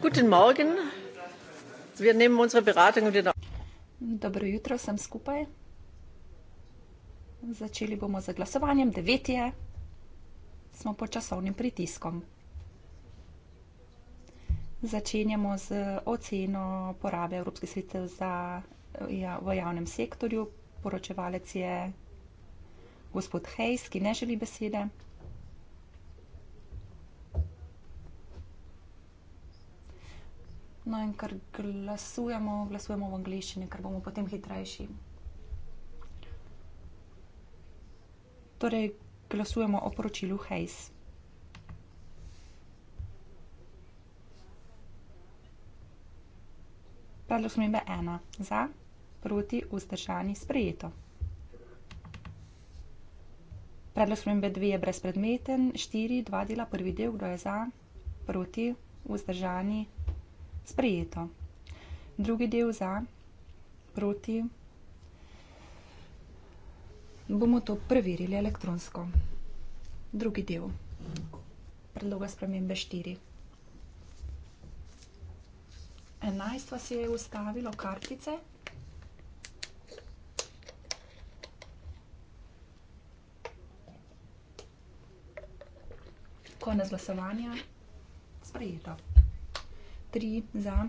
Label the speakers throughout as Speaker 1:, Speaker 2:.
Speaker 1: Guten Morgen. Wir nehmen unsere Beratung wieder.
Speaker 2: Dobro jutro sem skupaj. Začeli bomo z glasovanjem, devet je, smo pod časovnim pritiskom. Začenjamo z oceno porabe Evropskih sredstev ja, v javnem sektorju. Poročevalec je gospod Hejs, ki ne želi besede. No, in ker glasujemo, glasujemo v angleščini, ker bomo potem hitrejši. Torej, glasujemo o poročilu Hayes. Predlog smembe ena. Za, proti, vzdržani, sprejeto. Predlog smembe dve je brezpredmeten, štiri, dva dela, prvi del, kdo je za, proti, vzdržani, sprejeto sprejeto. Drugi del za, proti. Bomo to preverili elektronsko. Drugi del. Predloga spremembe štiri. Enajst vas je ustavilo kartice. Konec glasovanja. Sprejeto tri za,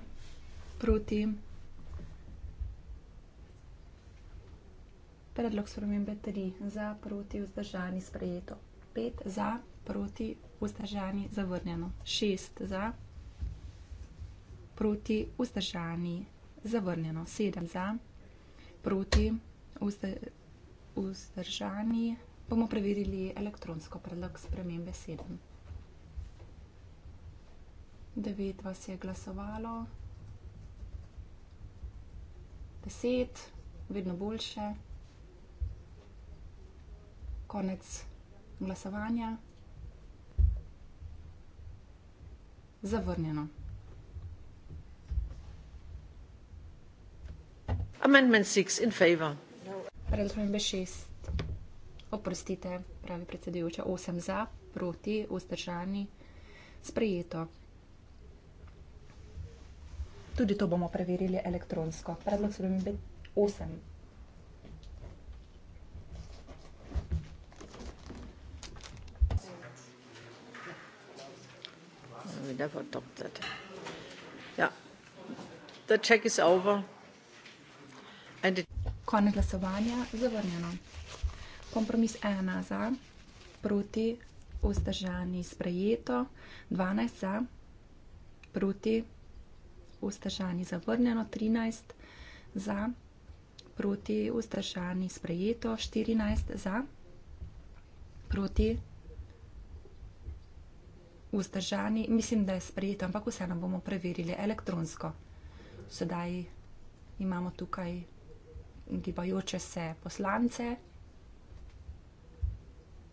Speaker 2: proti. Predlog spremembe tri za, proti, vzdržani, sprejeto. Pet za, proti, vzdržani, zavrnjeno. Šest za, proti, vzdržani, zavrnjeno. Sedem za, proti, vzdržani. Bomo preverili elektronsko predlog spremembe sedem devet vas je glasovalo, deset, vedno boljše. Konec glasovanja. Zavrnjeno. Amendment six in favor. Razumembe šest. Oprostite, pravi predsedujoča, osem za, proti, vzdržani, sprejeto. Tudi to bomo preverili elektronsko. Predlog se bomo biti osem.
Speaker 1: Vi da bo to tudi. Ja, the check is over.
Speaker 2: Konec glasovanja, zavrnjeno. Kompromis ena za, proti, vzdržani sprejeto, dvanajst za, proti, vzdržani sprejeto, vzdržani zavrnjeno 13 za, proti vzdržani sprejeto 14 za, proti vzdržani, mislim, da je sprejeto, ampak vseeno bomo preverili elektronsko. Sedaj imamo tukaj gibajoče se poslance.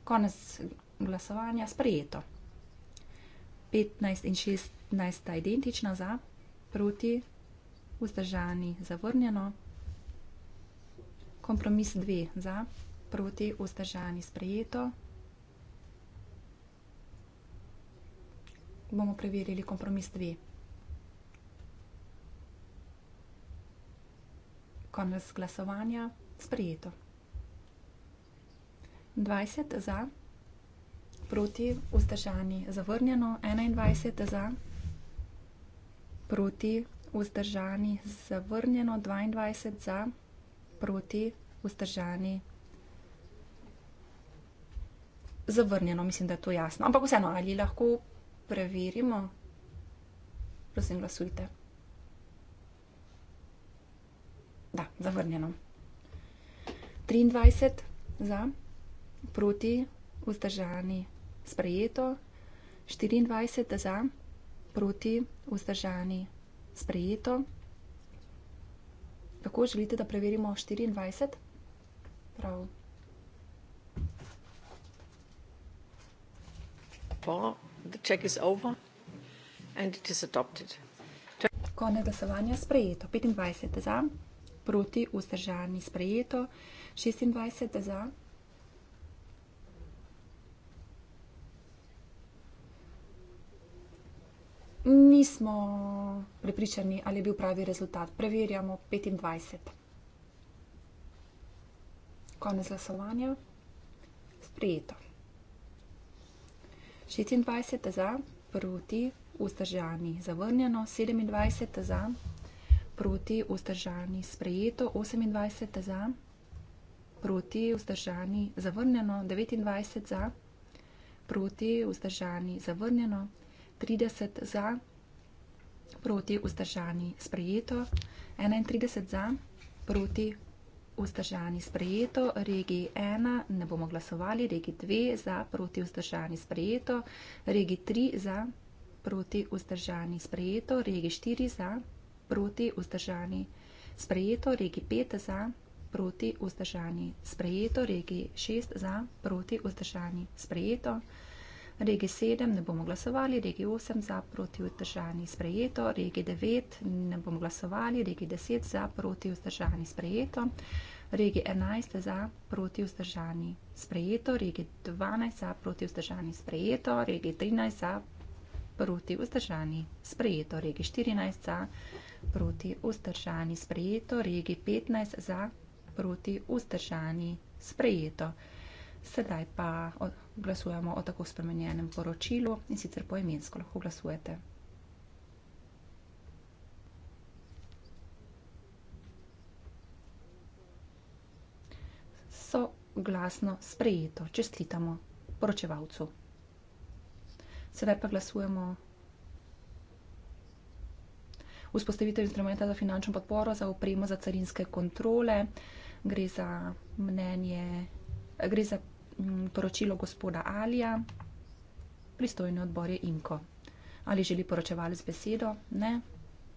Speaker 2: Konec glasovanja sprejeto. 15 in 16 sta identična za, Proti, vzdržani, zavrnjeno. Kompromis dve, za, proti, vzdržani, sprejeto. Bomo preverili kompromis dve. Konec glasovanja, sprejeto. 20 za, proti, vzdržani, zavrnjeno, 21 za proti, vzdržani, zavrnjeno, 22 za, proti, vzdržani. Zavrnjeno, mislim, da je to jasno. Ampak vseeno, ali lahko preverimo? Prosim, glasujte. Da, zavrnjeno. 23 za, proti, vzdržani, sprejeto. 24 za, proti, vzdržani vzdržani, sprejeto. Kako želite, da preverimo 24? Prav. Konec glasovanja je sprejeto. 25 za, proti vzdržani sprejeto, 26 za. nismo prepričani, ali je bil pravi rezultat. Preverjamo 25. Konec glasovanja. Sprijeto. 26 za, proti, vzdržani, zavrnjeno, 27 za, proti, vzdržani, sprejeto, 28 za, proti, vzdržani, zavrnjeno, 29 za, proti, vzdržani, zavrnjeno, 30 za, proti vzdržani sprejeto, 31 za, proti vzdržani sprejeto, regij 1 ne bomo glasovali, regij 2 za, proti vzdržani sprejeto, regij 3 za, proti vzdržani sprejeto, regij 4 za, proti vzdržani sprejeto, regij 5 za, proti vzdržani sprejeto, regij 6 za, proti vzdržani sprejeto, Regi 7 ne bomo glasovali, regi 8 za proti vzdržani sprejeto, regi 9 ne bomo glasovali, regi 10 za proti vzdržani sprejeto, regi 11 za proti vzdržani sprejeto, regi 12 za proti vzdržani sprejeto, regi 13 za proti vzdržani sprejeto, regi 14 za proti vzdržani sprejeto, regi 15 za proti vzdržani sprejeto. Sedaj pa glasujemo o tako spremenjenem poročilu in sicer poimensko lahko glasujete. So glasno sprejeto, čestitamo poročevalcu. Sedaj pa glasujemo. Vzpostavitev instrumenta za finančno podporo za upremo za carinske kontrole. Gre za mnenje, gre za Mm, poročilo gospoda Alija, pristojni odbor je Imko. Ali želi poročevalec besedo? Ne,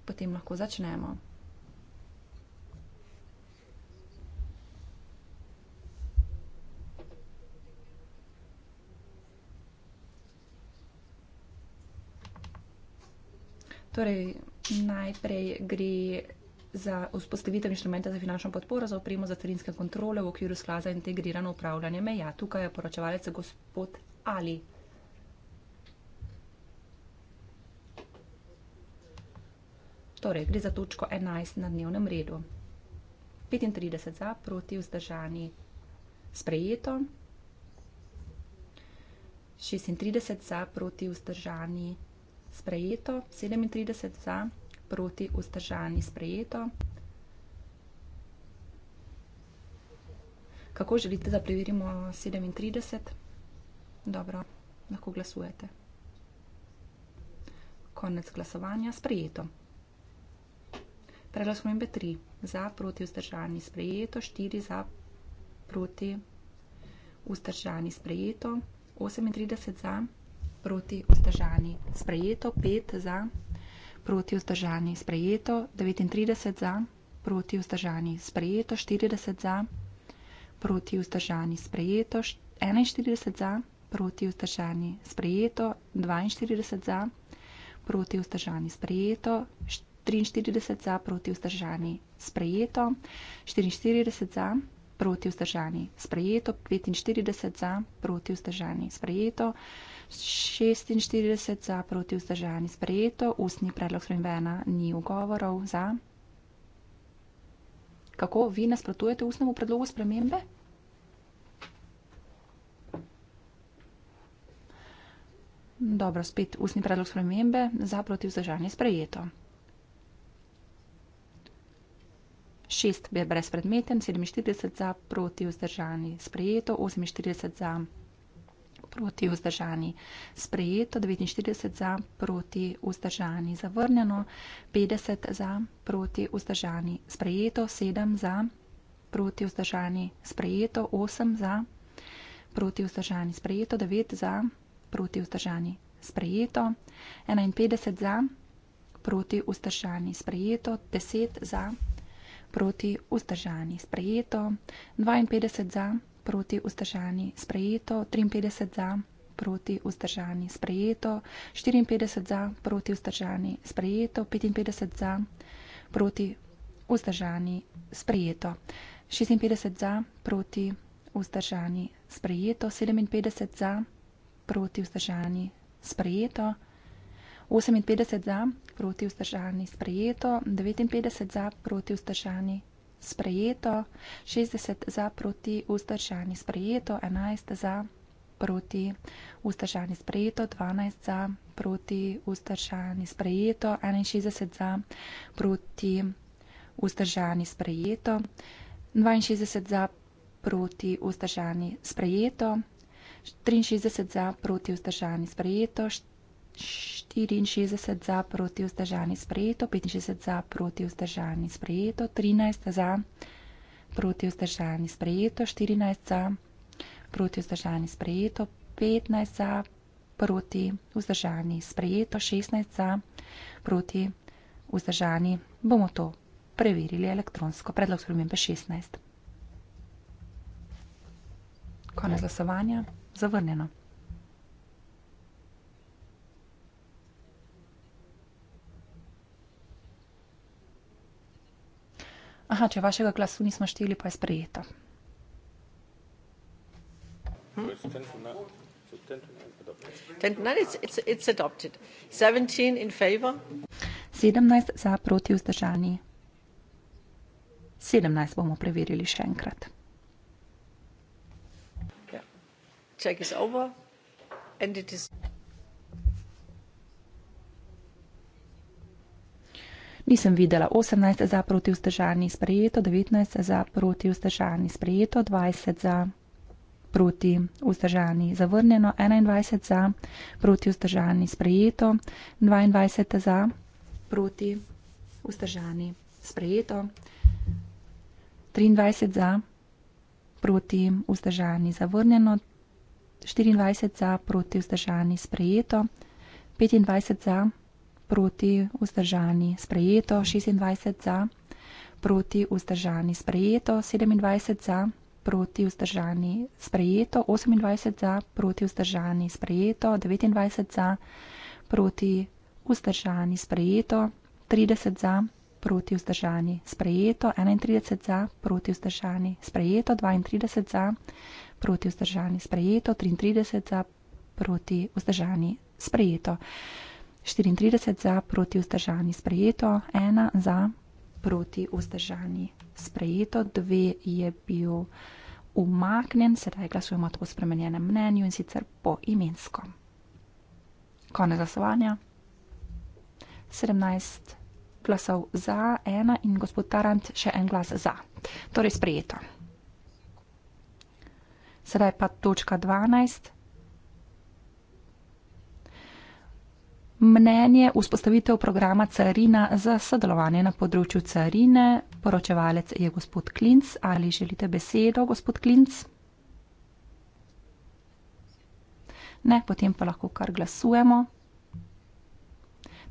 Speaker 2: potem lahko začnemo. Torej, najprej gre za vzpostavitev inštrumenta za finančno podporo za opremo za carinske kontrole v okviru sklada za integrirano upravljanje meja. Tukaj je poročevalec gospod Ali. Torej, gre za točko 11 na dnevnem redu. 35 za, proti vzdržani sprejeto. 36 za, proti vzdržani sprejeto. 37 za proti vzdržani sprejeto. Kako želite, da preverimo sedemintrideset? Dobro, lahko glasujete. Konec glasovanja, sprejeto. Predlog spremembe tri za, proti, vzdržani, sprejeto, štiri za, proti, vzdržani, sprejeto, osemintrideset za, proti, vzdržani, sprejeto, pet za proti vzdržani sprejeto, 39 za, proti vzdržani sprejeto, 40 za, proti vzdržani sprejeto, 41 za, proti vzdržani sprejeto, 42 za, proti vzdržani sprejeto, 43 za, proti vzdržani sprejeto, 44 za, proti vzdržani. Sprejeto 45 za, proti vzdržani. Sprejeto 46 za, proti vzdržani. Sprejeto ustni predlog spremenjena, ni ugovorov za. Kako vi nasprotujete ustnemu predlogu spremembe? Dobro, spet ustni predlog spremembe za proti vzdržanje sprejeto. 6 je brezpredmeten, 47 za proti vzdržani sprejeto, 48 za proti vzdržani sprejeto, 49 za proti vzdržani zavrnjeno, 50 za proti vzdržani sprejeto, 7 za proti vzdržani sprejeto, 8 za proti vzdržani sprejeto, 9 za proti vzdržani sprejeto, 51 za proti vzdržani sprejeto, 10 za proti vzdržani sprejeto proti vzdržani sprejeto, 52 za proti vzdržani sprejeto, 53 za proti vzdržani sprejeto, 54 za proti vzdržani sprejeto, 55 za proti vzdržani sprejeto, 56 za proti vzdržani sprejeto, 57 za proti vzdržani sprejeto. 58 za, proti vzdržani sprejeto, 59 za, proti vzdržani sprejeto, 60 za, proti vzdržani sprejeto, 11 za, proti vzdržani sprejeto, 12 za, proti vzdržani sprejeto, 61 za, proti vzdržani sprejeto, 62 za, proti vzdržani sprejeto, 63 za, proti vzdržani sprejeto, 64 za, proti vzdržani sprejeto, 65 za, proti vzdržani sprejeto, 13 za, proti vzdržani sprejeto, 14 za, proti vzdržani sprejeto, 15 za, proti vzdržani sprejeto, 16 za, proti vzdržani. Bomo to preverili elektronsko. Predlog spremembe 16. Konec glasovanja. Zavrnjeno. Aha, če vašega glasu nismo šteli, pa je sprejeta. No, Sedemnajst za proti vzdržani. Sedemnajst bomo preverili še enkrat.
Speaker 1: Check is over and it is...
Speaker 2: Nisem videla 18 za proti vzdržani sprejeto, 19 za proti vzdržani sprejeto, 20 za proti vzdržani zavrnjeno, 21 za proti vzdržani sprejeto, 22 za proti vzdržani sprejeto, 23 za proti vzdržani zavrnjeno, 24 za proti vzdržani sprejeto, 25 za proti vzdržani sprejeto proti vzdržani sprejeto 26 za, proti vzdržani sprejeto 27 za, proti vzdržani sprejeto 28 za, proti vzdržani sprejeto 29 za, proti vzdržani sprejeto 30 za, proti vzdržani sprejeto 31 za, proti vzdržani sprejeto 32 za, proti vzdržani sprejeto 33 za, proti vzdržani sprejeto. 34 za proti vzdržani sprejeto, 1 za proti vzdržani sprejeto, 2 je bil umaknen, sedaj glasujemo o spremenjenem mnenju in sicer po imensko. Konec glasovanja. 17 glasov za, 1 in gospod Tarant še en glas za. Torej sprejeto. Sedaj pa točka 12. mnenje vzpostavitev programa carina za sodelovanje na področju carine. Poročevalec je gospod Klinc. Ali želite besedo, gospod Klinc? Ne, potem pa lahko kar glasujemo.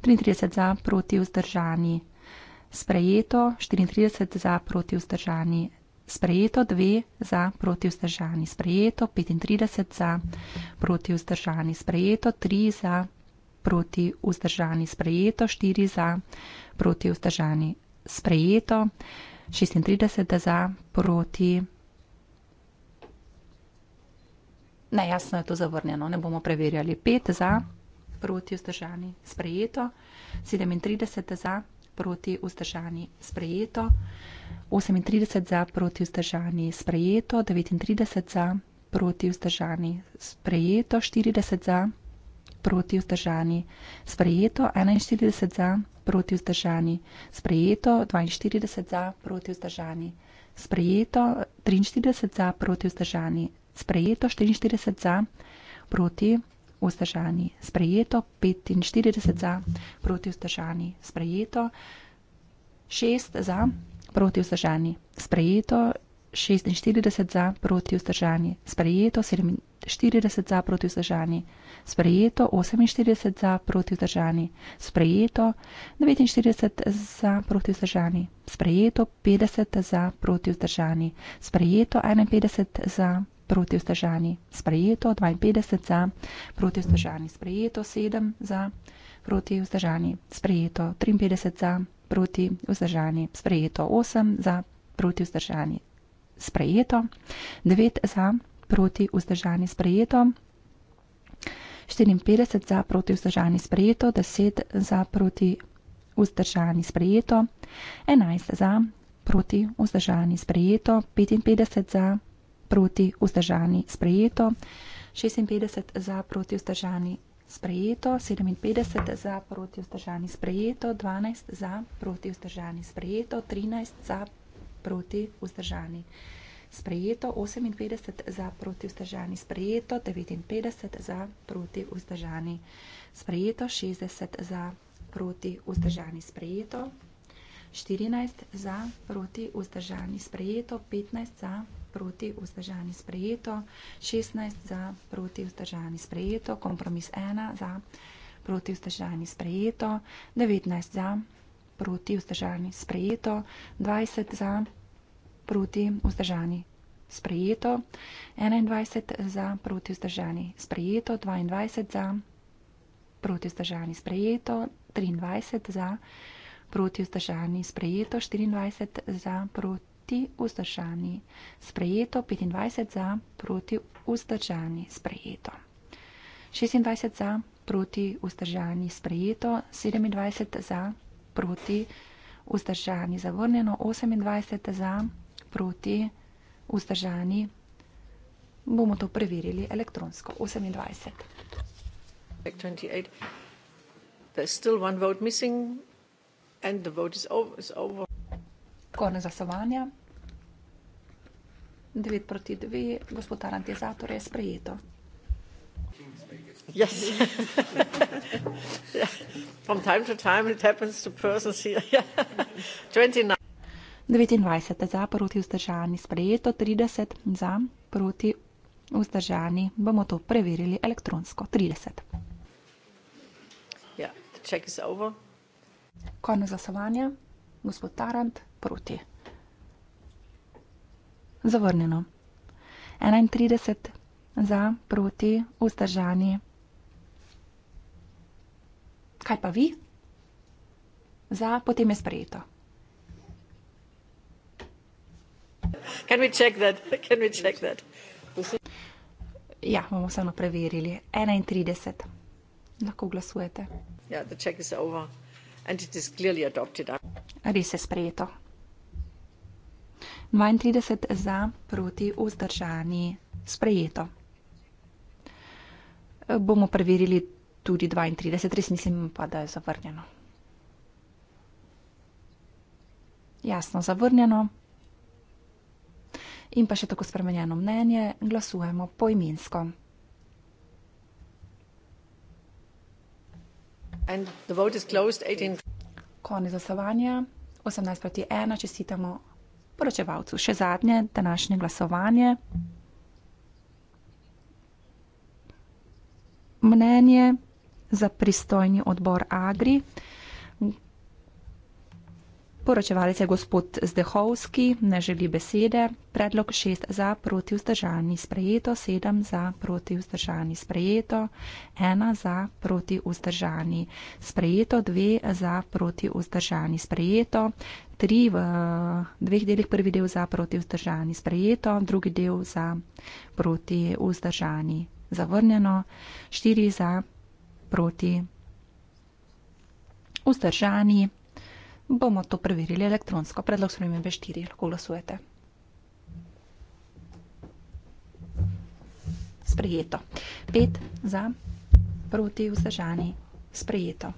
Speaker 2: 33 za proti vzdržani sprejeto, 34 za proti vzdržani sprejeto, 2 za proti vzdržani sprejeto, 35 za proti vzdržani sprejeto, 3 za proti vzdržani sprejeto, 4 za, proti vzdržani sprejeto, 36 za, proti. Ne, jasno je to zavrnjeno, ne bomo preverjali. 5 za, proti vzdržani sprejeto, 37 za, proti vzdržani sprejeto, 38 za, proti vzdržani sprejeto, 39 za, proti vzdržani sprejeto, 40 za, proti vzdržani sprejeto proti vzdržani. Sprejeto 41 za proti vzdržani. Sprejeto 42 za proti vzdržani. Sprejeto 43 za proti vzdržani. Sprejeto 44 za proti vzdržani. Sprejeto 45 za proti vzdržani. Sprejeto 6 za proti vzdržani. Sprejeto 46 za proti vzdržani. Sprejeto 47 za proti vzdržani sprejeto 48 za proti vzdržani, sprejeto 49 za proti vzdržani, sprejeto 50 za proti vzdržani, sprejeto 51 za proti vzdržani, sprejeto 52 za proti vzdržani, sprejeto 7 za proti vzdržani, sprejeto 53 za proti vzdržani, sprejeto 8 za proti vzdržani, sprejeto 9 za proti vzdržani, sprejeto 54 za proti vzdržani sprejeto, 10 za proti vzdržani sprejeto, 11 za proti vzdržani sprejeto, 55 za proti vzdržani sprejeto, 56 za proti vzdržani sprejeto, 57 za proti vzdržani sprejeto, 12 za proti vzdržani sprejeto, 13 za proti vzdržani sprejeto sprejeto, 58 za proti vzdržani sprejeto, 59 za proti vzdržani sprejeto, 60 za proti vzdržani sprejeto, 14 za proti vzdržani sprejeto, 15 za proti vzdržani sprejeto, 16 za proti vzdržani sprejeto, kompromis 1 za proti vzdržani sprejeto, 19 za proti vzdržani sprejeto, 20 za proti vzdržani sprejeto, proti vzdržani. Sprejeto 21 za proti vzdržani, sprejeto 22 za proti vzdržani, sprejeto 23 za proti vzdržani, sprejeto 24 za proti vzdržani, sprejeto 25 za proti vzdržani, sprejeto 26 za proti vzdržani, sprejeto 27 za proti vzdržani, zavrnjeno 28 za proti vzdržani proti vzdržani, bomo to preverili elektronsko. 28. Konec glasovanja. 9 proti 2, gospod Arantizator je sprejeto.
Speaker 1: Yes. From time to time it happens to persons here. 29.
Speaker 2: 29 za, proti vzdržani sprejeto, 30 za, proti vzdržani. Bomo to preverili elektronsko. 30.
Speaker 1: Ja, check is over.
Speaker 2: Konec glasovanja. Gospod Tarant, proti. Zavrnjeno. 31 za, proti vzdržani. Kaj pa vi? Za, potem je sprejeto. Ja, bomo vseeno preverili. 31. Lahko glasujete. Res je sprejeto. 32 za, proti, vzdržani, sprejeto. Bomo preverili tudi 32, res mislim pa, da je zavrnjeno. Jasno, zavrnjeno in pa še tako spremenjeno mnenje, glasujemo poimensko. Konec glasovanja, 18 proti 1, čestitamo poročevalcu. Še zadnje današnje glasovanje. Mnenje za pristojni odbor Agri. Poročevalec je gospod Zdehovski, ne želi besede. Predlog 6 za proti vzdržani sprejeto, 7 za proti vzdržani sprejeto, 1 za proti vzdržani sprejeto, 2 za proti vzdržani sprejeto, 3 v dveh delih prvi del za proti vzdržani sprejeto, drugi del za proti vzdržani zavrnjeno, 4 za proti vzdržani sprejeto bomo to preverili elektronsko. Predlog spremembe štiri, lahko glasujete. Sprejeto. Pet za, proti vzdržani. Sprejeto.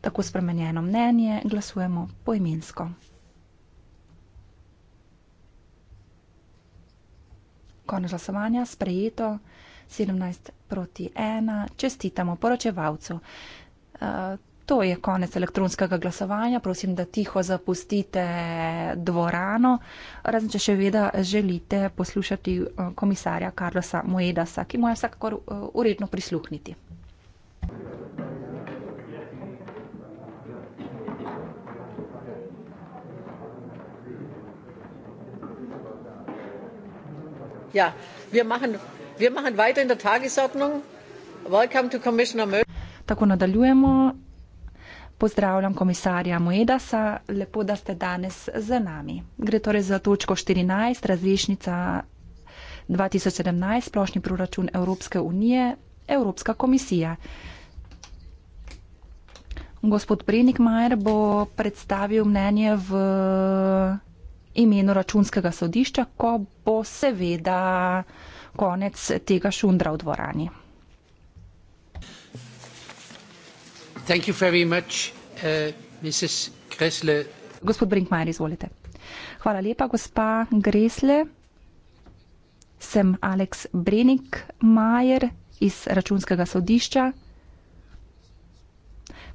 Speaker 2: Tako spremenjeno mnenje glasujemo poimensko. Konec glasovanja, sprejeto, 17 proti 1, čestitamo poročevalcu. Uh, To je konec elektronskega glasovanja. Prosim, da tiho zapustite dvorano, razen če še vedno želite poslušati eh, komisarja Karlosa Moedasa, ki mu je vsakakor eh, uredno prisluhniti.
Speaker 1: Ja, wir machen, wir machen weiter in der Tagesordnung.
Speaker 2: Welcome to Commissioner Möller. Tako nadaljujemo. Pozdravljam komisarja Moedasa, lepo, da ste danes z nami. Gre torej za točko 14, različnica 2017, splošni proračun Evropske unije, Evropska komisija. Gospod Prenik Majer bo predstavil mnenje v imenu računskega sodišča, ko bo seveda konec tega šundra v dvorani.
Speaker 3: Uh,
Speaker 2: Gospod Brinkmajer, izvolite. Hvala lepa, gospa Gresle. Sem Alex Brinkmajer iz Računskega sodišča.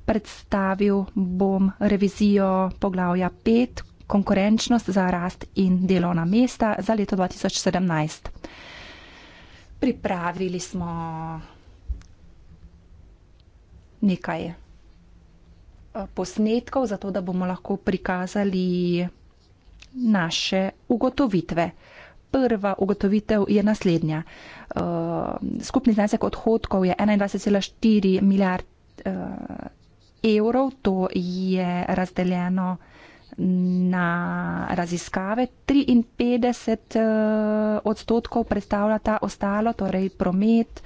Speaker 2: Predstavil bom revizijo poglavja 5, konkurenčnost za rast in delovna mesta za leto 2017. Pripravili smo nekaj eh, posnetkov, zato da bomo lahko prikazali naše ugotovitve. Prva ugotovitev je naslednja. Eh, skupni znesek odhodkov je 21,4 milijard eh, evrov, to je razdeljeno na raziskave. 53 odstotkov predstavlja ta ostalo, torej promet,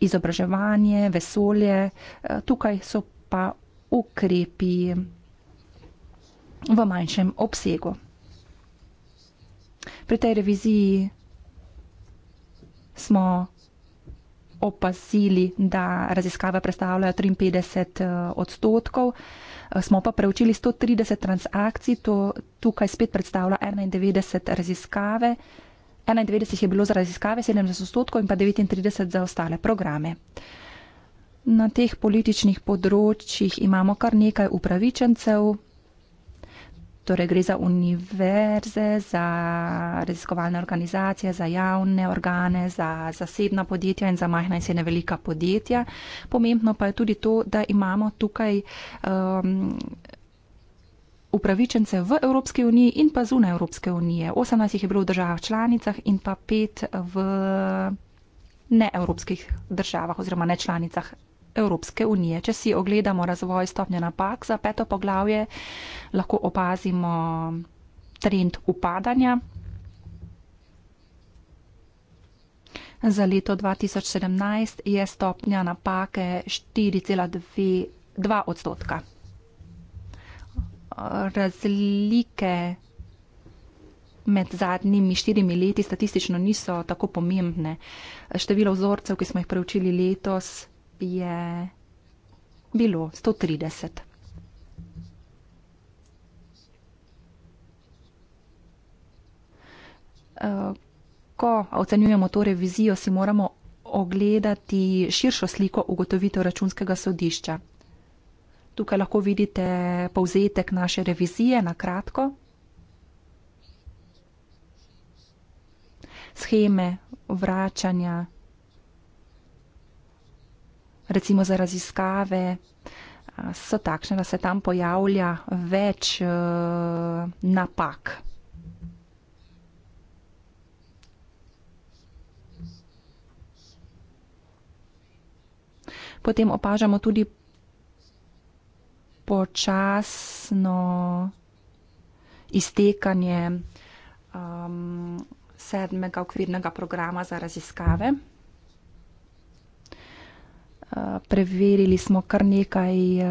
Speaker 2: izobraževanje, vesolje, eh, tukaj so pa ukrepi v manjšem obsegu. Pri tej reviziji smo opazili, da raziskave predstavljajo 53 eh, odstotkov, eh, smo pa preučili 130 transakcij, to tukaj spet predstavlja 91 raziskave. 91 je bilo za raziskave, 70 odstotkov in pa 39 za ostale programe. Na teh političnih področjih imamo kar nekaj upravičencev, torej gre za univerze, za raziskovalne organizacije, za javne organe, za zasebna podjetja in za majhna in srednja velika podjetja. Pomembno pa je tudi to, da imamo tukaj um, upravičence v Evropski uniji in pa zunaj Evropske unije. 18 jih je bilo v državah članicah in pa 5 v neevropskih državah oziroma nečlanicah. Evropske unije. Če si ogledamo razvoj stopnje napak za peto poglavje, lahko opazimo trend upadanja. Za leto 2017 je stopnja napake 4,2 odstotka razlike med zadnjimi štirimi leti statistično niso tako pomembne. Število vzorcev, ki smo jih preučili letos, je bilo 130. Eh, ko ocenjujemo to revizijo, si moramo ogledati širšo sliko ugotovitev računskega sodišča. Tukaj lahko vidite povzetek naše revizije na kratko. Scheme vračanja, recimo za raziskave, so takšne, da se tam pojavlja več eh, napak. Potem opažamo tudi počasno iztekanje um, sedmega okvirnega programa za raziskave. Uh, preverili smo kar nekaj uh,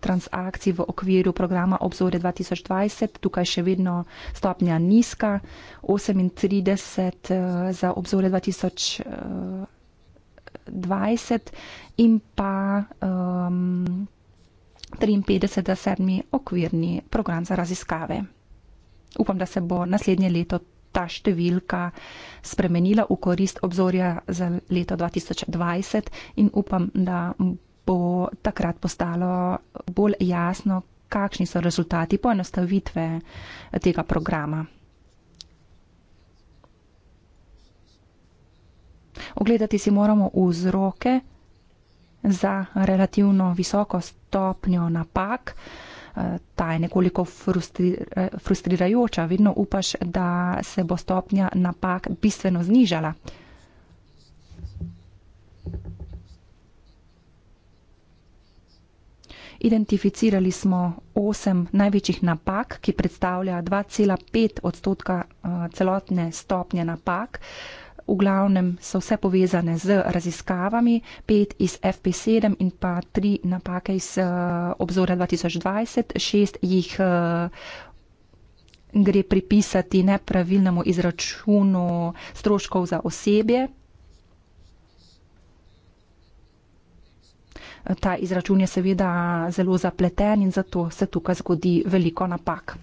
Speaker 2: transakcij v okviru programa Obzore 2020. Tukaj še vedno stopnja nizka, 38 uh, za Obzore 2020 in pa um, 53. okvirni program za raziskave. Upam, da se bo naslednje leto ta številka spremenila v korist obzorja za leto 2020 in upam, da bo takrat postalo bolj jasno, kakšni so rezultati poenostavitve tega programa. Ogledati si moramo vzroke, za relativno visoko stopnjo napak. Eh, ta je nekoliko frustri, eh, frustrirajoča, vedno upaš, da se bo stopnja napak bistveno znižala. Identificirali smo osem največjih napak, ki predstavlja 2,5 odstotka eh, celotne stopnje napak v glavnem so vse povezane z raziskavami, pet iz FP7 in pa tri napake iz eh, obzora 2020, šest jih eh, gre pripisati nepravilnemu izračunu stroškov za osebje. Ta izračun je seveda zelo zapleten in zato se tukaj zgodi veliko napak.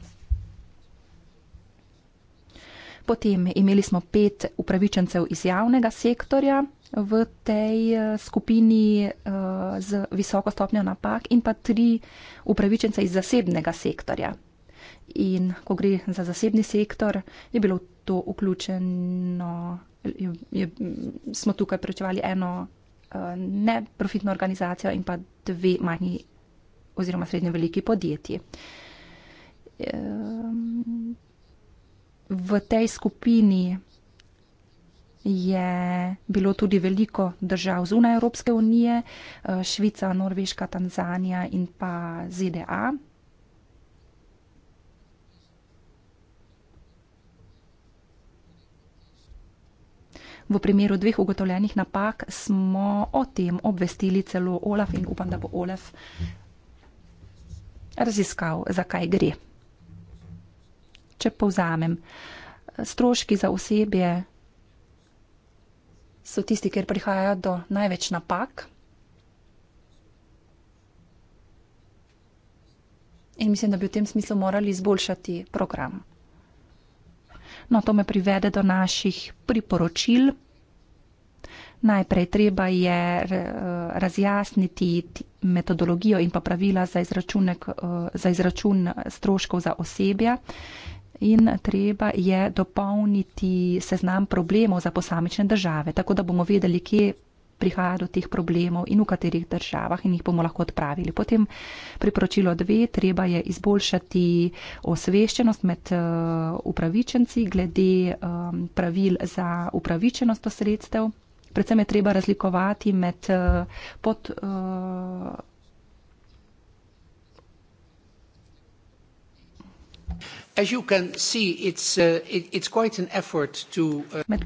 Speaker 2: Potem imeli smo pet upravičencev iz javnega sektorja v tej eh, skupini eh, z visoko stopnjo napak in pa tri upravičence iz zasebnega sektorja. In ko gre za zasebni sektor, je bilo to vključeno, je, je, smo tukaj prečevali eno eh, neprofitno organizacijo in pa dve manji oziroma srednje veliki podjetji. Ehm, v tej skupini je bilo tudi veliko držav zunaj Evropske unije, eh, Švica, Norveška, Tanzanija in pa ZDA. V primeru dveh ugotovljenih napak smo o tem obvestili celo Olaf in upam, da bo Olaf raziskal, zakaj gre če povzamem. Stroški za osebje so tisti, kjer prihaja do največ napak. In mislim, da bi v tem smislu morali izboljšati program. No, to me privede do naših priporočil. Najprej treba je eh, razjasniti metodologijo in pa pravila za, eh, za izračun stroškov za osebja in treba je dopolniti seznam problemov za posamične države, tako da bomo vedeli, kje prihaja do teh problemov in v katerih državah in jih bomo lahko odpravili. Potem priporočilo dve, treba je izboljšati osveščenost med eh, upravičenci glede eh, pravil za upravičenost do sredstev. Predvsem je treba razlikovati med eh, pod. Uh, Uh, uh, med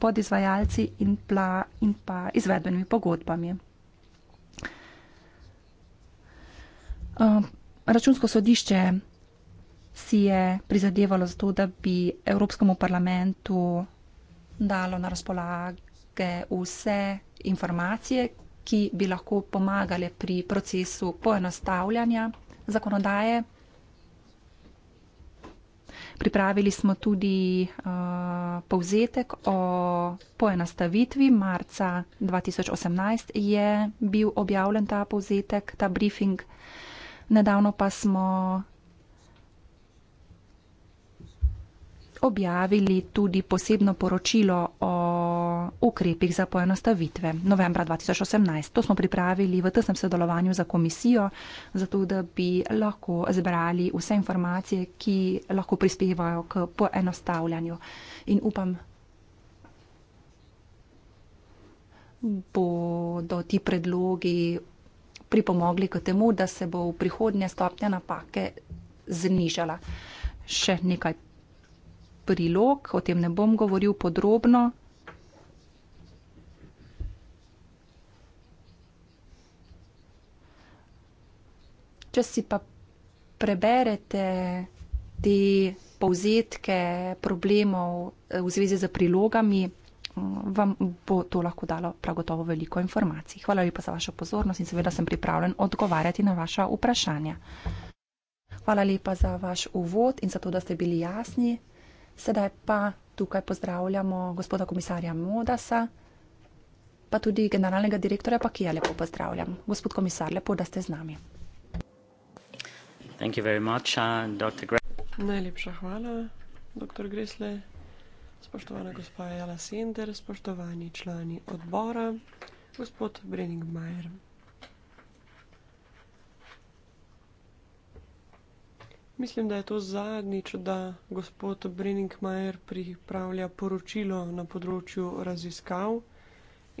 Speaker 2: podizvajalci in, pla, in pa izvedbenimi pogodbami. Uh, računsko sodišče si je prizadevalo za to, da bi Evropskemu parlamentu dalo na razpolage vse informacije, ki bi lahko pomagale pri procesu poenostavljanja zakonodaje. Pripravili smo tudi uh, povzetek o poenostavitvi marca 2018. Je bil objavljen ta povzetek, ta briefing. Nedavno pa smo objavili tudi posebno poročilo o ukrepih za poenostavitve novembra 2018. To smo pripravili v tesnem sodelovanju za komisijo, zato da bi lahko zbrali vse informacije, ki lahko prispevajo k poenostavljanju. In upam, bodo ti predlogi pripomogli k temu, da se bo v prihodnje stopnja napake znižala. Še nekaj prilog, o tem ne bom govoril podrobno. Če si pa preberete te povzetke problemov eh, v zvezi z prilogami, mm, vam bo to lahko dalo prav gotovo veliko informacij. Hvala lepa za vašo pozornost in seveda sem pripravljen odgovarjati na vaša vprašanja. Hvala lepa za vaš uvod in za to, da ste bili jasni. Sedaj pa tukaj pozdravljamo gospoda komisarja Modasa, pa tudi generalnega direktorja, pa ki je lepo pozdravljam. Gospod komisar, lepo, da ste z nami.
Speaker 1: Much, uh,
Speaker 2: Najlepša hvala, dr. Gresle,
Speaker 4: spoštovana gospa Jala Sender, spoštovani člani odbora, gospod Brenning Majer. Mislim, da je to zadnjič, da gospod Brenningmajer pripravlja poročilo na področju raziskav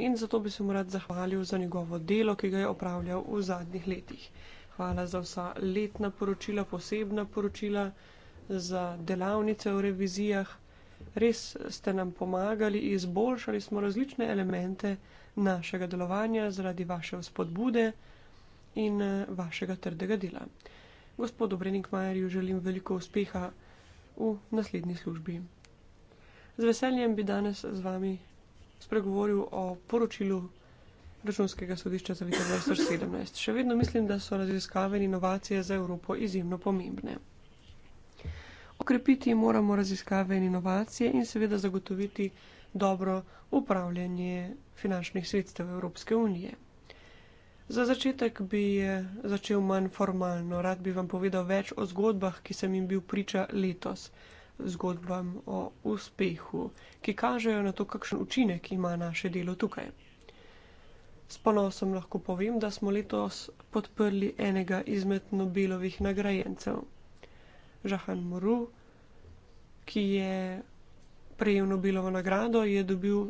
Speaker 4: in zato bi se mu rad zahvalil za njegovo delo, ki ga je opravljal v zadnjih letih. Hvala za vsa letna poročila, posebna poročila, za delavnice v revizijah. Res ste nam pomagali, izboljšali smo različne elemente našega delovanja zaradi vaše vzpodbude in eh, vašega trdega dela. Gospodu Brenningmajerju želim veliko uspeha v naslednji službi. Z veseljem bi danes z vami spregovoril o poročilu Računskega sodišča za leto 2017. Še vedno mislim, da so raziskave in inovacije za Evropo izjemno pomembne. Okrepiti moramo raziskave in inovacije in seveda zagotoviti dobro upravljanje finančnih sredstev Evropske unije. Za začetek bi začel manj formalno. Rad bi vam povedal več o zgodbah, ki sem jim bil priča letos. Zgodbam o uspehu, ki kažejo na to, kakšen učinek ima naše delo tukaj. S ponosom lahko povem, da smo letos podprli enega izmed Nobelovih nagrajencev, Žahan Moru, ki je prejel Nobelovo nagrado, je dobil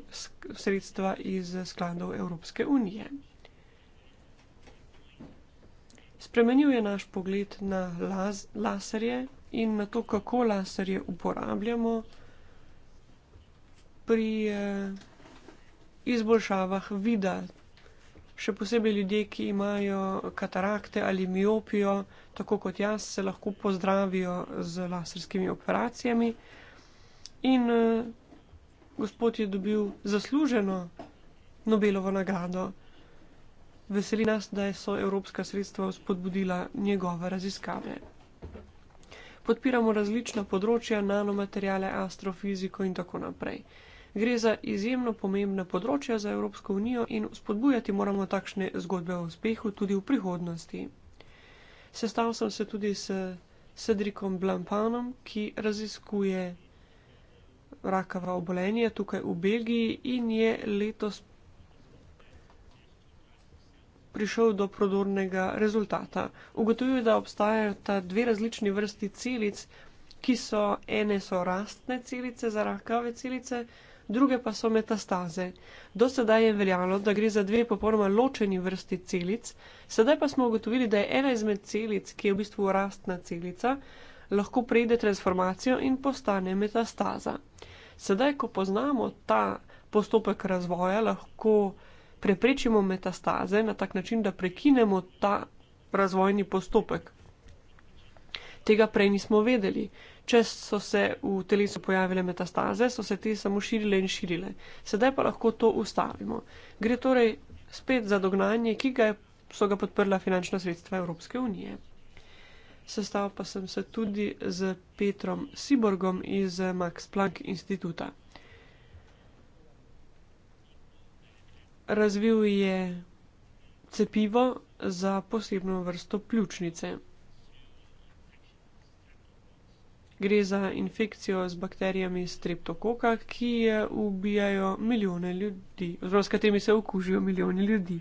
Speaker 4: sredstva iz skladov Evropske unije. Spremenil je naš pogled na las, laserje in na to, kako laserje uporabljamo pri eh, izboljšavah vida. Še posebej ljudje, ki imajo katarakte ali miopijo, tako kot jaz, se lahko pozdravijo z laserskimi operacijami. In eh, gospod je dobil zasluženo Nobelovo nagrado. Veseli nas, da so evropska sredstva spodbudila njegove raziskave. Podpiramo različna področja, nanomaterijale, astrofiziko in tako naprej. Gre za izjemno pomembna področja za Evropsko unijo in spodbujati moramo takšne zgodbe o uspehu tudi v prihodnosti. Sestal sem se tudi s Cedricom Blampanom, ki raziskuje rakava obolenja tukaj v Belgiji in je letos prišel do prodornega rezultata. Ugotovil je, da obstajajo ta dve različni vrsti celic, ki so ene so rastne celice za rakave celice, druge pa so metastaze. Do sedaj je veljalo, da gre za dve popolnoma ločeni vrsti celic, sedaj pa smo ugotovili, da je ena izmed celic, ki je v bistvu rastna celica, lahko prejde transformacijo in postane metastaza. Sedaj, ko poznamo ta postopek razvoja, lahko preprečimo metastaze na tak način, da prekinemo ta razvojni postopek. Tega prej nismo vedeli. Če so se v telesu pojavile metastaze, so se te samo širile in širile. Sedaj pa lahko to ustavimo. Gre torej spet za dognanje, ki ga so ga podprla finančna sredstva Evropske unije. Sestal pa sem se tudi z Petrom Siborgom iz Max Planck instituta. razvil je cepivo za posebno vrsto pljučnice. Gre za infekcijo z bakterijami streptokoka, ki je ubijajo milijone ljudi, oziroma s katerimi se okužijo milijoni ljudi.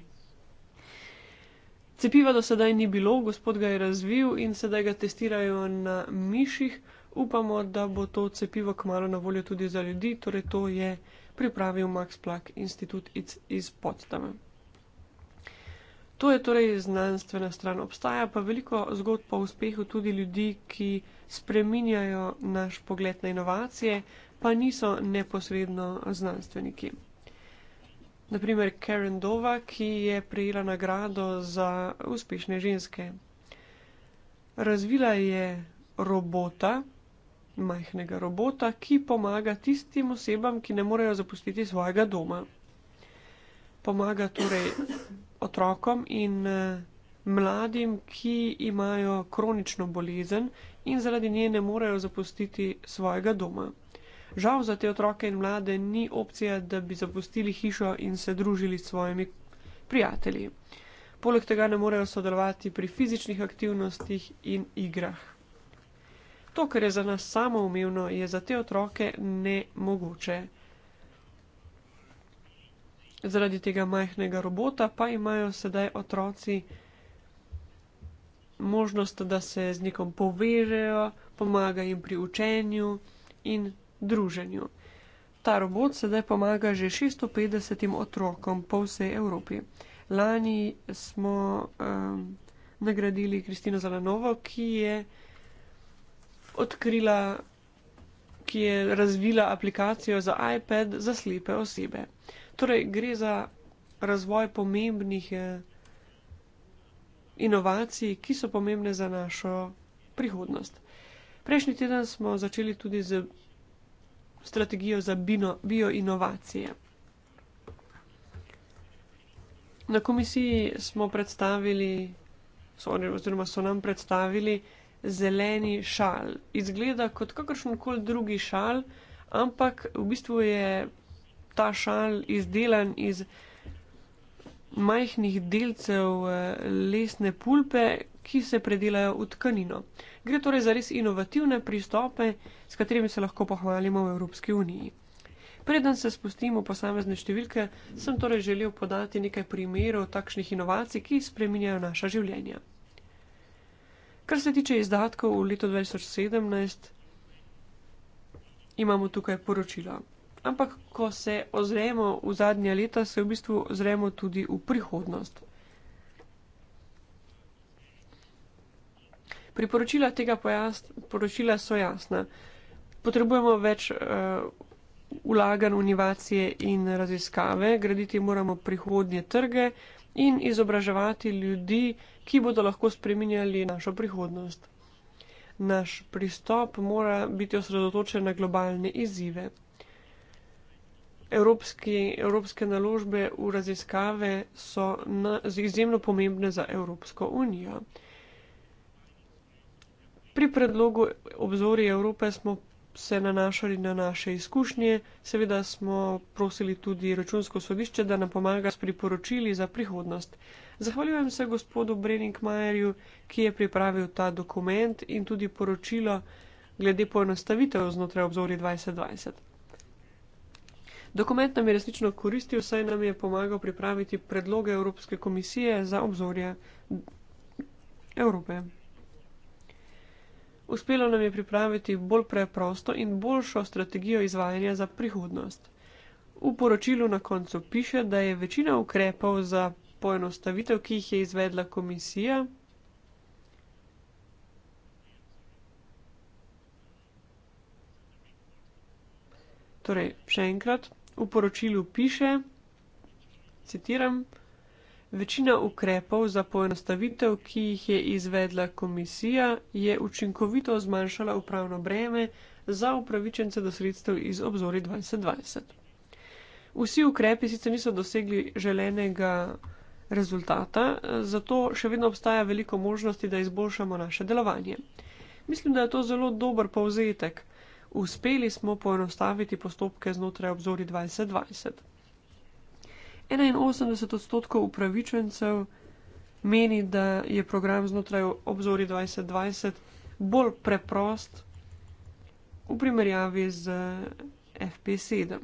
Speaker 4: Cepiva do sedaj ni bilo, gospod ga je razvil in sedaj ga testirajo na miših. Upamo, da bo to cepivo kmalo na voljo tudi za ljudi, torej to je pripravil Max Planck Institut iz, iz Potsdama. To je torej znanstvena stran. Obstaja pa veliko zgodb po uspehu tudi ljudi, ki spreminjajo naš pogled na inovacije, pa niso neposredno znanstveniki. Naprimer Karen Dova, ki je prejela nagrado za uspešne ženske. Razvila je robota, majhnega robota, ki pomaga tistim osebam, ki ne morejo zapustiti svojega doma. Pomaga torej otrokom in eh, mladim, ki imajo kronično bolezen in zaradi nje ne morejo zapustiti svojega doma. Žal za te otroke in mlade ni opcija, da bi zapustili hišo in se družili s svojimi prijatelji. Poleg tega ne morejo sodelovati pri fizičnih aktivnostih in igrah. To, kar je za nas samoumevno, je za te otroke nemogoče. Zaradi tega majhnega robota pa imajo sedaj otroci možnost, da se z nekom povežejo, pomaga jim pri učenju in druženju. Ta robot sedaj pomaga že 650 otrokom po vsej Evropi. Lani smo um, nagradili Kristino Zelenovo, ki je uh, odkrila, ki je razvila aplikacijo za iPad za slepe osebe. Torej, gre za razvoj pomembnih eh, inovacij, ki so pomembne za našo prihodnost. Prejšnji teden smo začeli tudi z strategijo za bioinovacije. Na komisiji smo predstavili, so, oziroma so nam predstavili, zeleni šal. Izgleda kot kakršen koli drugi šal, ampak v bistvu je ta šal izdelan iz majhnih delcev eh, lesne pulpe, ki se predelajo v tkanino. Gre torej za res inovativne pristope, s katerimi se lahko pohvalimo v Evropski uniji. Preden se spustimo v posamezne številke, sem torej želel podati nekaj primerov takšnih inovacij, ki spreminjajo naša življenja. Kar se tiče izdatkov v letu 2017, imamo tukaj poročila. Ampak, ko se ozremo v zadnja leta, se v bistvu ozremo tudi v prihodnost. Priporočila tega pojast, poročila so jasna. Potrebujemo več uh, eh, ulagan, univacije in raziskave, graditi moramo prihodnje trge in izobraževati ljudi, ki bodo lahko spreminjali našo prihodnost. Naš pristop mora biti osredotočen na globalne izzive. Evropski, evropske naložbe v raziskave so na, izjemno pomembne za Evropsko unijo. Pri predlogu obzori Evrope smo se nanašali na naše izkušnje, seveda smo prosili tudi računsko sodišče, da nam pomaga s priporočili za prihodnost. Zahvaljujem se gospodu Brenningmajerju, ki je pripravil ta dokument in tudi poročilo glede poenostavitev znotraj obzorja 2020. Dokument nam je resnično koristil, saj nam je pomagal pripraviti predloge Evropske komisije za obzorje Evrope. Uspelo nam je pripraviti bolj preprosto in boljšo strategijo izvajanja za prihodnost. V poročilu na koncu piše, da je večina ukrepov za poenostavitev, ki jih je izvedla komisija. Torej, še enkrat, v poročilu piše, citiram, večina ukrepov za poenostavitev, ki jih je izvedla komisija, je učinkovito zmanjšala upravno breme za upravičence do sredstev iz obzori 2020. Vsi ukrepi sicer niso dosegli želenega rezultata, zato še vedno obstaja veliko možnosti, da izboljšamo naše delovanje. Mislim, da je to zelo dober povzetek. Uspeli smo poenostaviti postopke znotraj obzori 2020. 81 odstotkov upravičencev meni, da je program znotraj obzori 2020 bolj preprost v primerjavi z FP7.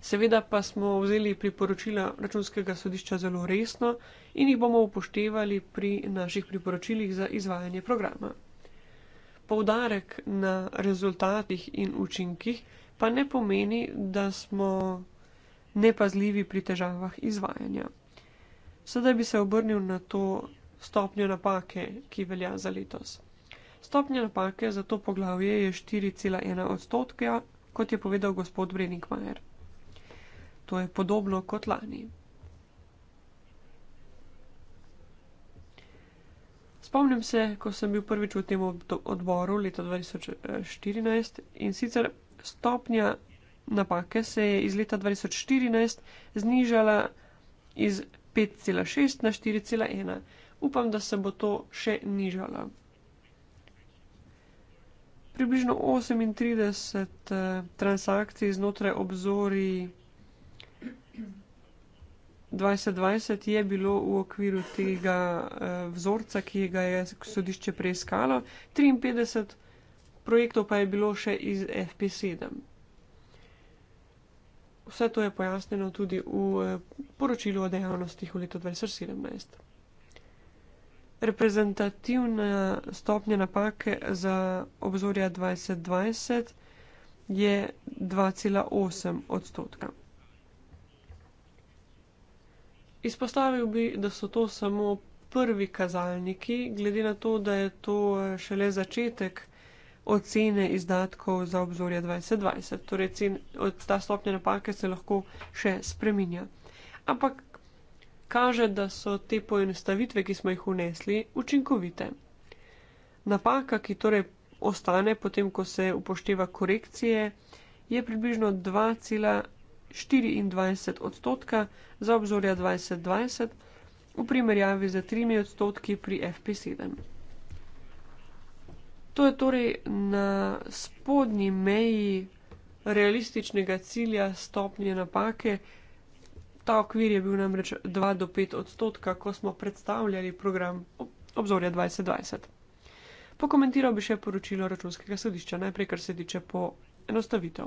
Speaker 4: Seveda pa smo vzeli priporočila računskega sodišča zelo resno in jih bomo upoštevali pri naših priporočilih za izvajanje programa. Poudarek na rezultatih in učinkih pa ne pomeni, da smo nepazljivi pri težavah izvajanja. Sedaj bi se obrnil na to stopnjo napake, ki velja za letos. Stopnja napake za to poglavje je 4,1 odstotka, kot je povedal gospod Brenikmajer. To je podobno kot lani. Spomnim se, ko sem bil prvič v tem odboru leta 2014 in sicer stopnja napake se je iz leta 2014 znižala iz 5,6 na 4,1. Upam, da se bo to še nižala. Približno 38 eh, transakcij znotraj obzorij 2020 je bilo v okviru tega uh, vzorca, ki ga je sodišče preiskalo, 53 projektov pa je bilo še iz FP7. Vse to je pojasnjeno tudi v uh, poročilu o dejavnostih v letu 2017. Reprezentativna stopnja napake za obzorja 2020 je 2,8 odstotka. Izpostavil bi, da so to samo prvi kazalniki, glede na to, da je to eh, šele začetek ocene izdatkov za obzorje 2020. Torej, cen, od ta stopnja napake se lahko še spreminja. Ampak kaže, da so te poenostavitve, ki smo jih unesli, učinkovite. Napaka, ki torej ostane potem, ko se upošteva korekcije, je približno štiriindvajset odstotka za obzorja dvajset dvajset v primerjavi z tremi odstotki pri FP sedem. To je torej na spodnji meji realističnega cilja stopnje napake. Ta okvir je bil namreč dva do pet odstotka, ko smo predstavljali program obzorja dvajset dvajset. Pokomentiral bi še poročilo računskega sodišča, najprej kar se tiče poenostavitev.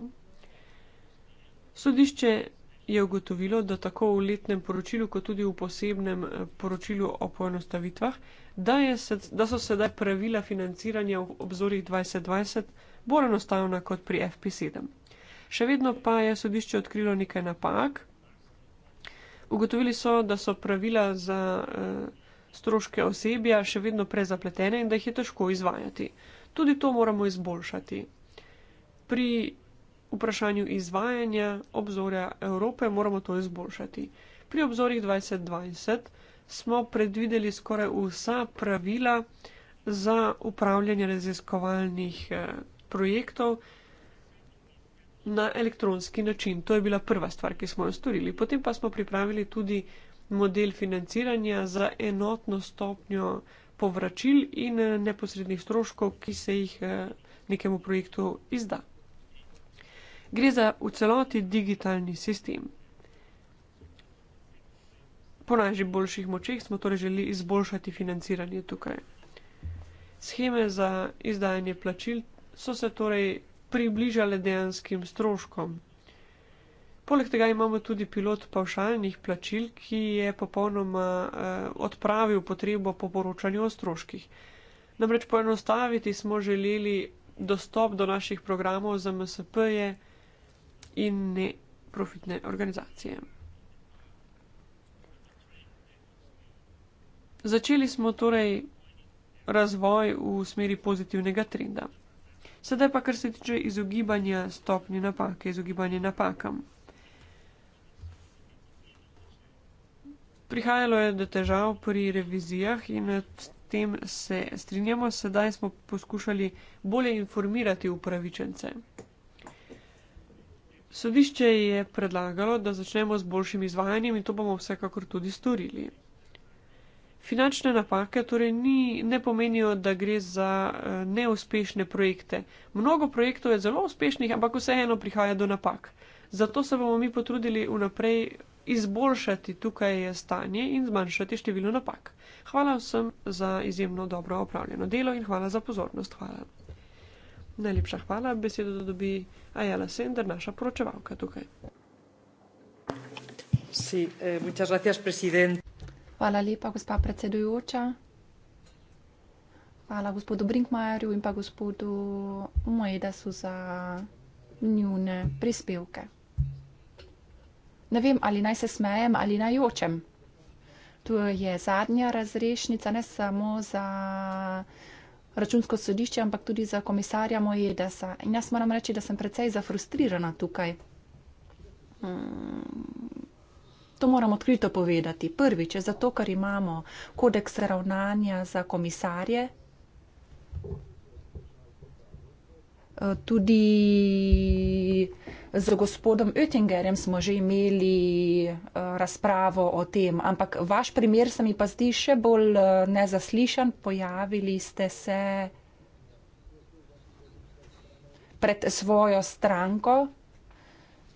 Speaker 4: Sodišče je ugotovilo, da tako v letnem poročilu, kot tudi v posebnem eh, poročilu o poenostavitvah, da, sed, da so sedaj pravila financiranja v obzorjih 2020 bolj enostavna kot pri FP7. Še vedno pa je sodišče odkrilo nekaj napak. Ugotovili so, da so pravila za eh, stroške osebja še vedno prezapletene in da jih je težko izvajati. Tudi to moramo izboljšati. Pri vprašanju izvajanja obzorja Evrope moramo to izboljšati. Pri obzorjih 2020 smo predvideli skoraj vsa pravila za upravljanje raziskovalnih eh, projektov na elektronski način. To je bila prva stvar, ki smo jo storili. Potem pa smo pripravili tudi model financiranja za enotno stopnjo povračil in eh, neposrednih stroškov, ki se jih eh, nekemu projektu izda. Gre za v celoti digitalni sistem. Po naših boljših močeh smo torej želeli izboljšati financiranje tukaj. Scheme za izdajanje plačil so se torej približale dejanskim stroškom. Poleg tega imamo tudi pilot pavšalnih plačil, ki je popolnoma eh, odpravil potrebo po poročanju o stroških. Namreč poenostaviti smo želeli dostop do naših programov za MSP-je in neprofitne organizacije. Začeli smo torej razvoj v smeri pozitivnega trenda. Sedaj pa, kar se tiče izogibanja stopnje napake, izogibanja napakam. Prihajalo je do težav pri revizijah in s tem se strinjamo, sedaj smo poskušali bolje informirati upravičence. Sodišče je predlagalo, da začnemo z boljšim izvajanjem in to bomo vsekakor tudi storili. Finančne napake torej ni, ne pomenijo, da gre za eh, neuspešne projekte. Mnogo projektov je zelo uspešnih, ampak vseeno prihaja do napak. Zato se bomo mi potrudili vnaprej izboljšati tukaj stanje in zmanjšati število napak. Hvala vsem za izjemno dobro opravljeno delo in hvala za pozornost. Hvala. Najlepša hvala, besedo dobi Ajala
Speaker 2: Sender, naša poročevalka tukaj.
Speaker 4: Sí, eh, muchas gracias, presidente.
Speaker 2: Hvala lepa, gospa predsedujoča. Hvala gospodu Brinkmajerju in pa gospodu Moedasu za njune prispevke. Ne vem, ali naj se smejem ali naj jočem. To je zadnja razrešnica, ne samo za računsko sodišče, ampak tudi za komisarja Mojedesa. In jaz moram reči, da sem precej zafrustrirana tukaj. Hmm. To moram odkrito povedati. Prvič, zato ker imamo kodeks ravnanja za komisarje, eh, tudi Z gospodom Oettingerjem smo že imeli eh, razpravo o tem, ampak vaš primer se mi pa zdi še bolj eh, nezaslišan. Pojavili ste se pred svojo stranko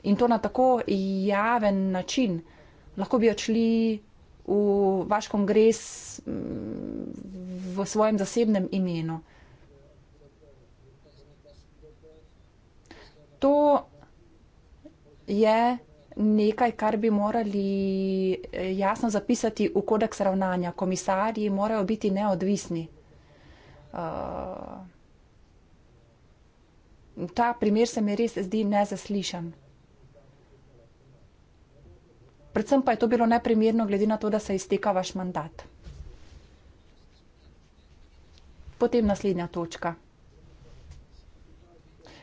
Speaker 2: in to na tako javen način. Lahko bi odšli v vaš kongres mm, v svojem zasebnem imenu. To je nekaj, kar bi morali eh, jasno zapisati v kodeks ravnanja. Komisarji morajo biti neodvisni. Uh, ta primer se mi res zdi nezaslišan. Predvsem pa je to bilo neprimerno, glede na to, da se izteka vaš mandat. Potem naslednja točka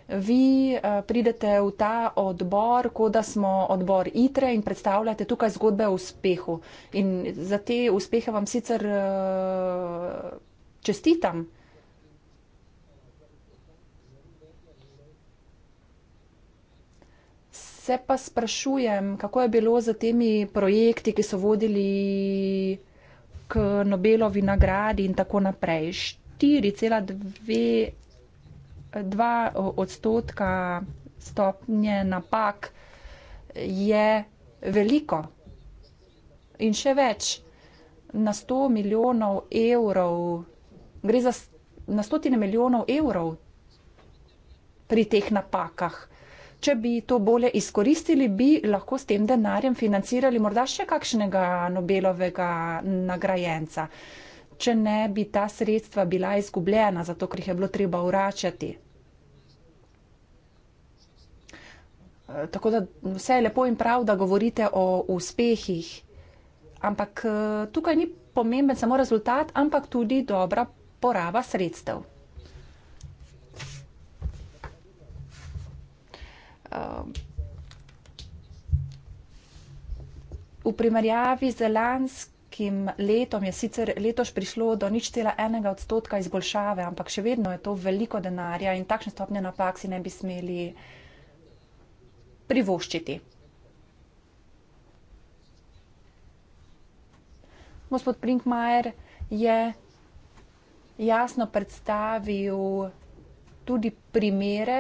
Speaker 2: vi eh, pridete v ta odbor, kot da smo odbor ITRE in predstavljate tukaj zgodbe o uspehu. In za te uspehe vam sicer eh, čestitam. Se pa sprašujem, kako je bilo z temi projekti, ki so vodili k Nobelovi nagradi in tako naprej. 4,2 2 odstotka stopnje napak je veliko. In še več, na 100 milijonov evrov, gre za na stotine milijonov evrov pri teh napakah. Če bi to bolje izkoristili, bi lahko s tem denarjem financirali morda še kakšnega Nobelovega nagrajenca če ne bi ta sredstva bila izgubljena, zato ker jih je bilo treba vračati. Eh, tako da vse je lepo in prav, da govorite o uspehih, ampak eh, tukaj ni pomemben samo rezultat, ampak tudi dobra poraba sredstev. Eh, v primerjavi z lanskim kratkim letom je sicer letos prišlo do nič cela enega odstotka izboljšave, ampak še vedno je to veliko denarja in takšne stopnje napak si ne bi smeli privoščiti. Gospod Brinkmajer je jasno predstavil tudi primere,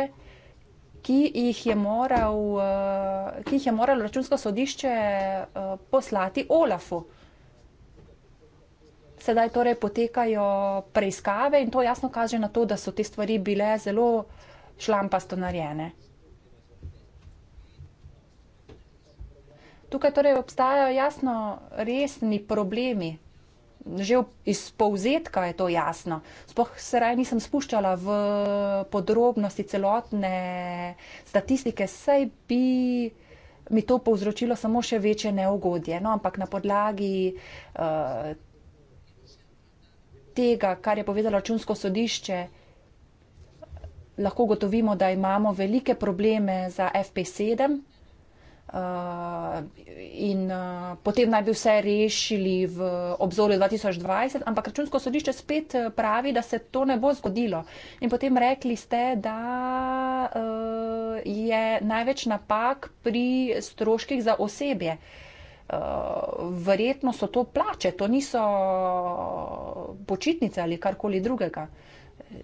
Speaker 2: ki jih je, moral, eh, ki jih je moralo računsko sodišče eh, poslati Olafu. Sedaj torej potekajo preiskave in to jasno kaže na to, da so te stvari bile zelo šlampasto narejene. Tukaj torej obstajajo jasno resni problemi. Že iz povzetka je to jasno. Spoh se raj nisem spuščala v podrobnosti celotne statistike, saj bi mi to povzročilo samo še večje neugodje. No, ampak na podlagi uh, tega, kar je povedalo računsko sodišče, lahko gotovimo, da imamo velike probleme za FP7 uh, eh, in uh, potem naj bi vse rešili v obzorju 2020, ampak računsko sodišče spet eh, pravi, da se to ne bo zgodilo. In potem rekli ste, da uh, je največ napak pri stroških za osebje. Uh, Eh, verjetno so to plače, to niso počitnice ali karkoli drugega.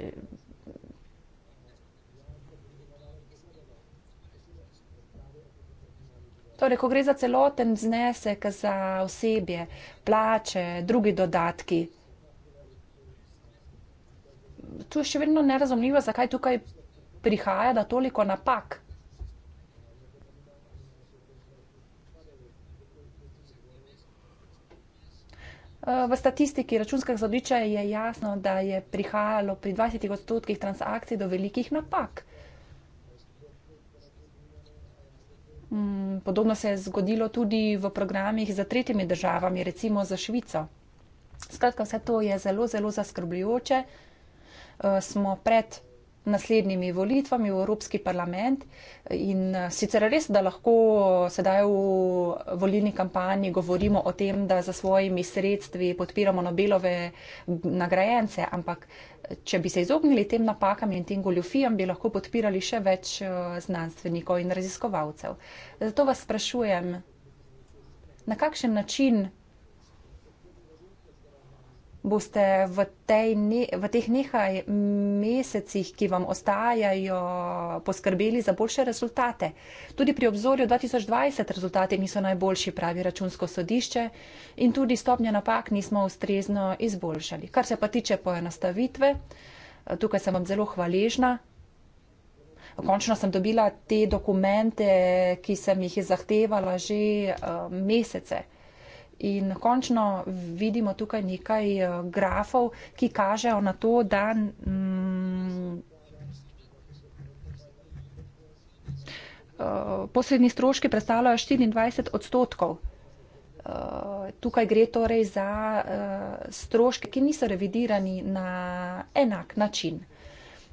Speaker 2: Eh, torej, ko gre za celoten znesek za osebje, plače, drugi dodatki, tu je še vedno nerazumljivo, zakaj tukaj prihaja do toliko napak. V statistiki računskega zadiča je jasno, da je prihajalo pri 20 odstotkih transakcij do velikih napak. Mm, podobno se je zgodilo tudi v programih za tretjimi državami, recimo za Švico. Skratka, vse to je zelo, zelo zaskrbljujoče. Eh, smo pred naslednjimi volitvami v Evropski parlament. In eh, sicer res, da lahko sedaj v volilni kampanji govorimo o tem, da za svojimi sredstvi podpiramo Nobelove nagrajence, ampak eh, če bi se izognili tem napakam in tem goljofijam, bi lahko podpirali še več eh, znanstvenikov in raziskovalcev. Zato vas sprašujem, na kakšen način boste v, tej ne, v teh nekaj mesecih, ki vam ostajajo, poskrbeli za boljše rezultate. Tudi pri obzorju 2020 rezultati niso najboljši, pravi računsko sodišče, in tudi stopnja napak nismo ustrezno izboljšali. Kar se pa tiče poenostavitve, tukaj sem vam zelo hvaležna. Končno sem dobila te dokumente, ki sem jih zahtevala že uh, mesece. In končno vidimo tukaj nekaj eh, grafov, ki kažejo na to, da mm, eh, posredni stroški predstavljajo 24 odstotkov. Eh, tukaj gre torej za stroške, ki niso revidirani na enak način.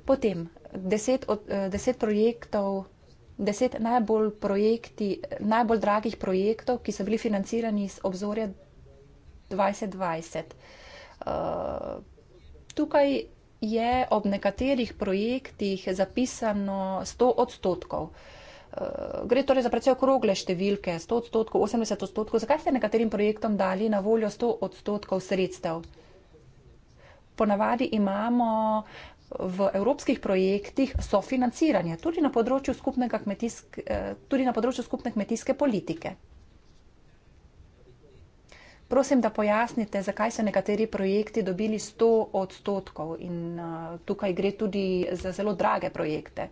Speaker 2: Potem 10, 10 projektov deset najbolj, projekti, najbolj dragih projektov, ki so bili financirani iz obzorja 2020. Uh, eh, tukaj je ob nekaterih projektih zapisano 100 odstotkov. Eh, gre torej za precej okrogle številke, 100 odstotkov, 80 odstotkov. Zakaj ste nekaterim projektom dali na voljo 100 odstotkov sredstev? Ponavadi imamo uh, v evropskih projektih sofinanciranje tudi na področju, eh, tudi na področju skupne kmetijske politike. Prosim, da pojasnite, zakaj so nekateri projekti dobili 100 odstotkov in eh, tukaj gre tudi za zelo drage projekte.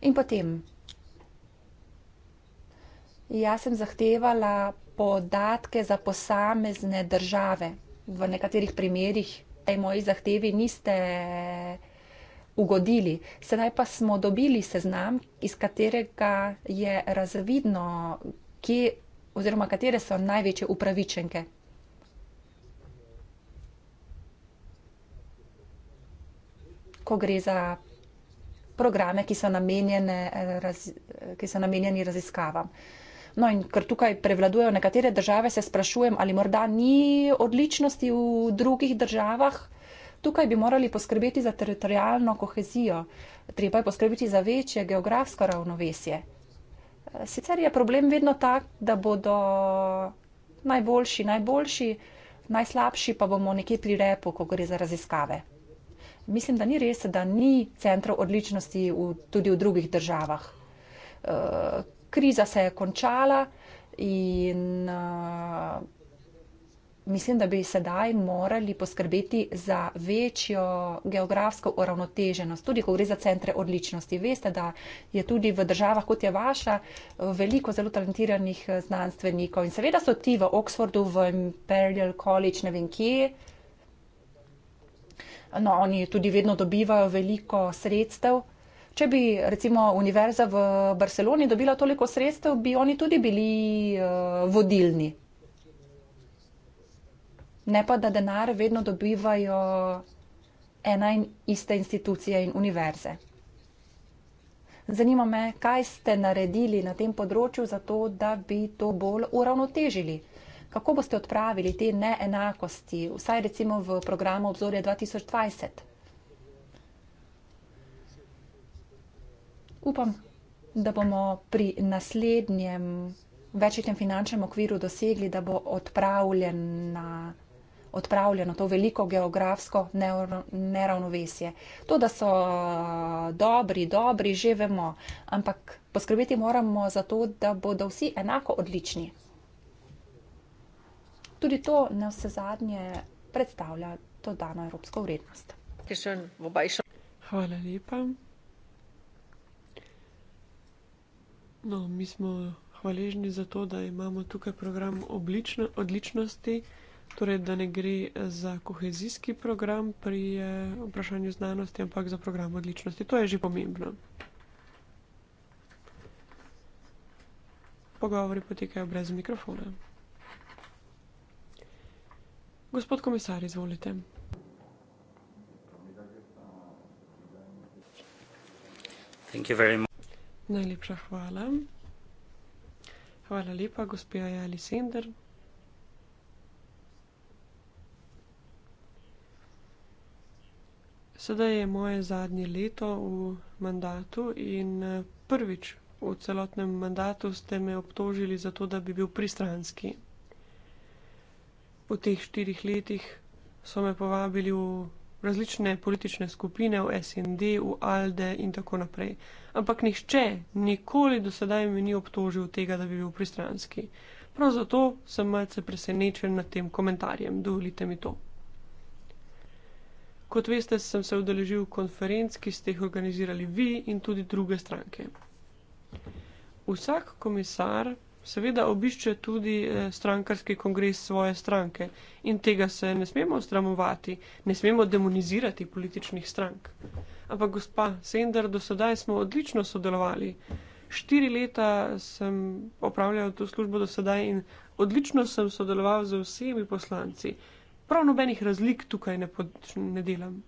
Speaker 2: In potem Jaz sem zahtevala podatke za posamezne države. V nekaterih primerjih tej moji zahtevi niste ugodili. Sedaj pa smo dobili seznam, iz katerega je razvidno, kje oziroma katere so največje upravičenke. Ko gre za programe, ki so eh, namenjeni raz, raziskavam. No in ker tukaj prevladujejo nekatere države, se sprašujem, ali morda ni odličnosti v drugih državah. Tukaj bi morali poskrbeti za teritorijalno kohezijo, treba je poskrbeti za večje geografsko ravnovesje. Sicer je problem vedno tak, da bodo najboljši, najboljši, najslabši pa bomo nekje pri repu, ko gre za raziskave. Mislim, da ni res, da ni centrov odličnosti v, tudi v drugih državah. E, kriza se je končala in uh, mislim, da bi sedaj morali poskrbeti za večjo geografsko uravnoteženost, tudi ko gre za centre odličnosti. Veste, da je tudi v državah, kot je vaša, veliko zelo talentiranih e, znanstvenikov in seveda so ti v Oxfordu, v Imperial College, ne vem kje. No, oni tudi vedno dobivajo veliko sredstev, Če bi recimo univerza v Barceloni dobila toliko sredstev, bi oni tudi bili uh, vodilni. Ne pa, da denar vedno dobivajo ena in iste institucije in univerze. Zanima me, kaj ste naredili na tem področju, zato da bi to bolj uravnotežili. Kako boste odpravili te neenakosti, vsaj recimo v programu obzorja 2020? upam, da bomo pri naslednjem večjem finančnem okviru dosegli, da bo odpravljena, odpravljeno to veliko geografsko neravnovesje. To, da so dobri, dobri, že vemo, ampak poskrbeti moramo za to, da bodo vsi enako odlični. Tudi to na vse zadnje predstavlja to dano evropsko vrednost. Hvala lepa. No,
Speaker 4: mi smo hvaležni za to, da imamo tukaj program oblično, odličnosti, torej da ne gre za kohezijski program pri eh, vprašanju znanosti, ampak za program odličnosti. To je že pomembno. Pogovori potekajo brez mikrofona. Gospod komisar, izvolite. Thank you very much. Najlepša hvala. Hvala lepa, gospa Jali Sender. Sedaj je moje zadnje leto v mandatu in eh, prvič v celotnem mandatu ste me obtožili za to, da bi bil pristranski. V teh štirih letih so me povabili v različne politične skupine, v SND, v ALDE in tako naprej. Ampak nihče nikoli do sedaj mi ni obtožil tega, da bi bil pristranski. Prav zato sem malce presenečen nad tem komentarjem, dovolite mi to. Kot veste, sem se udeležil konferenc, ki ste jih organizirali vi in tudi druge stranke. Vsak komisar seveda obišče tudi eh, strankarski kongres svoje stranke in tega se ne smemo stramovati, ne smemo demonizirati političnih strank. Ampak, gospa Sender, do sedaj smo odlično sodelovali. Štiri leta sem opravljal to službo do sedaj in odlično sem sodeloval z vsemi poslanci. Prav nobenih razlik tukaj ne, pod, ne delam.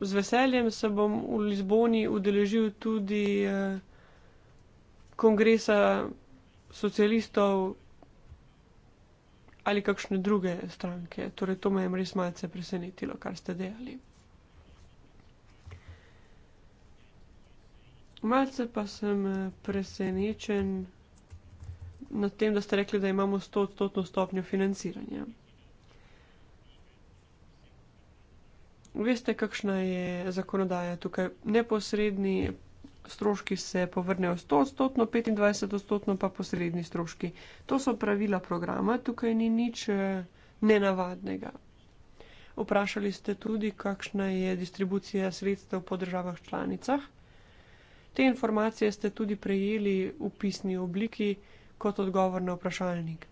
Speaker 4: Z veseljem se bom v Lizboni udeležil tudi eh, kongresa socialistov ali kakšne druge stranke. Torej, to me je res malce presenetilo, kar ste dejali. Malce pa sem eh, presenečen nad tem, da ste rekli, da imamo 100-odstotno stopnjo financiranja. Veste, kakšna je zakonodaja tukaj? Neposredni stroški se povrnejo 100-odstotno, 25-odstotno pa posredni stroški. To so pravila programa, tukaj ni nič eh, nenavadnega. Vprašali ste tudi, kakšna je distribucija sredstev po državah članicah. Te informacije ste tudi prejeli v pisni obliki kot odgovor na vprašalnik.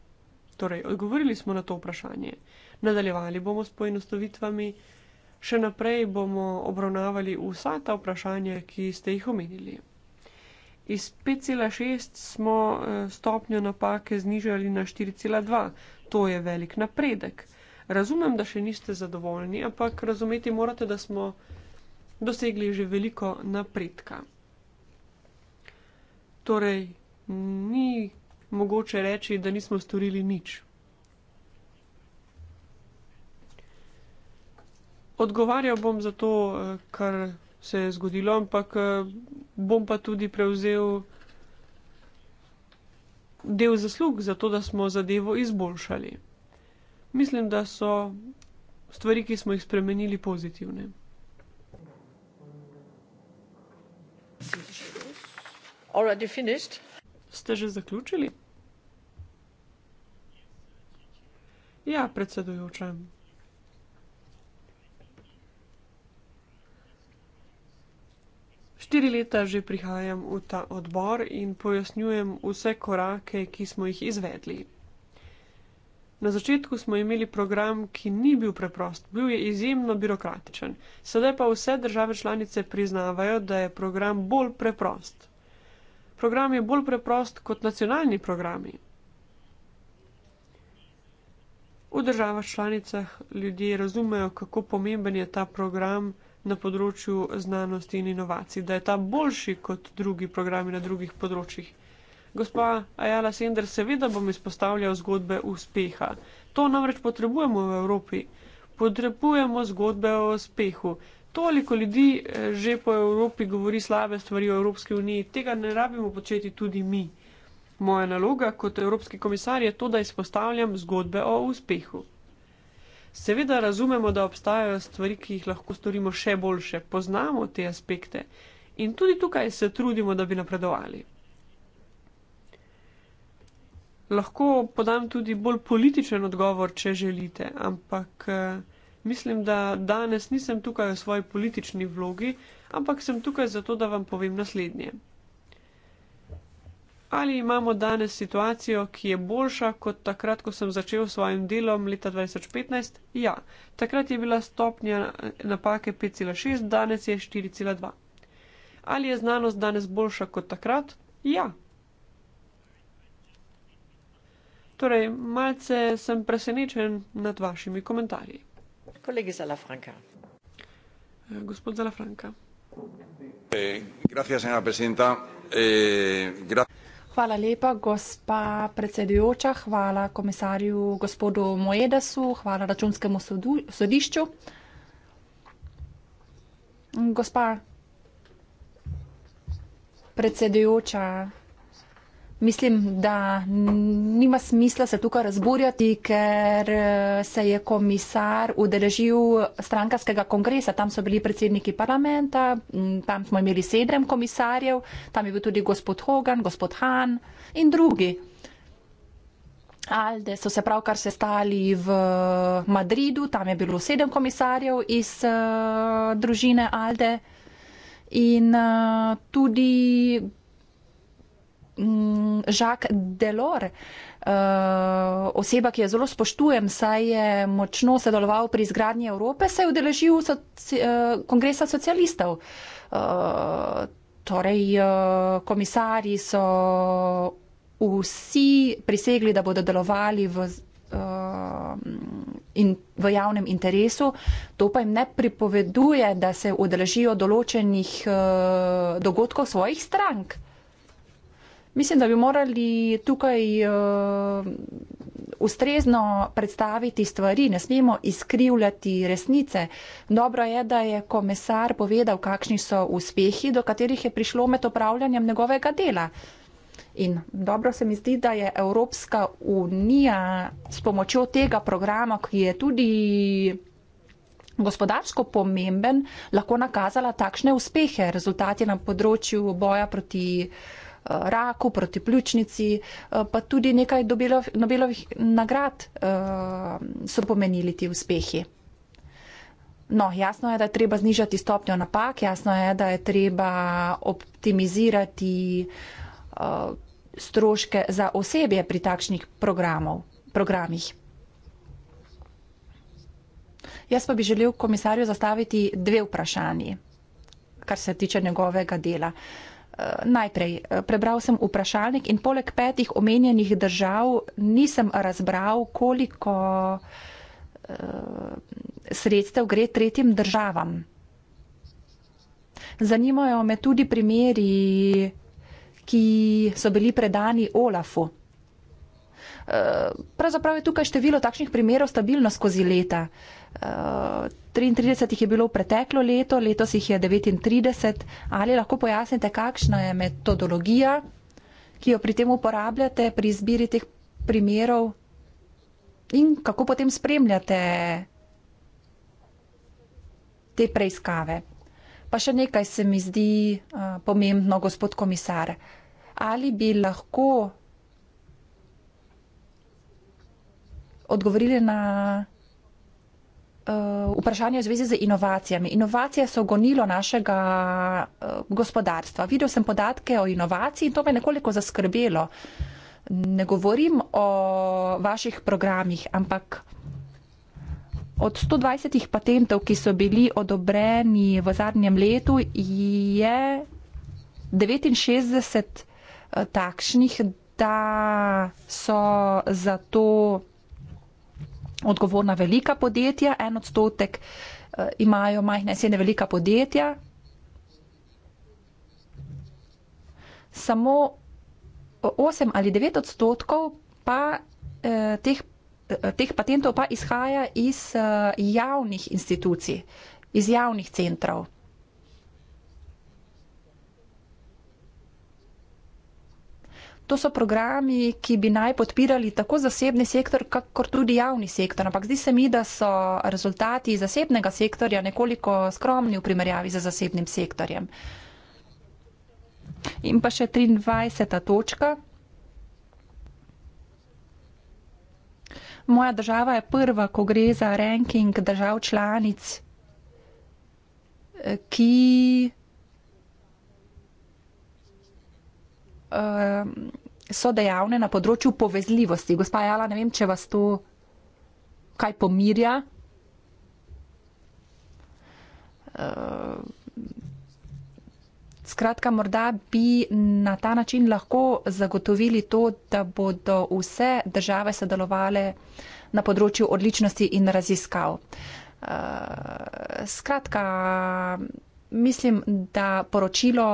Speaker 4: Torej, odgovorili smo na to vprašanje. Nadaljevali bomo s poenostavitvami. Še naprej bomo obravnavali vsa ta vprašanja, ki ste jih omenili. Iz 5,6 smo eh, stopnjo napake znižali na 4,2. To je velik napredek. Razumem, da še niste zadovoljni, ampak razumeti morate, da smo dosegli že veliko napredka. Torej, ni mogoče reči, da nismo storili nič. Odgovarjal bom za to, eh, kar se je zgodilo, ampak eh, bom pa tudi prevzel del zaslug za to, da smo zadevo izboljšali. Mislim, da so stvari, ki smo jih spremenili, pozitivne. Ste že zaključili? Ja, predsedujoča. Štiri leta že prihajam v ta odbor in pojasnjujem vse korake, ki smo jih izvedli. Na začetku smo imeli program, ki ni bil preprost, bil je izjemno birokratičen. Sedaj pa vse države članice priznavajo, da je program bolj preprost. Program je bolj preprost kot nacionalni programi. V državah članicah ljudje razumejo, kako pomemben je ta program na področju znanosti in inovacij, da je ta boljši kot drugi programi na drugih področjih. Gospa Ajala Sender, seveda bom izpostavljal zgodbe uspeha. To namreč potrebujemo v Evropi. Potrebujemo zgodbe o uspehu. Toliko ljudi eh, že po Evropi govori slabe stvari o Evropski uniji, tega ne rabimo početi tudi mi. Moja naloga kot evropski komisar je to, da izpostavljam zgodbe o uspehu. Seveda razumemo, da obstajajo stvari, ki jih lahko storimo še boljše, poznamo te aspekte in tudi tukaj se trudimo, da bi napredovali. Lahko podam tudi bolj političen odgovor, če želite, ampak eh, mislim, da danes nisem tukaj v svoji politični vlogi, ampak sem tukaj zato, da vam povem naslednje ali imamo danes situacijo, ki je boljša kot takrat, ko sem začel s svojim delom leta 2015? Ja, takrat je bila stopnja napake 5,6, danes je 4,2. Ali je znanost danes boljša kot takrat? Ja. Torej, malce sem presenečen nad vašimi komentarji.
Speaker 1: Kolegi Zalafranka.
Speaker 2: Eh, gospod Zalafranka.
Speaker 1: Eh, gracias,
Speaker 2: Hvala lepa, gospa predsedujoča, hvala komisarju gospodu Moedasu, hvala računskemu sodišču. Gospa predsedujoča, Mislim, da nima smisla se tukaj razburjati, ker eh, se je komisar udeležil strankarskega kongresa. Tam so bili predsedniki parlamenta, mm, tam smo imeli sedem komisarjev, tam je bil tudi gospod Hogan, gospod Han in drugi. Alde so se pravkar sestali v eh, Madridu, tam je bilo sedem komisarjev iz uh, družine Alde in uh, tudi Žak mm, Delor, eh, oseba, ki jo zelo spoštujem, saj je močno sodeloval pri izgradnji Evrope, se je udeležil soci eh, kongresa socialistov. Eh, torej, komisari so vsi prisegli, da bodo delovali v, in, v javnem interesu. To pa jim ne pripoveduje, da se udeležijo določenih dogodkov svojih strank. Mislim, da bi morali tukaj uh, ustrezno predstaviti stvari, ne smemo izkrivljati resnice. Dobro je, da je komisar povedal, kakšni so uspehi, do katerih je prišlo med opravljanjem njegovega dela. In dobro se mi zdi, da je Evropska unija s pomočjo tega programa, ki je tudi gospodarsko pomemben, lahko nakazala takšne uspehe, rezultati na področju boja proti. Uh, raku, proti pljučnici, eh, pa tudi nekaj Nobelov, Nobelovih nagrad eh, so pomenili ti uspehi. No, jasno je, da je treba znižati stopnjo napak, jasno je, da je treba optimizirati eh, stroške za osebje pri takšnih programov, programih. Jaz pa bi želel komisarju zastaviti dve vprašanji, kar se tiče njegovega dela. Uh, Eh, najprej, eh, prebral sem vprašalnik in poleg petih omenjenih držav nisem razbral, koliko eh, sredstev gre tretjim državam. Zanimajo me tudi primeri, ki so bili predani Olafu. Pravzaprav je tukaj število takšnih primerov stabilno skozi leta. 33 eh, jih je bilo preteklo leto, letos jih je 39. Ali lahko pojasnite, kakšna je metodologija, ki jo pri tem uporabljate pri izbiri teh primerov in kako potem spremljate te preiskave? Pa še nekaj se mi zdi uh, pomembno, gospod komisar. Ali bi lahko odgovorili na Eh, vprašanje v zvezi z inovacijami. Inovacije so gonilo našega eh, gospodarstva. Videl sem podatke o inovaciji in to me nekoliko zaskrbelo. Ne govorim o vaših programih, ampak od 120 patentov, ki so bili odobreni v zadnjem letu, je 69 eh, takšnih, da so za to odgovorna velika podjetja, en odstotek eh, imajo majhne in srednje velika podjetja. Samo 8 eh, ali 9 odstotkov pa eh, teh, eh, teh patentov pa izhaja iz eh, javnih institucij, iz javnih centrov. To so programi, ki bi naj podpirali tako zasebni sektor, kakor tudi javni sektor. Ampak zdi se mi, da so rezultati zasebnega sektorja nekoliko skromni v primerjavi z zasebnim sektorjem. In pa še 23. točka. Moja država je prva, ko gre za ranking držav članic, ki uh, so dejavne na področju povezljivosti. Gospa Jala, ne vem, če vas to kaj pomirja. Uh, skratka, morda bi na ta način lahko zagotovili to, da bodo vse države sodelovale na področju odličnosti in raziskav. Uh, skratka, mislim, da poročilo,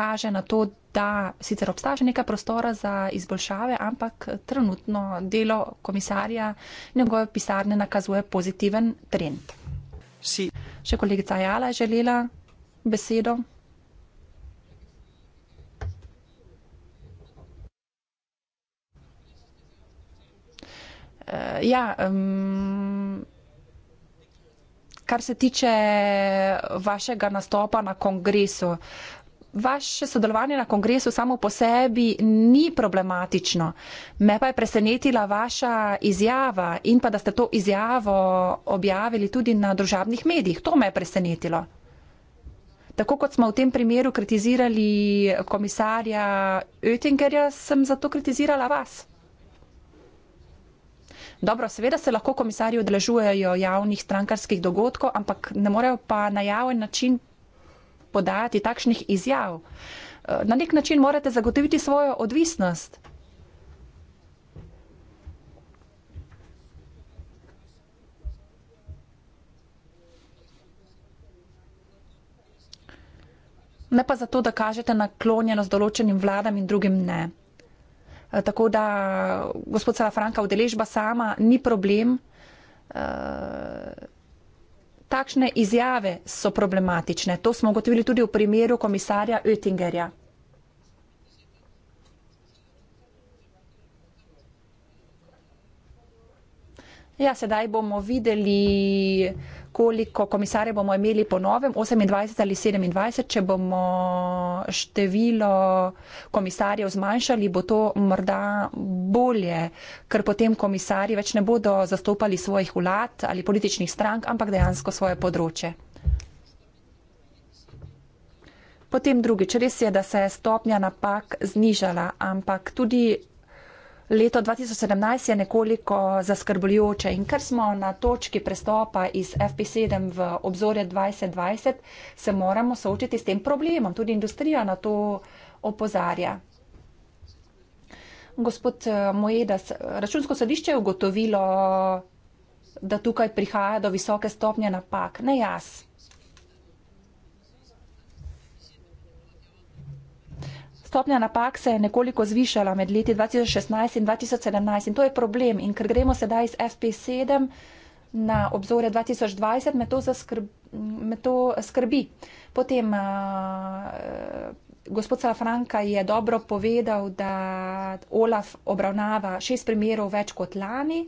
Speaker 2: kaže na to, da sicer obstaja še nekaj prostora za izboljšave, ampak trenutno delo komisarja njegove pisarne nakazuje pozitiven trend. Si. Še kolegica Jala je želela besedo. Eh, ja, um, kar se tiče vašega nastopa na kongresu, uh, vaše sodelovanje na kongresu samo po sebi ni problematično. Me pa je presenetila vaša izjava in pa, da ste to izjavo objavili tudi na družabnih medijih. To me je presenetilo. Tako kot smo v tem primeru kritizirali komisarja Oettingerja, sem zato kritizirala vas. Dobro, seveda se lahko komisarji odležujejo javnih strankarskih dogodkov, ampak ne morejo pa na javen način podajati takšnih izjav. Eh, na nek način morate zagotoviti svojo odvisnost. Ne pa zato, da kažete naklonjenost določenim vladam in drugim ne. Eh, tako da, gospod Salafranka, udeležba sama ni problem. Eh, takšne izjave so problematične. To smo ugotovili tudi v primeru komisarja Oettingerja. Ja, sedaj bomo videli, koliko komisarjev bomo imeli po novem, 28 ali 27. Če bomo število komisarjev zmanjšali, bo to morda bolje, ker potem komisarji več ne bodo zastopali svojih vlad ali političnih strank, ampak dejansko svoje področje. Potem drugič, res je, da se je stopnja napak znižala, ampak tudi Leto 2017 je nekoliko zaskrbljujoče in ker smo na točki prestopa iz FP7 v obzorje 2020, se moramo soočiti s tem problemom. Tudi industrija na to opozarja. Gospod eh, Mojedas, računsko sodišče je ugotovilo, da tukaj prihaja do visoke stopnje napak. Ne jaz, Stopnja napak se je nekoliko zvišala med leti 2016 in 2017 in to je problem. In ker gremo sedaj iz FP7 na obzore 2020, me to, zaskrbi, me to skrbi. Potem uh, gospod Salafranka je dobro povedal, da OLAF obravnava šest primerov več kot lani,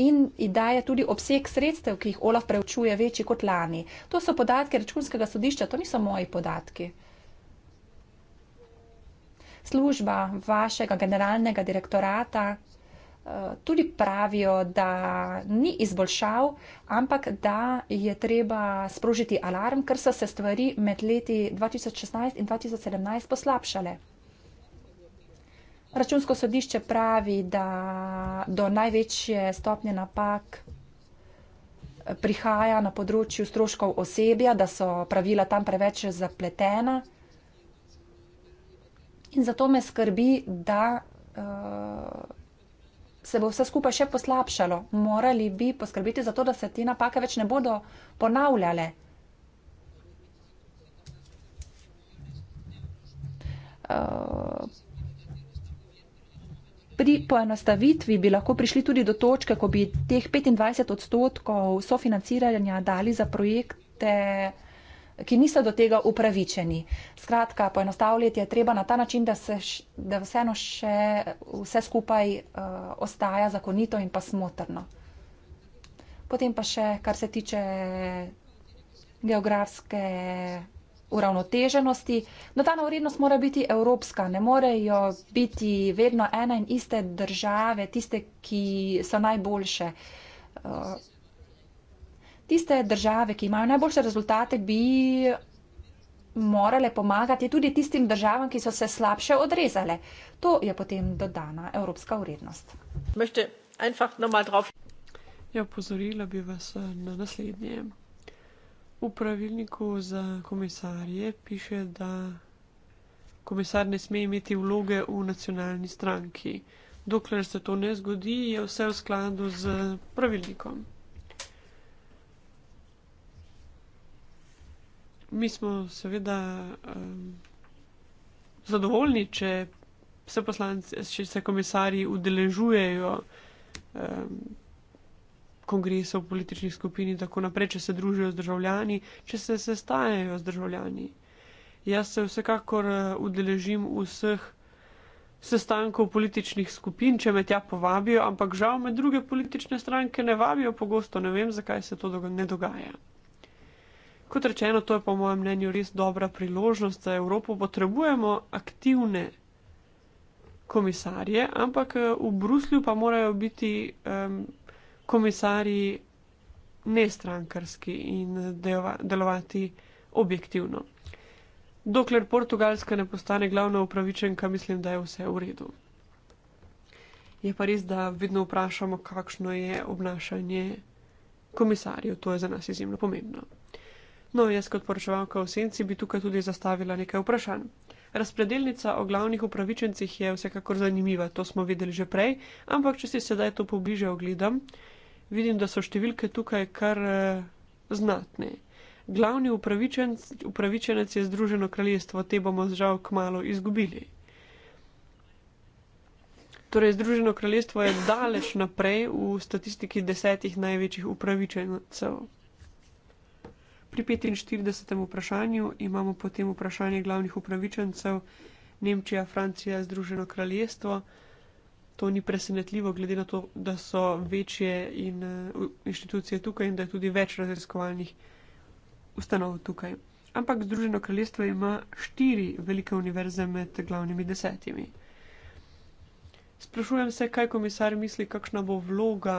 Speaker 2: in daje tudi obseg sredstev, ki jih Olaf preučuje, večji kot lani. To so podatki računskega sodišča, to niso moji podatki. Služba vašega generalnega direktorata eh, tudi pravijo, da ni izboljšav, ampak da je treba sprožiti alarm, ker so se stvari med leti 2016 in 2017 poslabšale. Računsko sodišče pravi, da do največje stopnje napak prihaja na področju stroškov osebja, da so pravila tam preveč zapletena. In zato me skrbi, da uh, se bo vse skupaj še poslabšalo. Morali bi poskrbeti za to, da se te napake več ne bodo ponavljale. Uh, pri poenostavitvi bi lahko prišli tudi do točke, ko bi teh 25 odstotkov sofinanciranja dali za projekte, ki niso do tega upravičeni. Skratka, poenostavljati je treba na ta način, da, se, da vseeno še vse skupaj uh, ostaja zakonito in pa smotrno. Potem pa še, kar se tiče geografske uravnoteženosti. Dodana no, vrednost mora biti evropska, ne morejo biti vedno ena in iste države, tiste, ki so najboljše. Eh, tiste države, ki imajo najboljše rezultate, bi morale pomagati tudi tistim državam, ki so se slabše odrezale. To je potem dodana evropska vrednost.
Speaker 4: Ja, opozorila bi vas eh, na naslednje. V pravilniku za komisarje piše, da komisar ne sme imeti vloge v nacionalni stranki. Dokler se to ne zgodi, je vse v skladu z pravilnikom. Mi smo seveda um, zadovoljni, če se poslanci, če se komisarji udeležujejo um, kongresov, političnih skupin in tako naprej, če se družijo z državljani, če se sestajajo z državljani. Jaz se vsekakor eh, udeležim vseh sestankov političnih skupin, če me tja povabijo, ampak žal me druge politične stranke ne vabijo pogosto, ne vem, zakaj se to ne dogaja. Kot rečeno, to je po mojem mnenju res dobra priložnost za Evropo. Potrebujemo aktivne komisarje, ampak eh, v Bruslju pa morajo biti. Um, komisari nestrankarski in delovati objektivno. Dokler Portugalska ne postane glavna upravičenka, mislim, da je vse v redu. Je pa res, da vedno vprašamo, kakšno je obnašanje komisarjev. To je za nas izjemno pomembno. No, jaz kot poročevalka v senci bi tukaj tudi zastavila nekaj vprašanj. Razpredelnica o glavnih upravičencih je vsekakor zanimiva, to smo videli že prej, ampak če si sedaj to pobliže ogledam, vidim, da so številke tukaj kar eh, znatne. Glavni upravičenc, upravičenec je Združeno kraljestvo, te bomo žal kmalo izgubili. Torej, Združeno kraljestvo je daleč naprej v statistiki desetih največjih upravičencev. Pri 45. vprašanju imamo potem vprašanje glavnih upravičencev Nemčija, Francija, Združeno kraljestvo to ni presenetljivo, glede na to, da so večje in, uh, inštitucije tukaj in da je tudi več raziskovalnih ustanov tukaj. Ampak Združeno kraljestvo ima štiri velike univerze med glavnimi desetimi. Sprašujem se, kaj komisar misli, kakšna bo vloga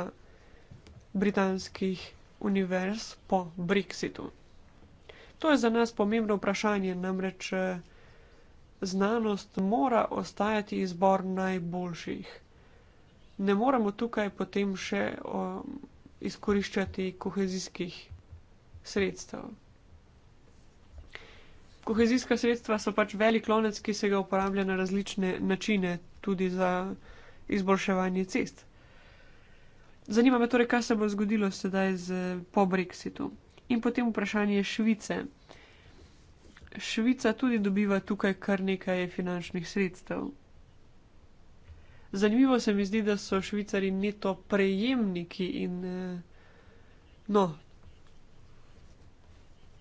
Speaker 4: britanskih univerz po Brexitu. To je za nas pomembno vprašanje, namreč eh, znanost mora ostajati izbor najboljših ne moremo tukaj potem še o, izkoriščati kohezijskih sredstev. Kohezijska sredstva so pač velik lonec, ki se ga uporablja na različne načine, tudi za izboljševanje cest. Zanima me torej, kaj se bo zgodilo sedaj z, po Brexitu. In potem vprašanje Švice. Švica tudi dobiva tukaj kar nekaj finančnih sredstev zanimivo se mi zdi, da so švicari neto prejemniki in eh, no.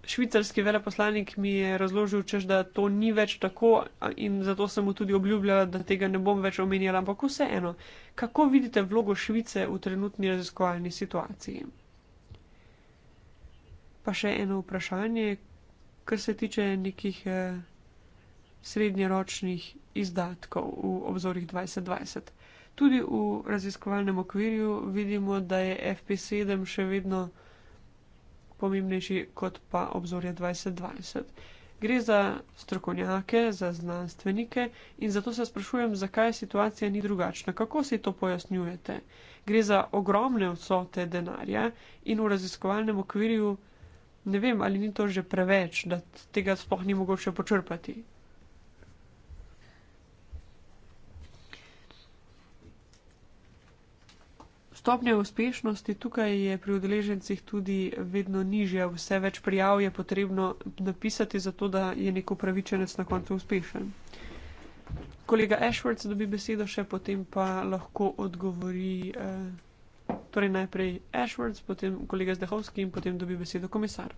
Speaker 4: Švicarski veleposlanik mi je razložil, češ, da to ni več tako in zato sem mu tudi obljubljala, da tega ne bom več omenjala, ampak vseeno, kako vidite vlogo Švice v trenutni raziskovalni situaciji? Pa še eno vprašanje, kar se tiče nekih. Eh, srednjeročnih izdatkov v obzorjih 2020. Tudi v raziskovalnem okvirju vidimo, da je FP7 še vedno pomembnejši kot pa obzorje 2020. Gre za strokovnjake, za znanstvenike in zato se sprašujem, zakaj situacija ni drugačna. Kako si to pojasnjujete? Gre za ogromne vsote denarja in v raziskovalnem okvirju ne vem, ali ni to že preveč, da tega sploh ni mogoče počrpati. Stopnja uspešnosti tukaj je pri udeležencih tudi vedno nižja. Vse več prijav je potrebno napisati, zato da je nek upravičenec na koncu uspešen. Kolega Ashworth dobi besedo, še potem pa lahko odgovori. Eh, torej najprej Ashworth, potem kolega Zdehovski in potem dobi besedo komisar.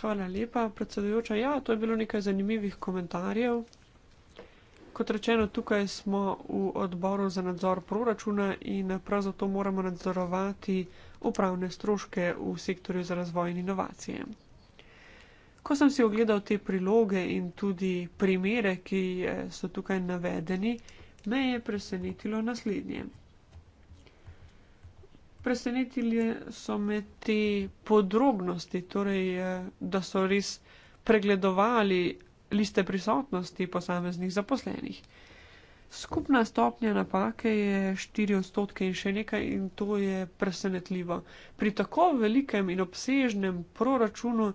Speaker 4: Hvala lepa, predsedujoča. Ja, to je bilo nekaj zanimivih komentarjev kot rečeno, tukaj smo v odboru za nadzor proračuna in prav zato moramo nadzorovati upravne stroške v sektorju za razvoj in inovacije. Ko sem si ogledal te priloge in tudi primere, ki eh, so tukaj navedeni, me je presenetilo naslednje. Presenetili so me te podrobnosti, torej, eh, da so res pregledovali liste prisotnosti posameznih zaposlenih. Skupna stopnja napake je 4 odstotke in še nekaj, in to je presenetljivo. Pri tako velikem in obsežnem proračunu,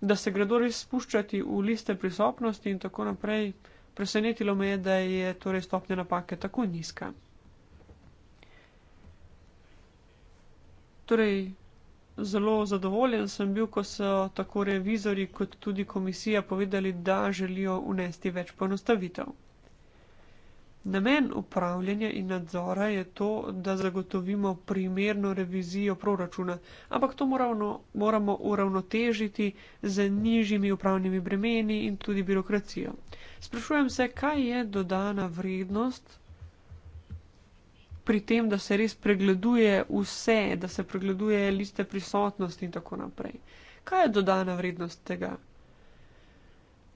Speaker 4: da se gredo res spuščati v liste prisotnosti in tako naprej, presenetilo me je, da je torej stopnja napake tako nizka. Torej, zelo zadovoljen sem bil, ko so tako revizori kot tudi komisija povedali, da želijo unesti več ponostavitev. Namen upravljanja in nadzora je to, da zagotovimo primerno revizijo proračuna, ampak to moramo, moramo uravnotežiti z nižjimi upravnimi bremeni in tudi birokracijo. Sprašujem se, kaj je dodana vrednost pri tem, da se res pregleduje vse, da se pregleduje liste prisotnosti in tako naprej. Kaj je dodana vrednost tega?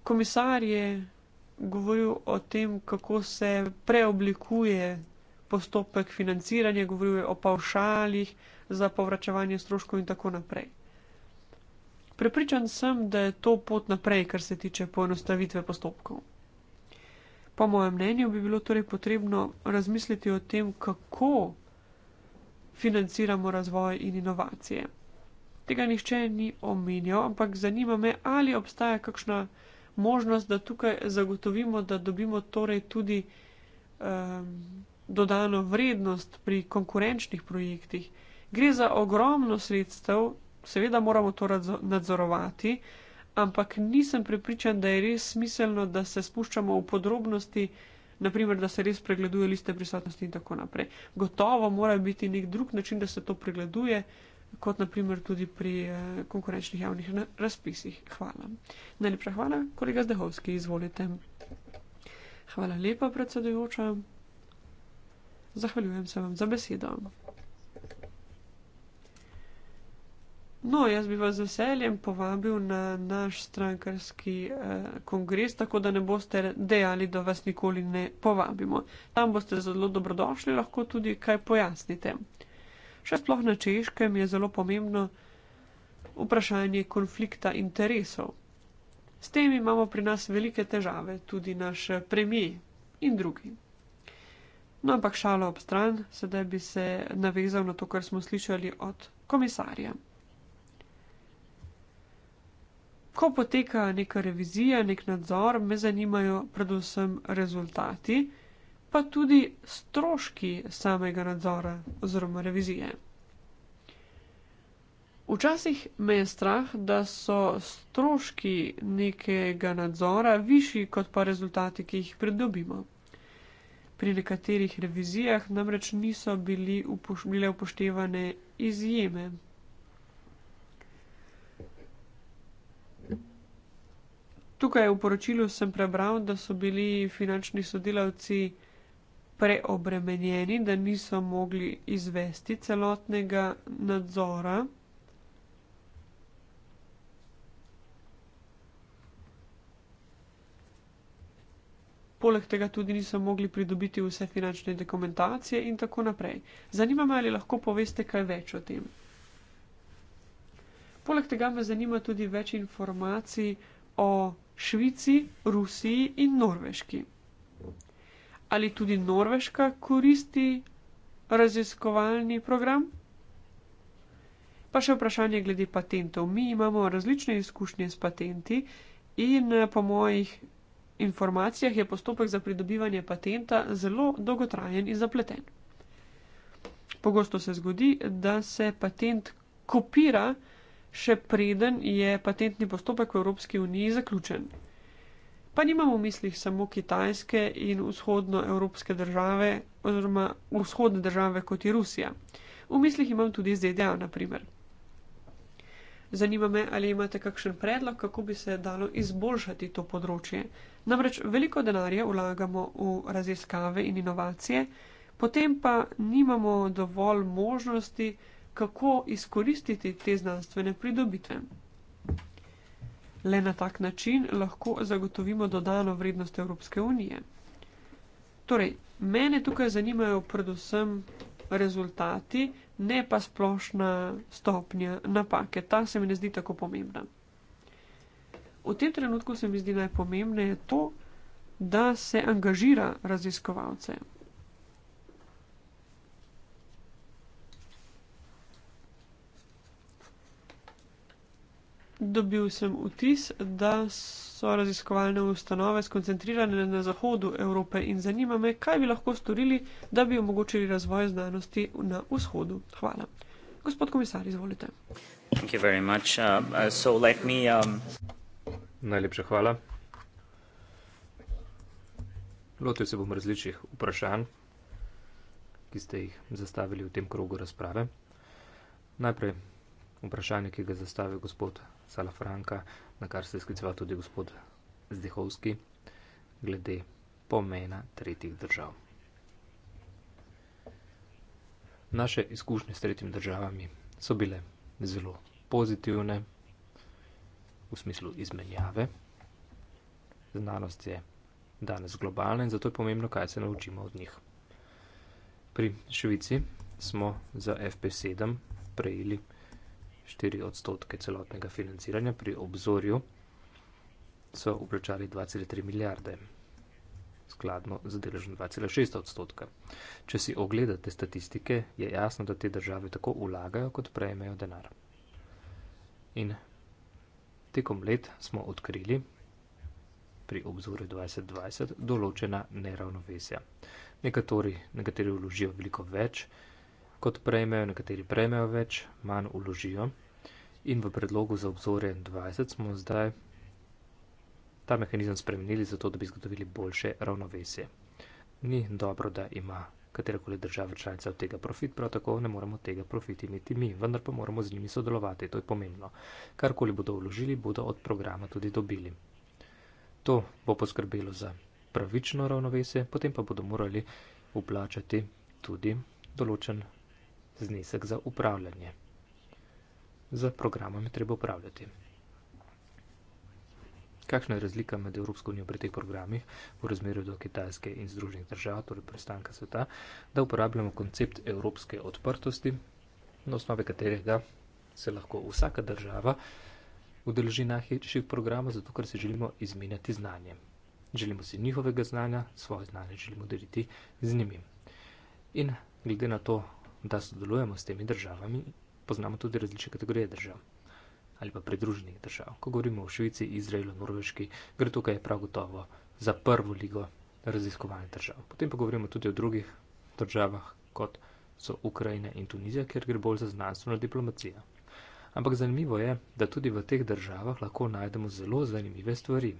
Speaker 4: Komisar je govoril o tem, kako se preoblikuje postopek financiranja, govoril je o pavšalih za povračevanje stroškov in tako naprej. Prepričan sem, da je to pot naprej, kar se tiče poenostavitve postopkov. Po mojem mnenju bi bilo torej potrebno razmisliti o tem, kako financiramo razvoj in inovacije. Tega nišče ni omenjal, ampak zanima me, ali obstaja kakšna možnost, da tukaj zagotovimo, da dobimo torej tudi um, dodano vrednost pri konkurenčnih projektih. Gre za ogromno sredstev, seveda moramo to nadzorovati ampak nisem prepričan, da je res smiselno, da se spuščamo v podrobnosti, naprimer, da se res pregleduje liste prisotnosti in tako naprej. Gotovo mora biti nek drug način, da se to pregleduje, kot naprimer tudi pri eh, konkurenčnih javnih razpisih. Hvala. Najlepša hvala, kolega Zdehovski, izvolite. Hvala lepa, predsedujoča. Zahvaljujem se vam za besedo. No, jaz bi vas z veseljem povabil na naš strankarski eh, kongres, tako da ne boste dejali, da vas nikoli ne povabimo. Tam boste zelo dobrodošli, lahko tudi kaj pojasnite. Še sploh na češkem je zelo pomembno vprašanje konflikta interesov. S tem imamo pri nas velike težave, tudi naš premije in drugi. No, ampak šalo ob stran, sedaj bi se navezal na to, kar smo slišali od komisarja ko poteka neka revizija, nek nadzor, me zanimajo predvsem rezultati, pa tudi stroški samega nadzora oziroma revizije. Včasih me je strah, da so stroški nekega nadzora višji kot pa rezultati, ki jih pridobimo. Pri nekaterih revizijah namreč niso bili upoš bile upoštevane izjeme. Tukaj v poročilu sem prebral, da so bili finančni sodelavci preobremenjeni, da niso mogli izvesti celotnega nadzora. Poleg tega tudi niso mogli pridobiti vse finančne dokumentacije in tako naprej. Zanima me, ali lahko poveste kaj več o tem. Poleg tega me zanima tudi več informacij o Švici, Rusiji in Norveški. Ali tudi Norveška koristi raziskovalni program? Pa še vprašanje glede patentov. Mi imamo različne izkušnje s patenti in po mojih informacijah je postopek za pridobivanje patenta zelo dolgotrajen in zapleten. Pogosto se zgodi, da se patent kopira, še preden je patentni postopek v Evropski uniji zaključen. Pa nimamo v mislih samo kitajske in vzhodnoevropske države, oziroma vzhodne države kot je Rusija. V mislih imam tudi ZDA, naprimer. Zanima me, ali imate kakšen predlog, kako bi se dalo izboljšati to področje. Namreč veliko denarja vlagamo v raziskave in inovacije, potem pa nimamo dovolj možnosti, kako izkoristiti te znanstvene pridobitve. Le na tak način lahko zagotovimo dodano vrednost Evropske unije. Torej, mene tukaj zanimajo predvsem rezultati, ne pa splošna stopnja napake. Ta se mi ne zdi tako pomembna. V tem trenutku se mi zdi najpomembnejše to, da se angažira raziskovalce, dobil sem vtis, da so raziskovalne ustanove skoncentrirane na zahodu Evrope in zanima me, kaj bi lahko storili, da bi omogočili razvoj znanosti na vzhodu. Hvala. Gospod komisar, izvolite.
Speaker 5: Uh, uh me, um... Najlepša hvala. Lotev se bom različnih vprašanj, ki ste jih zastavili v tem krogu razprave. Najprej vprašanje, ki ga zastavi gospod Salafranka, na kar se je skliceval tudi gospod Zdehovski, glede pomena tretjih držav. Naše izkušnje s tretjimi državami so bile zelo pozitivne v smislu izmenjave. Znanost je danes globalna in zato je pomembno, kaj se naučimo od njih. Pri Švici smo za FP7 prejeli 4 odstotke celotnega financiranja pri obzorju so obračali 2,3 milijarde, skladno z deležem 2,6 odstotka. Če si ogledate statistike, je jasno, da te države tako ulagajo, kot prejmejo denar. In tekom let smo odkrili pri obzorju 2020 določena neravnovesja. Nekatori, nekateri vložijo veliko več, kot prejmejo, nekateri prejmejo več, manj uložijo. In v predlogu za obzorje 20 smo zdaj ta mehanizem spremenili, zato da bi zagotovili boljše ravnovesje. Ni dobro, da ima katerakoli država članica od tega profit, prav tako ne moremo tega profiti imeti mi, vendar pa moramo z njimi sodelovati, to je pomembno. Karkoli bodo vložili, bodo od programa tudi dobili. To bo poskrbelo za pravično ravnovesje, potem pa bodo morali uplačati tudi določen znesek za upravljanje. Z programom je treba upravljati. Kakšna je razlika med Evropsko unijo pri teh programih v razmerju do Kitajske in Združenih držav, torej pristanka sveta, da uporabljamo koncept evropske odprtosti, na osnovi katerega se lahko vsaka država udeleži najhitrejših programov, zato ker se želimo izmenjati znanje. Želimo si njihovega znanja, svoje znanje želimo deliti z njimi. In glede na to, da sodelujemo s temi državami, poznamo tudi različne kategorije držav ali pa pridruženih držav. Ko govorimo o Švici, Izraelu, Norveški, gre tukaj prav gotovo za prvo ligo raziskovanja držav. Potem pa govorimo tudi o drugih državah, kot so Ukrajina in Tunizija, kjer gre bolj za znanstveno diplomacijo. Ampak zanimivo je, da tudi v teh državah lahko najdemo zelo zanimive stvari.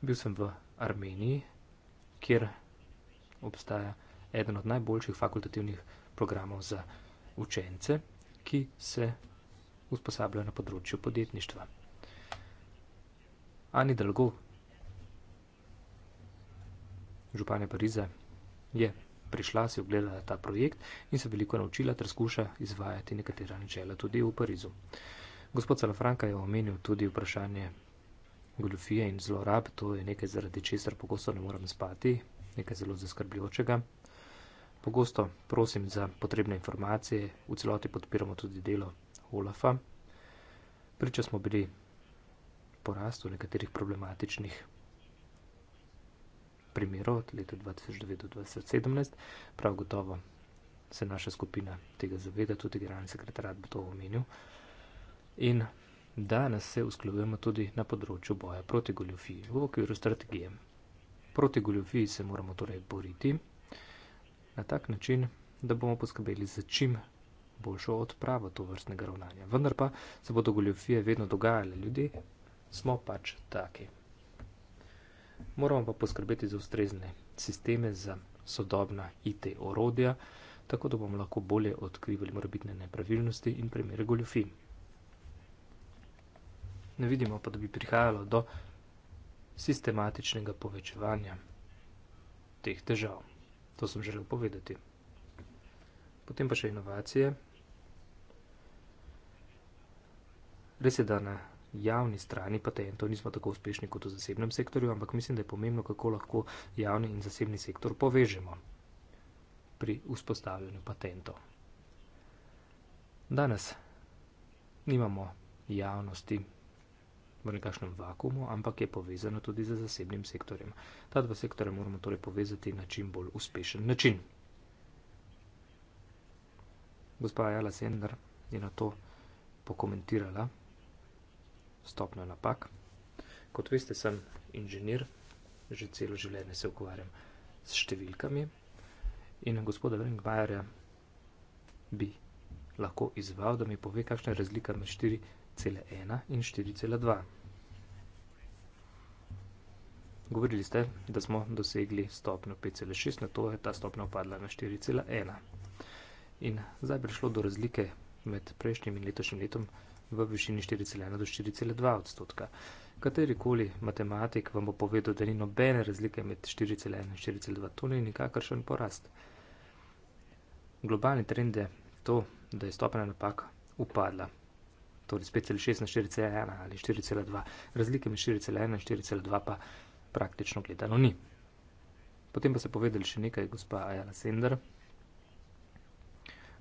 Speaker 5: Bil sem v Armeniji, kjer obstaja eden od najboljših fakultativnih programov za učence, ki se usposabljajo na področju podjetništva. Ani Dalgo, županja Pariza, je prišla, si ogledala ta projekt in se veliko naučila ter skuša izvajati nekatera načela tudi v Parizu. Gospod Salafranka je omenil tudi vprašanje goljofije in zlorab, to je nekaj zaradi česar pogosto ne morem spati, nekaj zelo zaskrbljočega pogosto prosim za potrebne informacije, v celoti podpiramo tudi delo Olafa. Priča smo bili porastu nekaterih problematičnih primerov od leta 2009 do 2017. Prav gotovo se naša skupina tega zaveda, tudi generalni sekretarat bo to omenil. In danes se usklajujemo tudi na področju boja proti goljofiji v okviru strategije. Proti goljofiji se moramo torej boriti na tak način, da bomo poskrbeli za čim boljšo odpravo to vrstnega ravnanja. Vendar pa se bodo goljofije vedno dogajale ljudi, smo pač taki. Moramo pa poskrbeti za ustrezne sisteme za sodobna IT orodja, tako da bomo lahko bolje odkrivali morbitne nepravilnosti in primere goljofij. Ne vidimo pa, da bi prihajalo do sistematičnega povečevanja teh težav. To sem želel povedati. Potem pa še inovacije. Res je, da na javni strani patentov nismo tako uspešni kot v zasebnem sektorju, ampak mislim, da je pomembno, kako lahko javni in zasebni sektor povežemo pri vzpostavljanju patentov. Danes nimamo javnosti v nekakšnem vakumu, ampak je povezano tudi z zasebnim sektorjem. Ta dva sektora moramo torej povezati na čim bolj uspešen način. Gospa Jala Sender je na to pokomentirala stopno napak. Kot veste, sem inženir, že celo življenje se ukvarjam s številkami in gospoda Vrengmajerja bi lahko izval, da mi pove, kakšna je razlika med 4 4,1 in 4,2. Govorili ste, da smo dosegli stopno 5,6, na to je ta stopna upadla na 4,1. In zdaj prišlo do razlike med prejšnjim in letošnjim letom v višini 4,1 do 4,2 odstotka. Katerikoli matematik vam bo povedal, da ni nobene razlike med 4,1 in 4,2, to ni nikakršen porast. Globalni trend je to, da je stopena napaka upadla torej 5,6 na 4,1 ali 4,2. Razlike med 4,1 in 4,2 pa praktično gledano ni. Potem pa se povedali še nekaj, gospa Ajala Sender,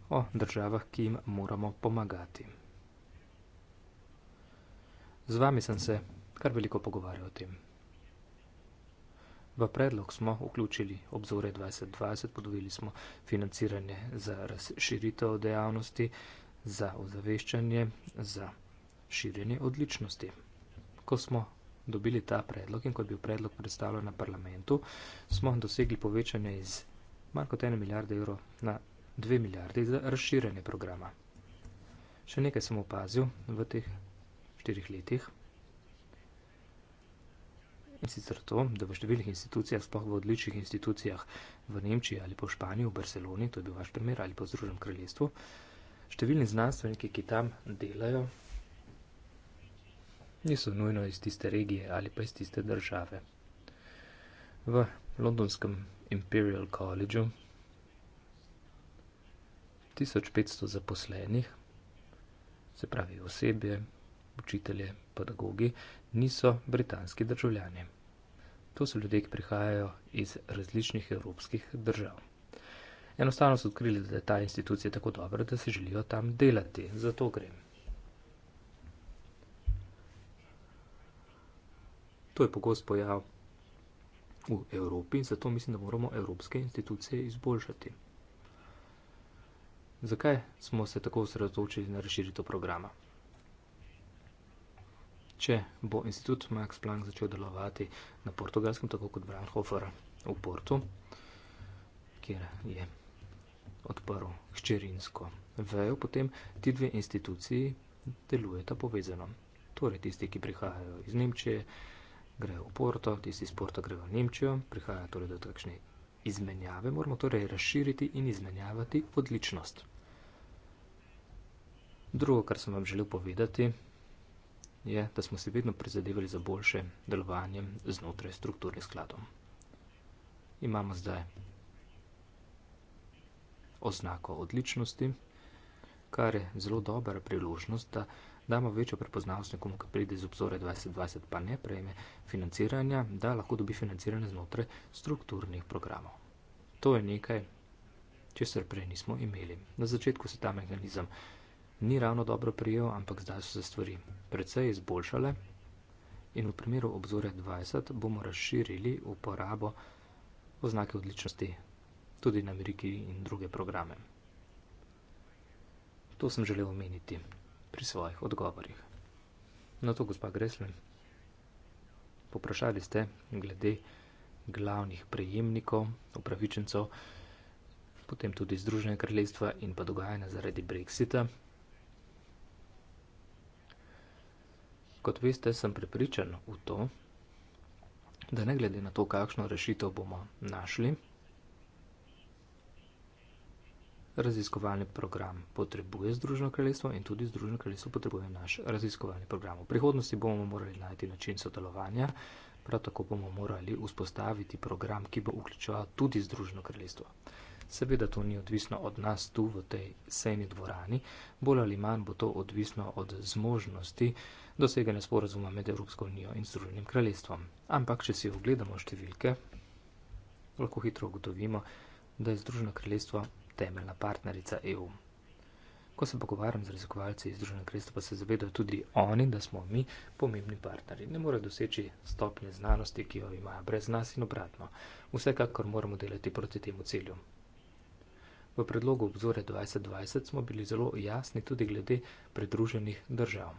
Speaker 5: o državah, ki jim moramo pomagati. Z vami sem se kar veliko pogovarjal o tem. V predlog smo vključili obzore 2020, podvojili smo financiranje za razširitev dejavnosti, za ozaveščanje, za širjenje odličnosti. Ko smo dobili ta predlog in kot bi predlog predstavljen na parlamentu, smo dosegli povečanje iz manj kot ene milijarde evrov na dve milijarde za razširjanje programa. Še nekaj sem opazil v teh štirih letih. In sicer to, da v številnih institucijah, sploh v odličnih institucijah v Nemčiji ali po Španiji, v Barceloni, to je bil vaš primer, ali po Združenem kraljestvu, številni znanstveniki, ki tam delajo, niso nujno iz tiste regije ali pa iz tiste države. V londonskem Imperial Collegeu 1500 zaposlenih, se pravi osebje, učitelje, pedagogi, niso britanski državljani. To so ljudje, ki prihajajo iz različnih evropskih držav. Enostavno so odkrili, da je ta institucija tako dobra, da se želijo tam delati. Zato grem. To je pogost pojav v Evropi, zato mislim, da moramo evropske institucije izboljšati. Zakaj smo se tako sredotočili na razširitev programa? Če bo institut Max Planck začel delovati na portugalskem, tako kot Branhofer v Portu, kjer je odprl hčerinsko. Vejo potem ti dve instituciji delujeta povezano. Torej, tisti, ki prihajajo iz Nemčije, grejo v Porto, tisti iz Porta grejo v Nemčijo, prihaja torej do takšne izmenjave, moramo torej razširiti in izmenjavati odličnost. Drugo, kar sem vam želel povedati, je, da smo se vedno prizadevali za boljše delovanje znotraj strukturnih skladov. Imamo zdaj oznako odličnosti, kar je zelo dobra priložnost, da damo večjo prepoznavnost nekomu, ki pride iz obzore 2020, pa ne prejme financiranja, da lahko dobi financiranje znotraj strukturnih programov. To je nekaj, česar prej nismo imeli. Na začetku se ta mehanizem ni ravno dobro prijel, ampak zdaj so se stvari precej izboljšale. In v primeru obzore 20 bomo razširili uporabo oznake odličnosti tudi na Ameriki in druge programe. To sem želel omeniti pri svojih odgovorih. Na no, to, gospa Greslin, poprašali ste glede glavnih prejemnikov, upravičencov, potem tudi Združene kraljestva in pa dogajanja zaradi Brexita. Kot veste, sem prepričan v to, da ne glede na to, kakšno rešitev bomo našli, raziskovalni program potrebuje Združeno kraljestvo in tudi Združeno kraljestvo potrebuje naš raziskovalni program. V prihodnosti bomo morali najti način sodelovanja, prav tako bomo morali vzpostaviti program, ki bo vključeval tudi Združeno kraljestvo. Seveda to ni odvisno od nas tu v tej sejni dvorani, bolj ali manj bo to odvisno od zmožnosti doseganja sporazuma med Evropsko unijo in Združenim kraljestvom. Ampak, če si ogledamo številke, lahko hitro ugotovimo, da je Združeno kraljestvo temeljna partnerica EU. Ko se pogovarjam z raziskovalci iz Združenega kraljestva, pa se zavedajo tudi oni, da smo mi pomembni partnerji. Ne morejo doseči stopnje znanosti, ki jo imajo brez nas in obratno. Vsekakor moramo delati proti temu cilju. V predlogu obzore 2020 smo bili zelo jasni tudi glede pridruženih držav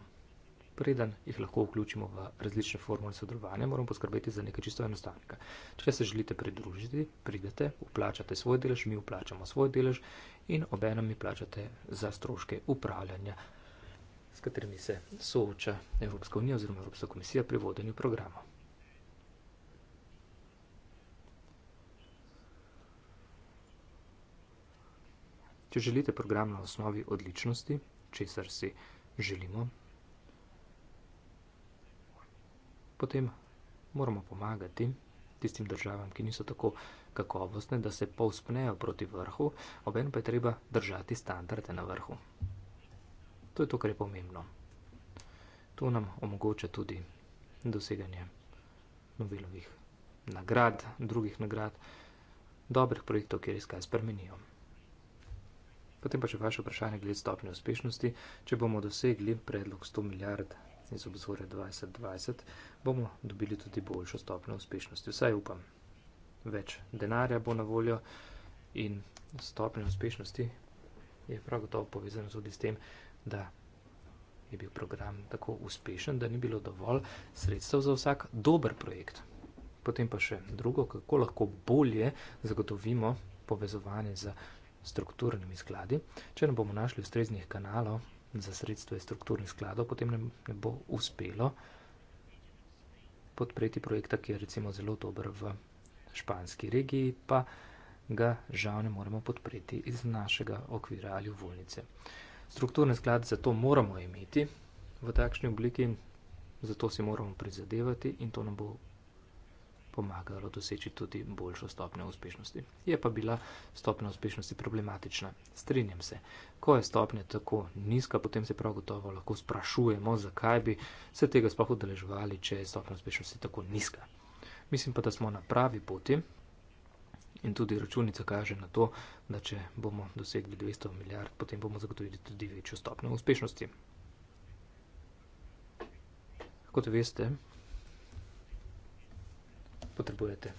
Speaker 5: preden jih lahko vključimo v različne formule sodelovanja, moramo poskrbeti za nekaj čisto enostavnega. Če se želite pridružiti, pridete, uplačate svoj delež, mi uplačamo svoj delež in obenem mi plačate za stroške upravljanja, s katerimi se sooča Evropska unija oziroma Evropska komisija pri vodenju programa. Če želite program na osnovi odličnosti, česar si želimo, potem moramo pomagati tistim državam, ki niso tako kakovostne, da se povspnejo proti vrhu, oben pa je treba držati standarde na vrhu. To je to, kar je pomembno. To nam omogoča tudi doseganje Nobelovih nagrad, drugih nagrad, dobrih projektov, kjer izkaj spremenijo. Potem pa še vaše vprašanje glede stopnje uspešnosti. Če bomo dosegli predlog 100 milijard iz obzore 2020, bomo dobili tudi boljšo stopno uspešnosti. Vsaj upam, več denarja bo na voljo in stopnja uspešnosti je prav gotovo povezana tudi s tem, da je bil program tako uspešen, da ni bilo dovolj sredstev za vsak dober projekt. Potem pa še drugo, kako lahko bolje zagotovimo povezovanje z strukturnimi skladi, če ne bomo našli ustreznih kanalov za sredstvo iz strukturnih skladov, potem ne, ne bo uspelo podpreti projekta, ki je recimo zelo dober v španski regiji, pa ga žal ne moremo podpreti iz našega okvira ali uvoljnice. Strukturne sklade zato moramo imeti v takšni obliki, zato si moramo prizadevati in to nam bo pomagalo doseči tudi boljšo stopnjo uspešnosti. Je pa bila stopnja uspešnosti problematična. Strinjam se, ko je stopnja tako nizka, potem se prav gotovo lahko sprašujemo, zakaj bi se tega sploh udeleževali, če je stopnja uspešnosti tako nizka. Mislim pa, da smo na pravi poti in tudi računica kaže na to, da če bomo dosegli 200 milijard, potem bomo zagotovili tudi večjo stopnjo uspešnosti. Kot veste, potrebujete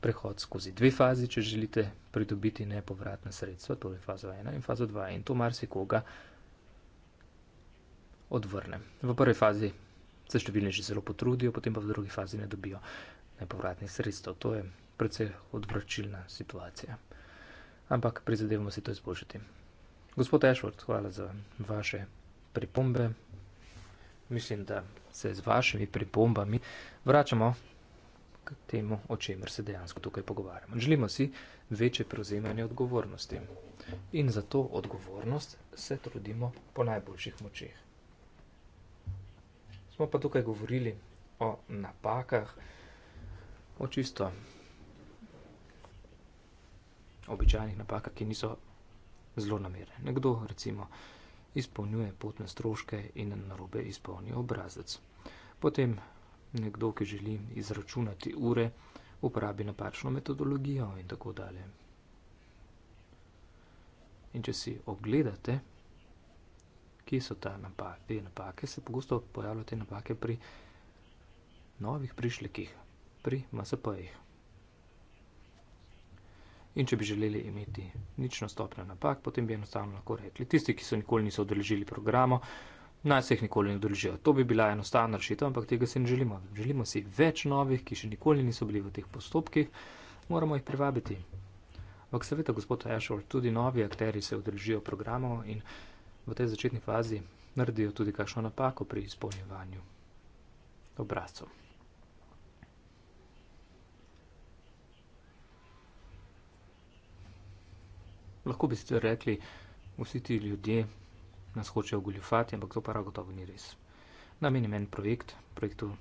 Speaker 5: prehod skozi dve fazi, če želite pridobiti nepovratna sredstva, torej fazo 1 in fazo 2 in to marsikoga odvrne. V prvi fazi se številni že zelo potrudijo, potem pa v drugi fazi ne dobijo nepovratnih sredstva. To je predvsej odvračilna situacija. Ampak prizadevamo se to izboljšati. Gospod Ashford, hvala za vaše pripombe. Mislim, da se z vašimi pripombami vračamo k temu, o čemer se dejansko tukaj pogovarjamo. Želimo si večje prevzemanje odgovornosti in za to odgovornost se trudimo po najboljših močeh. Smo pa tukaj govorili o napakah, o čisto običajnih napakah, ki niso zelo namerne. Nekdo recimo izpolnjuje potne stroške in narobe izpolni obrazec. Potem nekdo, ki želi izračunati ure, uporabi napačno metodologijo in tako dalje. In če si ogledate, kje so napa te napake, se pogosto pojavljajo te napake pri novih prišlekih, pri MSP-jih. In če bi želeli imeti nično stopnjo napak, potem bi enostavno lahko rekli, tisti, ki so nikoli niso odeležili programa, naj se jih nikoli ne udeležijo. To bi bila enostavna rešitev, ampak tega si ne želimo. Želimo si več novih, ki še nikoli niso bili v teh postopkih, moramo jih privabiti. Ampak seveda, gospod Ashford, tudi novi akteri se udeležijo programov in v tej začetni fazi naredijo tudi kakšno napako pri izpolnjevanju obrazcev. Lahko bi ste rekli, vsi ti ljudje nas hočejo goljufati, ampak to pa prav gotovo ni res. Namenim en projekt, projekt v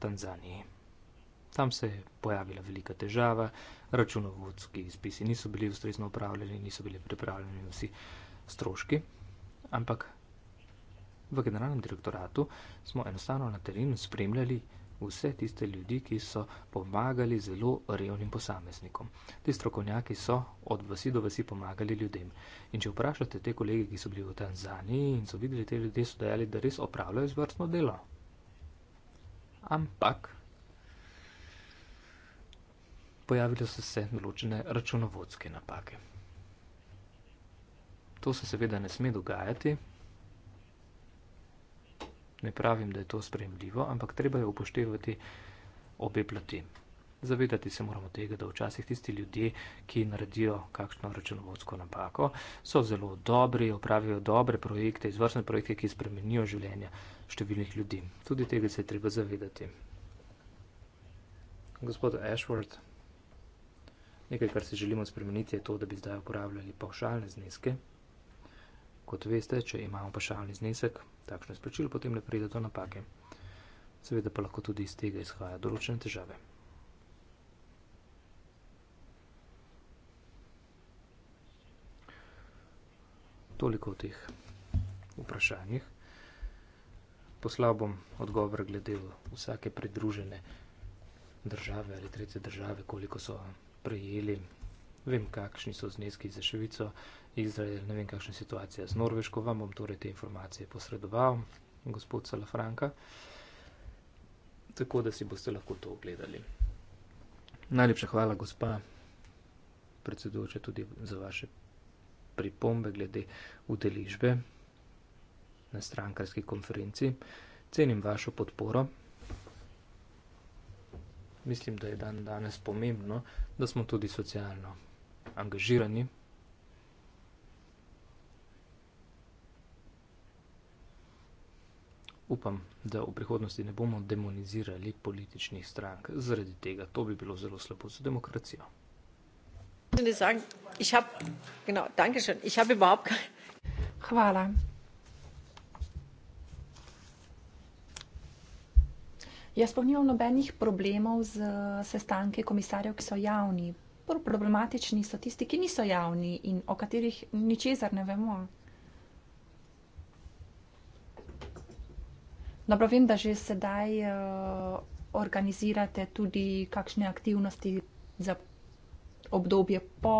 Speaker 5: Tanzaniji. Tam se je pojavila velika težava, računovodski izpisi niso bili ustrezno upravljeni, niso bili pripravljeni vsi stroški, ampak v generalnem direktoratu smo enostavno na terenu spremljali vse tiste ljudi, ki so pomagali zelo revnim posameznikom. Ti strokovnjaki so od vasi do vasi pomagali ljudem. In če vprašate te kolege, ki so bili v Tanzaniji in so videli, da te ljudje so dejali, da res opravljajo izvrstno delo. Ampak pojavile so se določene računovodske napake. To se seveda ne sme dogajati, Ne pravim, da je to sprejemljivo, ampak treba je upoštevati obe plati. Zavedati se moramo tega, da včasih tisti ljudje, ki naredijo kakšno računovodsko napako, so zelo dobri, opravijo dobre projekte, izvrstne projekte, ki spremenijo življenja številnih ljudi. Tudi tega se je treba zavedati. Gospod Ashworth, nekaj, kar se želimo spremeniti, je to, da bi zdaj uporabljali pavšalne zneske, Kot veste, če imamo pašalni znesek, takšno izplačilo potem ne pride do napake. Seveda pa lahko tudi iz tega izhaja določene težave. Toliko o teh vprašanjih. Poslal bom odgovor glede vsake pridružene države ali tretje države, koliko so prejeli vem, kakšni so zneski za Švico, Izrael, ne vem, kakšna je situacija z Norveško, vam bom torej te informacije posredoval, gospod Salafranka, tako da si boste lahko to ogledali. Najlepša hvala, gospa predsedujoča, tudi za vaše pripombe glede udeležbe na strankarski konferenci. Cenim vašo podporo. Mislim, da je dan danes pomembno, da smo tudi socialno angažirani. Upam, da v prihodnosti ne bomo demonizirali političnih strank. Zaradi tega to bi bilo zelo slabo za demokracijo.
Speaker 1: Hvala.
Speaker 2: Jaz pa nimam nobenih problemov z sestanki komisarjev, ki so javni bolj problematični so tisti, ki niso javni in o katerih ničesar ne vemo. Dobro, vem, da že sedaj uh, organizirate tudi kakšne aktivnosti za obdobje po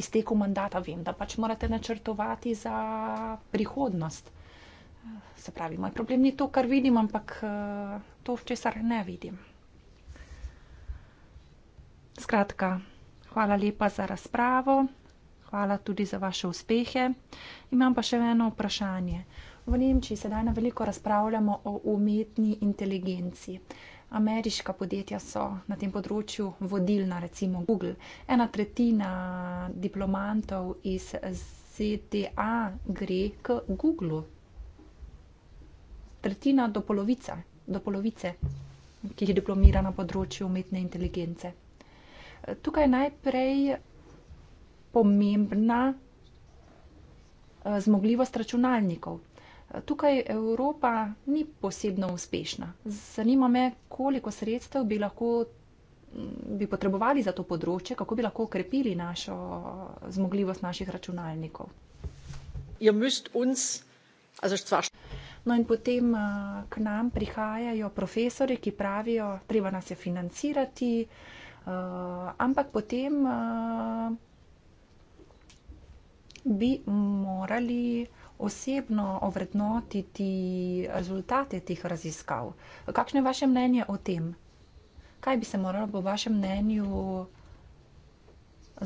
Speaker 2: izteku mandata. Vem, da pač morate načrtovati za prihodnost. Eh, se pravi, moj problem ni to, kar vidim, ampak uh, to, česar ne vidim. Skratka. Hvala lepa za razpravo. Hvala tudi za vaše uspehe. Imam pa še eno vprašanje. V Nemčiji sedaj na veliko razpravljamo o umetni inteligenci. Ameriška podjetja so na tem področju vodilna, recimo Google. Ena tretjina diplomantov iz ZDA gre k Googlu. Tretjina do, polovica, do polovice, ki je diplomirana na področju umetne inteligence. Tukaj je najprej pomembna eh, zmogljivost računalnikov. Tukaj Evropa ni posebno uspešna. Zanima me, koliko sredstev bi lahko mm, bi potrebovali za to področje, kako bi lahko okrepili našo zmogljivost naših računalnikov. No in potem eh, k nam prihajajo profesori, ki pravijo, treba nas je financirati, uh, Eh, ampak potem uh, bi morali osebno ovrednotiti rezultate teh raziskav. Kakšno je vaše mnenje o tem? Kaj bi se moralo po vašem mnenju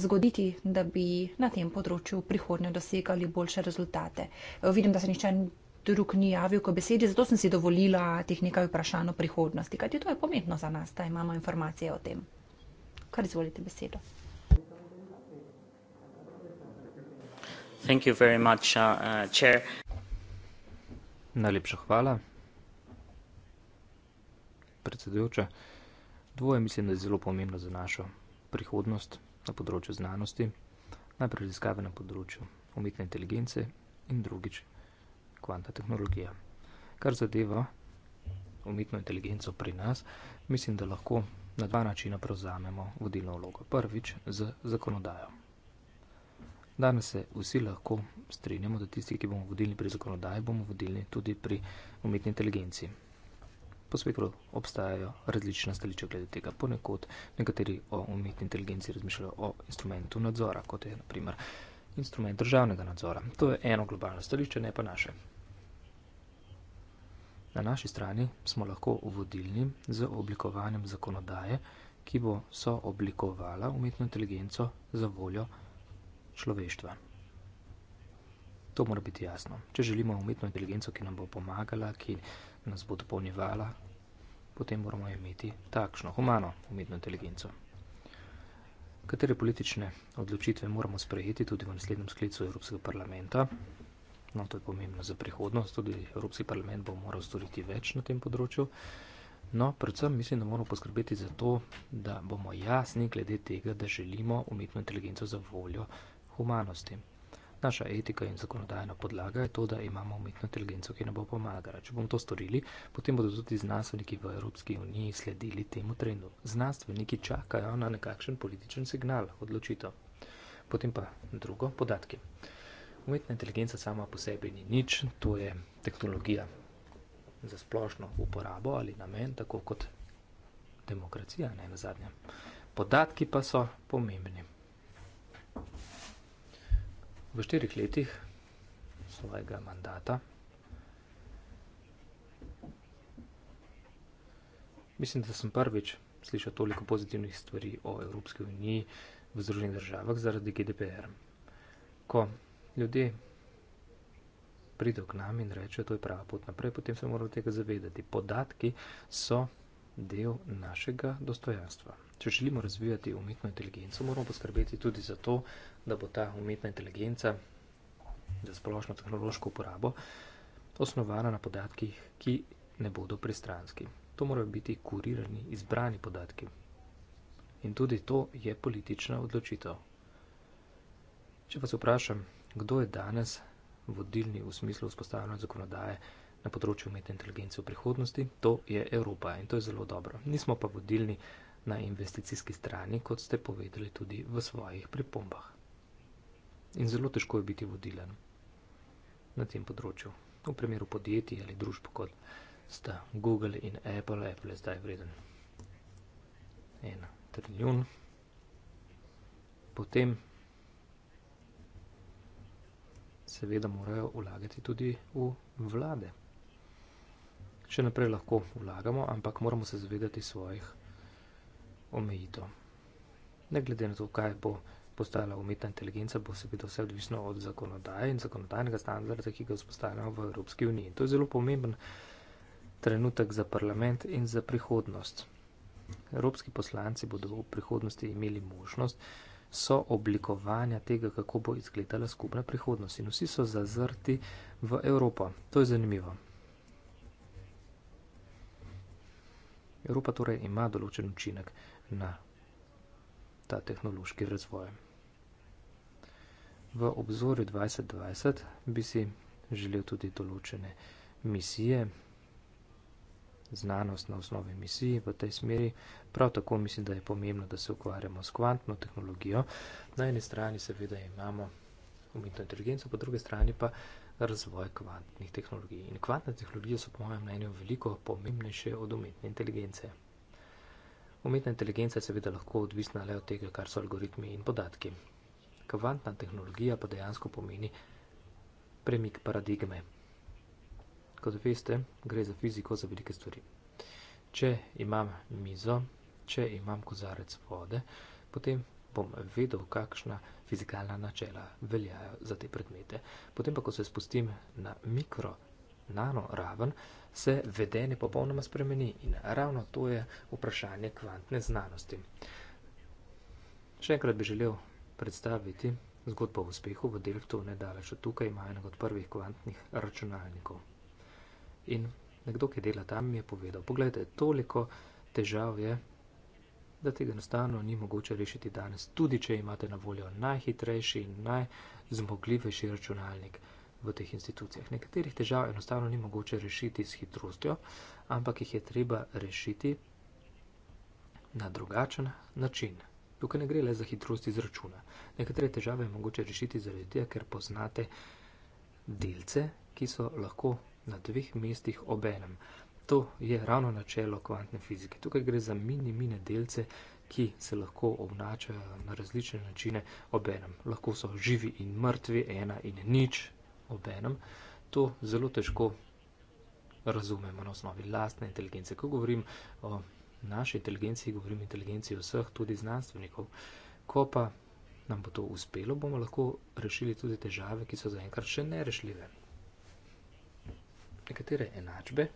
Speaker 2: zgoditi, da bi na tem področju v prihodnje dosegali boljše rezultate? Eh, vidim, da se nišče drug ni javil k besedi, zato sem si dovolila teh nekaj vprašanj o prihodnosti, kajti to je pomembno za nas, da imamo informacije o tem. Kar izvolite besedo.
Speaker 1: Thank you very much, uh, uh, chair.
Speaker 5: Najlepša hvala, predsedujoča. Dvoje mislim, da je zelo pomembno za našo prihodnost na področju znanosti, najprej raziskave na področju umetne inteligence in drugič kvanta tehnologija. Kar zadeva umetno inteligenco pri nas, mislim, da lahko na dva načina prevzamemo vodilno vlogo. Prvič z zakonodajo. Danes se vsi lahko strinjamo, da tisti, ki bomo vodili pri zakonodaji, bomo vodili tudi pri umetni inteligenci. Po svetu obstajajo različna stališča glede tega. Ponekod nekateri o umetni inteligenci razmišljajo o instrumentu nadzora, kot je naprimer instrument državnega nadzora. To je eno globalno stališče, ne pa naše. Na naši strani smo lahko vodilni z oblikovanjem zakonodaje, ki bo sooblikovala umetno inteligenco za voljo človeštva. To mora biti jasno. Če želimo umetno inteligenco, ki nam bo pomagala, ki nas bo dopolnjevala, potem moramo imeti takšno humano umetno inteligenco. Katere politične odločitve moramo sprejeti tudi v naslednjem sklicu Evropskega parlamenta? No, to je pomembno za prihodnost, tudi Evropski parlament bo moral storiti več na tem področju. No, predvsem mislim, da moramo poskrbeti za to, da bomo jasni glede tega, da želimo umetno inteligenco za voljo humanosti. Naša etika in zakonodajna podlaga je to, da imamo umetno inteligenco, ki nam bo pomagala. Če bomo to storili, potem bodo tudi znanstveniki v Evropski uniji sledili temu trendu. Znanstveniki čakajo na nekakšen političen signal, odločitev. Potem pa drugo, podatki. Umetna inteligenca sama po sebi ni nič, to je tehnologija za splošno uporabo ali namen, tako kot demokracija, ne na zadnje. Podatki pa so pomembni. V štirih letih svojega mandata mislim, da sem prvič slišal toliko pozitivnih stvari o Evropski uniji v Združenih državah zaradi GDPR. Ko ljudje pridejo k nam in rečejo, to je prava pot naprej, potem se moramo tega zavedati. Podatki so del našega dostojanstva. Če želimo razvijati umetno inteligenco, moramo poskrbeti tudi za to, da bo ta umetna inteligenca za splošno tehnološko uporabo osnovana na podatkih, ki ne bodo pristranski. To morajo biti kurirani, izbrani podatki. In tudi to je politična odločitev. Če vas vprašam, kdo je danes vodilni v smislu vzpostavljanja zakonodaje na področju umetne inteligence v prihodnosti, to je Evropa in to je zelo dobro. Nismo pa vodilni na investicijski strani, kot ste povedali tudi v svojih pripombah. In zelo težko je biti vodilen na tem področju. V primeru podjetij ali družb, kot sta Google in Apple, Apple je zdaj vreden en trilijon. Potem seveda morajo vlagati tudi v vlade. Še naprej lahko vlagamo, ampak moramo se zavedati svojih omejitev. Ne glede na to, kaj bo postala umetna inteligenca, bo seveda vse odvisno od zakonodaje in zakonodajnega standarda, ki ga vzpostavljamo v Evropski uniji. In to je zelo pomemben trenutek za parlament in za prihodnost. Evropski poslanci bodo v prihodnosti imeli možnost, so oblikovanja tega, kako bo izgledala skupna prihodnost. In vsi so zazrti v Evropo. To je zanimivo. Evropa torej ima določen učinek na ta tehnološki razvoj. V obzorju 2020 bi si želel tudi določene misije, znanost na osnovi misiji v tej smeri, Prav tako mislim, da je pomembno, da se ukvarjamo s kvantno tehnologijo. Na eni strani seveda imamo umetno inteligenco, po drugi strani pa razvoj kvantnih tehnologij. In kvantne tehnologije so, po mojem mnenju, veliko pomembnejše od umetne inteligence. Umetna inteligenca je seveda lahko odvisna le od tega, kar so algoritmi in podatki. Kvantna tehnologija pa dejansko pomeni premik paradigme. Kot veste, gre za fiziko za velike stvari. Če imam mizo, če imam kozarec vode, potem bom vedel, kakšna fizikalna načela veljajo za te predmete. Potem pa, ko se spustim na mikro, nano raven, se vedenje popolnoma spremeni in ravno to je vprašanje kvantne znanosti. Še enkrat bi želel predstaviti zgodbo o uspehu v Delftu, nedaleč od tukaj ima enega od prvih kvantnih računalnikov. In nekdo, ki dela tam, mi je povedal, poglejte, toliko težav je da tega enostavno ni mogoče rešiti danes, tudi če imate na voljo najhitrejši in najzmogljivejši računalnik v teh institucijah. Nekaterih težav enostavno ni mogoče rešiti s hitrostjo, ampak jih je treba rešiti na drugačen način. Tukaj ne gre le za hitrost izračuna. Nekatere težave je mogoče rešiti zaradi tega, ker poznate delce, ki so lahko na dveh mestih obenem to je ravno načelo kvantne fizike. Tukaj gre za mini, mini delce, ki se lahko obnašajo na različne načine obenem. Lahko so živi in mrtvi, ena in nič obenem. To zelo težko razumemo na osnovi lastne inteligence. Ko govorim o naši inteligenci, govorim o inteligenci vseh, tudi znanstvenikov. Ko pa nam bo to uspelo, bomo lahko rešili tudi težave, ki so zaenkrat še nerešljive. Nekatere enačbe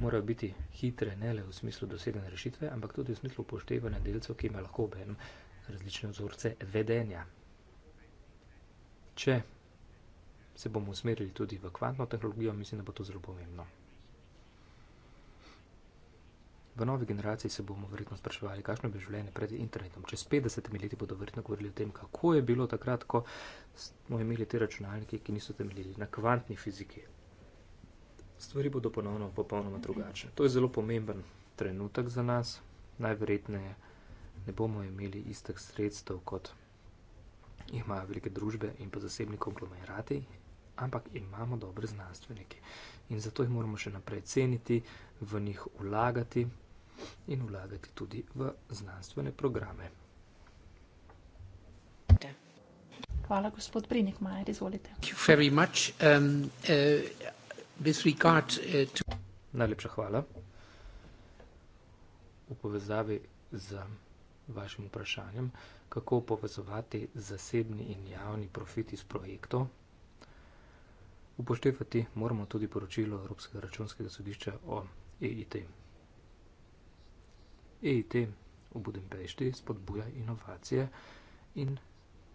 Speaker 5: morajo biti hitre, ne le v smislu dosegane rešitve, ampak tudi v smislu upoštevanja delcev, ki ima lahko ben različne vzorce vedenja. Če se bomo usmerili tudi v kvantno tehnologijo, mislim, da bo to zelo pomembno. V novi generaciji se bomo verjetno spraševali, kakšno bi življenje pred internetom. Čez 50 leti bodo verjetno govorili o tem, kako je bilo takrat, ko smo imeli te računalnike, ki niso temeljili na kvantni fiziki stvari bodo ponovno popolnoma drugačne. To je zelo pomemben trenutek za nas. Najverjetneje ne bomo imeli istih sredstev, kot jih imajo velike družbe in pa zasebni konglomerati, ampak imamo dobre znanstvenike in zato jih moramo še naprej ceniti, v njih vlagati in vlagati tudi v znanstvene programe.
Speaker 2: Hvala, gospod Brinik, majer, izvolite.
Speaker 5: Hvala. Uh, Najlepša hvala v povezavi z vašim vprašanjem, kako povezovati zasebni in javni profit iz projektov. Upoštevati moramo tudi poročilo Evropskega računskega sodišča o EIT. EIT v Budimpešti spodbuja inovacije in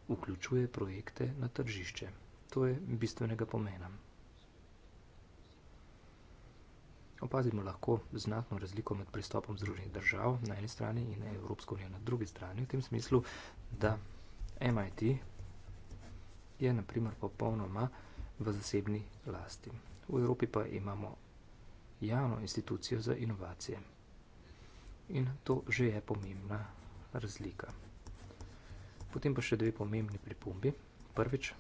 Speaker 5: vključuje projekte na tržišče. To je bistvenega pomena. Opazimo lahko znatno razliko med pristopom Združenih držav na eni strani in Evropsko unijo na drugi strani, v tem smislu, da MIT je naprimer popolnoma v zasebni lasti. V Evropi pa imamo javno institucijo za inovacije. In to že je pomembna razlika. Potem pa še dve pomembni pripombi. Prvič,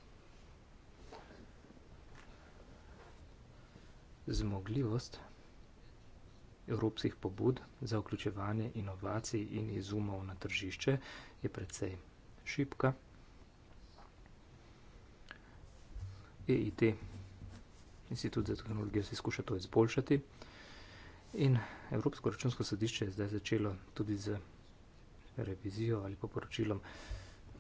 Speaker 5: zmogljivost vsega evropskih pobud za vključevanje inovacij in izumov na tržišče je precej šipka. EIT, Institut za tehnologijo, se skuša to izboljšati. In Evropsko računsko sodišče je zdaj začelo tudi z revizijo ali pa poročilom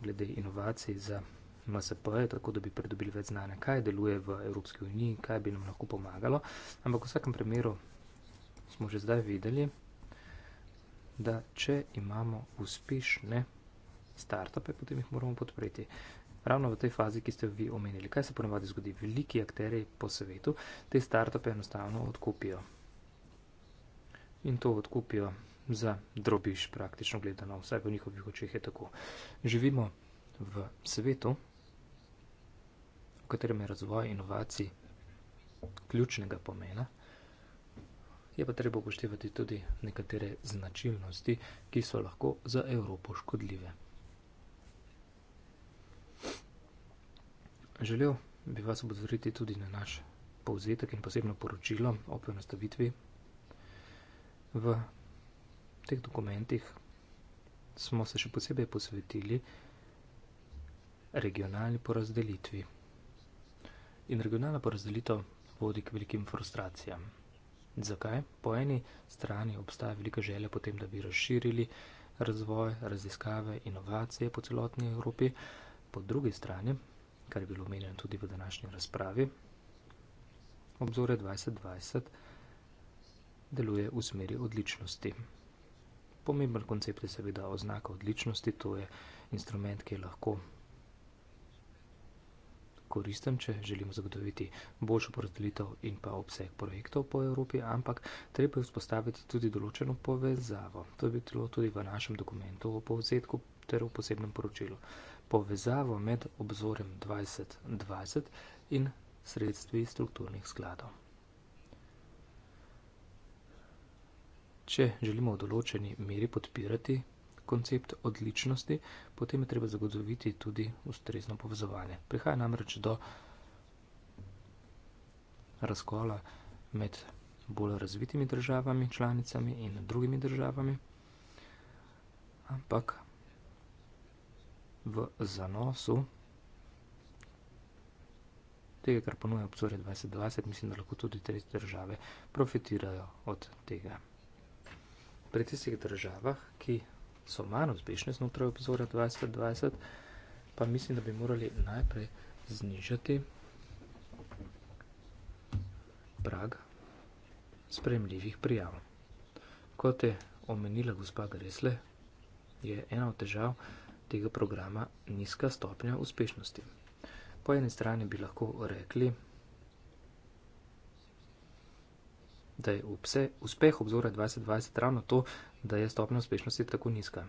Speaker 5: glede inovacij za MSP, tako da bi pridobili več znanja, kaj deluje v Evropski uniji, kaj bi nam lahko pomagalo. Ampak v vsakem primeru smo že zdaj videli, da če imamo uspešne startupe, potem jih moramo podpreti. Ravno v tej fazi, ki ste jo vi omenili, kaj se ponovadi zgodi? Veliki akteri po svetu te startupe enostavno odkupijo. In to odkupijo za drobiš praktično gledano, vsaj v njihovih očeh je tako. Živimo v svetu, v katerem je razvoj inovacij ključnega pomena je pa treba upoštevati tudi nekatere značilnosti, ki so lahko za Evropo škodljive. Želel bi vas obozoriti tudi na naš povzetek in posebno poročilo o prenastavitvi. V teh dokumentih smo se še posebej posvetili regionalni porazdelitvi. In regionalna porazdelitev vodi k velikim frustracijam. Zakaj? Po eni strani obstaja velika želja potem, da bi razširili razvoj, raziskave, inovacije po celotni Evropi. Po drugi strani, kar je bilo omenjeno tudi v današnji razpravi, obzore 2020 deluje v smeri odličnosti. Pomemben koncept je seveda oznaka odličnosti, to je instrument, ki je lahko koristen, če želimo zagotoviti boljšo porazdelitev in pa obseg projektov po Evropi, ampak treba je vzpostaviti tudi določeno povezavo. To bi bilo tudi v našem dokumentu o povzetku ter v posebnem poročilu. Povezavo med obzorjem 2020 in sredstvi strukturnih skladov. Če želimo v določeni meri podpirati koncept odličnosti, potem je treba zagotoviti tudi ustrezno povezovanje. Prihaja namreč do razkola med bolj razvitimi državami, članicami in drugimi državami, ampak v zanosu tega, kar ponuja obzorje 2020, mislim, da lahko tudi tretje države profitirajo od tega. Pri tistih državah, ki so manj uspešne znotraj obzora 2020, pa mislim, da bi morali najprej znižati prag spremljivih prijav. Kot je omenila gospa Gresle, je ena od težav tega programa nizka stopnja uspešnosti. Po eni strani bi lahko rekli, da je vse, uspeh obzora 2020 ravno to, da je stopnja uspešnosti tako nizka.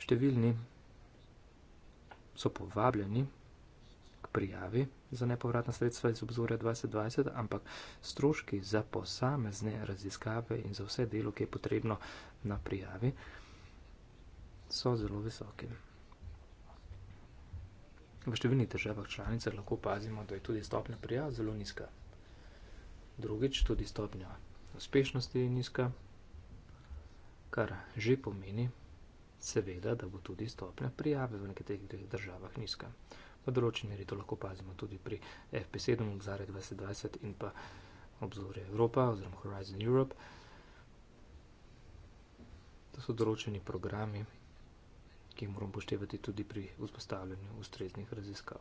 Speaker 5: Številni so povabljeni k prijavi za nepovratna sredstva iz obzorja 2020, ampak stroški za posamezne raziskave in za vse delo, ki je potrebno na prijavi, so zelo visoki. V številnih državah članicah lahko opazimo, da je tudi stopnja prijav zelo nizka. Drugič, tudi stopnja uspešnosti je nizka, kar že pomeni, seveda, da bo tudi stopnja prijave v nekaterih državah nizka. V določeni meri to lahko pazimo tudi pri FP7, obzore 2020 in pa obzore Evropa oziroma Horizon Europe. To so določeni programi, ki jih moramo poštevati tudi pri vzpostavljanju ustreznih raziskav.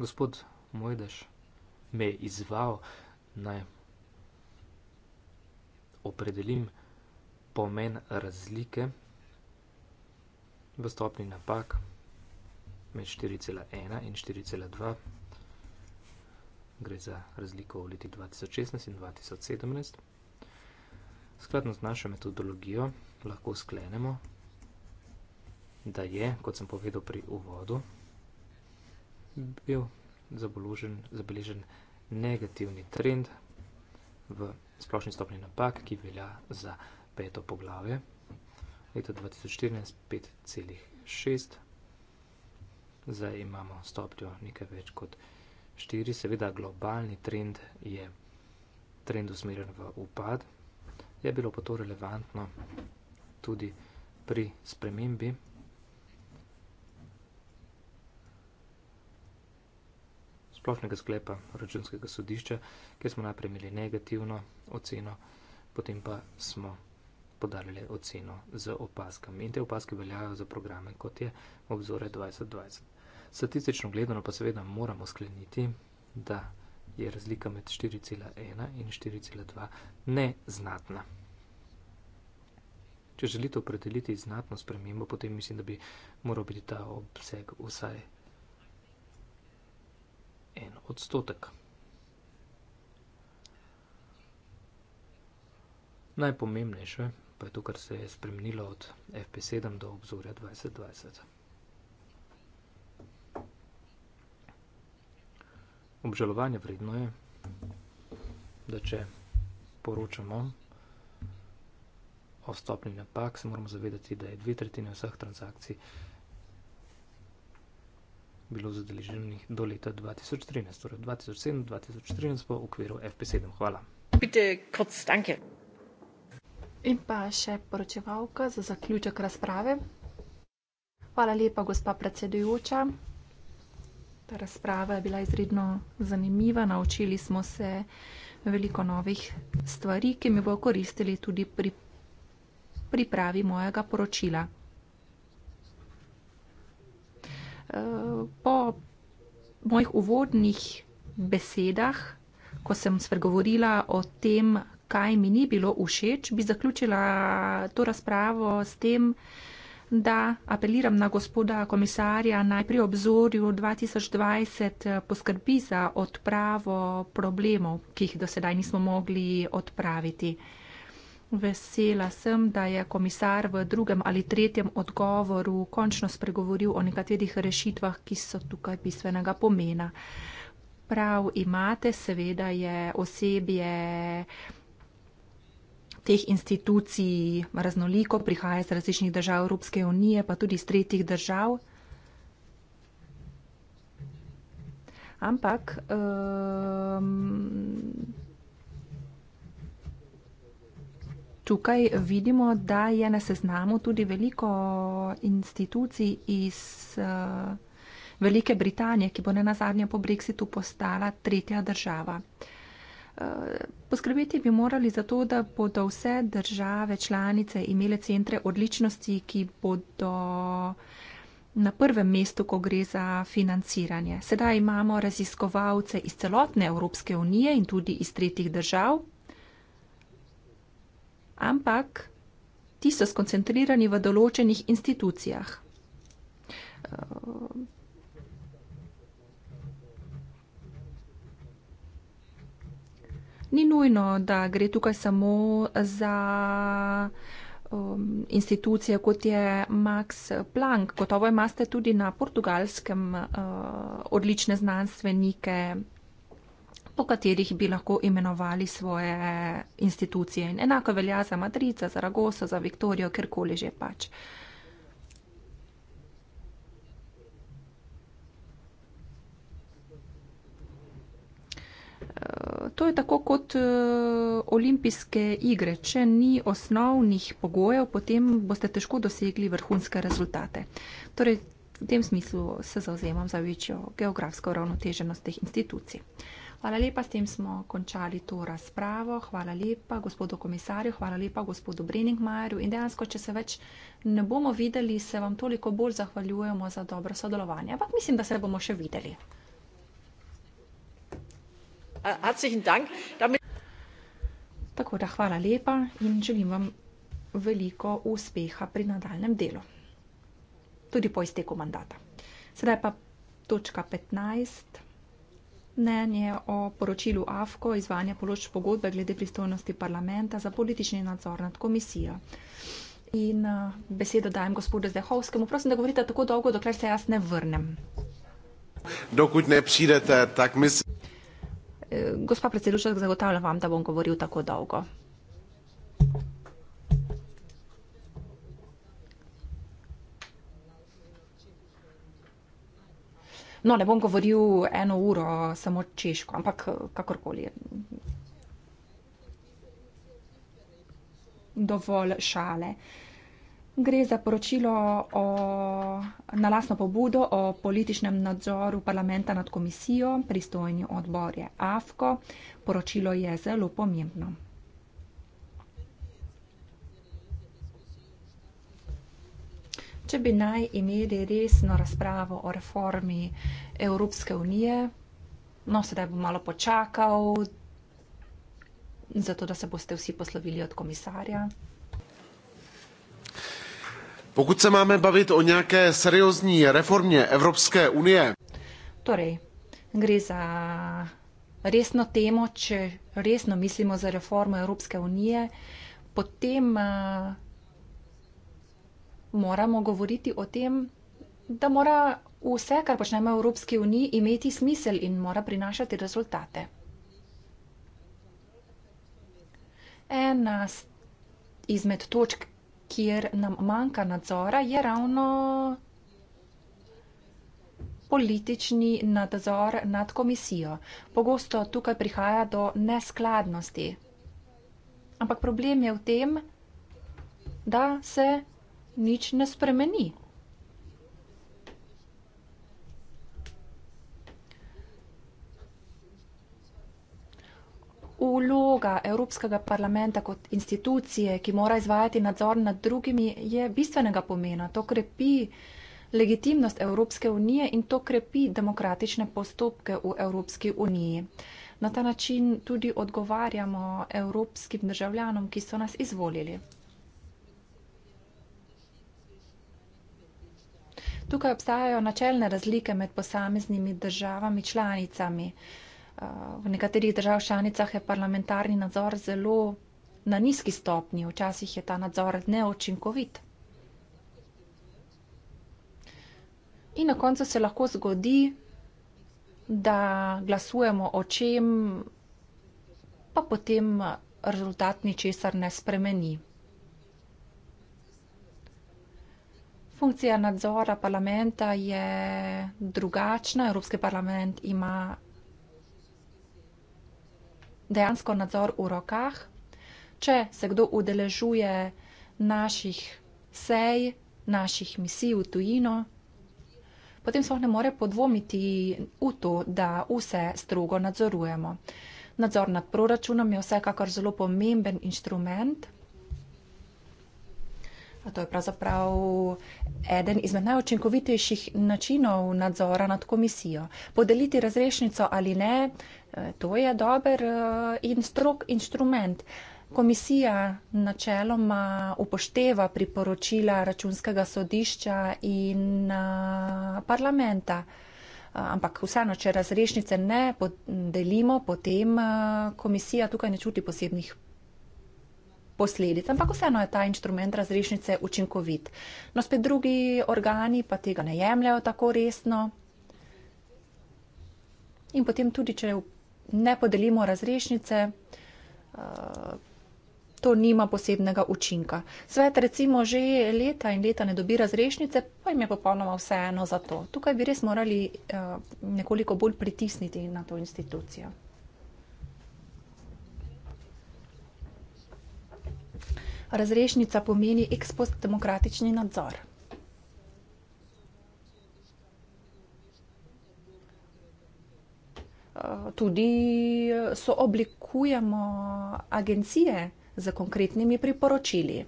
Speaker 5: Gospod Mojdeš me je izval naj opredelim, pomen razlike v stopni napak med 4,1 in 4,2. Gre za razliko v leti 2016 in 2017. Skladno z našo metodologijo lahko sklenemo, da je, kot sem povedal pri uvodu, bil zabeležen, zabeležen negativni trend v splošni stopni napak, ki velja za vse peto poglavje, leto 2014 5,6, zdaj imamo stopnjo nekaj več kot 4, seveda globalni trend je trend usmerjen v upad, je bilo pa to relevantno tudi pri spremembi. Splošnega sklepa računskega sodišča, kjer smo najprej imeli negativno oceno, potem pa smo podarile oceno z opaskami. In te opaske veljajo za programe, kot je obzore 2020. Statistično gledano pa seveda moramo skleniti, da je razlika med 4,1 in 4,2 neznatna. Če želite opredeliti znatno spremembo, potem mislim, da bi moral biti ta obseg vsaj en odstotek. Najpomembnejše pa je to, kar se je spremenilo od FP7 do obzorja 2020. Obžalovanje vredno je, da če poročamo o stopni napak, se moramo zavedati, da je dve tretjine vseh transakcij bilo zadeleženih do leta 2013, torej 2007-2013 po okviru FP7. Hvala.
Speaker 1: Bitte kurz, danke.
Speaker 2: In pa še poročevalka za zaključek razprave. Hvala lepa, gospa predsedujoča. Ta razprava je bila izredno zanimiva, naučili smo se veliko novih stvari, ki mi bojo koristili tudi pri pripravi mojega poročila. Po mojih uvodnih besedah, ko sem spregovorila o tem, kaj mi ni bilo všeč, bi zaključila to razpravo s tem, da apeliram na gospoda komisarja, naj pri obzorju dva tisoč dvajset, eh, poskrbi za odpravo problemov, ki jih do sedaj nismo mogli odpraviti. Vesela sem, da je komisar v drugem ali tretjem odgovoru končno spregovoril o nekaterih rešitvah, ki so tukaj bistvenega pomena. Prav imate, seveda je osebje teh institucij raznoliko, prihaja iz različnih držav Evropske unije, pa tudi iz tretjih držav. Ampak um, tukaj vidimo, da je na seznamu tudi veliko institucij iz uh, Velike Britanije, ki bo ne nazadnje po Brexitu postala tretja država. Uh, Poskrbeti bi morali za to, da bodo vse države članice imele centre odličnosti, ki bodo na prvem mestu, ko gre za financiranje. Sedaj imamo raziskovalce iz celotne Evropske unije in tudi iz tretjih držav, ampak ti so skoncentrirani v določenih institucijah. ni nujno, da gre tukaj samo za um, institucije, kot je Max Planck. Gotovo imate tudi na portugalskem uh, odlične znanstvenike, po katerih bi lahko imenovali svoje institucije. In enako velja za Madrid, za Zaragoza, za Viktorijo, kjerkoli že pač. Uh, to je tako kot uh, olimpijske igre. Če ni osnovnih pogojev, potem boste težko dosegli vrhunske rezultate. Torej, v tem smislu se zauzemam za večjo geografsko ravnoteženost teh institucij. Hvala lepa, s tem smo končali to razpravo. Hvala lepa gospodu komisarju, hvala lepa gospodu Breningmajerju in dejansko, če se več ne bomo videli, se vam toliko bolj zahvaljujemo za dobro sodelovanje. Ampak mislim, da se bomo še videli herzlichen Dank. Damit Tako da hvala lepa in želim vam veliko uspeha pri nadaljem delu. Tudi po izteku mandata. Sedaj pa točka 15. Mnenje o poročilu AFKO izvanja poloč pogodbe glede pristojnosti parlamenta za politični nadzor nad komisijo. In eh, besedo dajem gospodu Zdehovskemu. Prosim, da govorite tako dolgo, dokler se jaz ne vrnem.
Speaker 3: Dokud ne pridete, tak mislim.
Speaker 2: Gospa predsedujoča, zagotavljam vam, da bom govoril tako dolgo. No, ne bom govoril eno uro samo češko, ampak eh, kakorkoli. Dovolj šale. Uh, Gre za poročilo o, na lasno pobudo o političnem nadzoru parlamenta nad komisijo, pristojni odbor je AFKO. Poročilo je zelo pomembno. Če bi naj imeli resno razpravo o reformi Evropske unije, no sedaj bom malo počakal, zato da se boste vsi poslovili od komisarja.
Speaker 4: Pokud se máme bavit o nějaké seriózní reformě Evropské unie,
Speaker 2: torej, gre za resno temo, če resno mislimo za reformo Evropske unije, potem uh, moramo govoriti o tem, da mora vse, kar počnemo v Evropski uniji, imeti smisel in mora prinašati rezultate. Ena izmed točk, kjer nam manjka nadzora, je ravno politični nadzor nad komisijo. Pogosto tukaj prihaja do neskladnosti. Ampak problem je v tem, da se nič ne spremeni. Uloga Evropskega parlamenta kot institucije, ki mora izvajati nadzor nad drugimi, je bistvenega pomena. To krepi legitimnost Evropske unije in to krepi demokratične postopke v Evropski uniji. Na ta način tudi odgovarjamo evropskim državljanom, ki so nas izvolili. Tukaj obstajajo načelne razlike med posameznimi državami članicami. Eh, v nekaterih držav članicah je parlamentarni nadzor zelo na nizki stopnji, včasih je ta nadzor neočinkovit. In na koncu se lahko zgodi, da glasujemo o čem, pa potem rezultat ničesar ne spremeni. Funkcija nadzora parlamenta je drugačna. Evropski parlament ima dejansko nadzor v rokah. Če se kdo udeležuje naših sej, naših misij v tujino, potem smo ne more podvomiti v to, da vse strogo nadzorujemo. Nadzor nad proračunom je vsekakor zelo pomemben inštrument. To je pravzaprav eden izmed najučinkovitejših načinov nadzora nad komisijo. Podeliti razrešnico ali ne, eh, to je dober eh, in strok instrument. Komisija načeloma upošteva priporočila računskega sodišča in eh, parlamenta. Ampak vseeno, če razrešnice ne podelimo, potem komisija tukaj ne čuti posebnih posledic, ampak vseeno je ta inštrument razrešnice učinkovit. No, spet drugi organi pa tega ne jemljajo tako resno. In potem tudi, če ne podelimo razrešnice, eh, to nima posebnega učinka. Svet recimo že leta in leta ne dobi razrešnice, pa jim je popolnoma vseeno za to. Tukaj bi res morali eh, nekoliko bolj pritisniti na to institucijo. Razrešnica pomeni ex post demokratični nadzor. Eh, tudi, eh, sooblikujemo agencije s konkretnimi priporočili.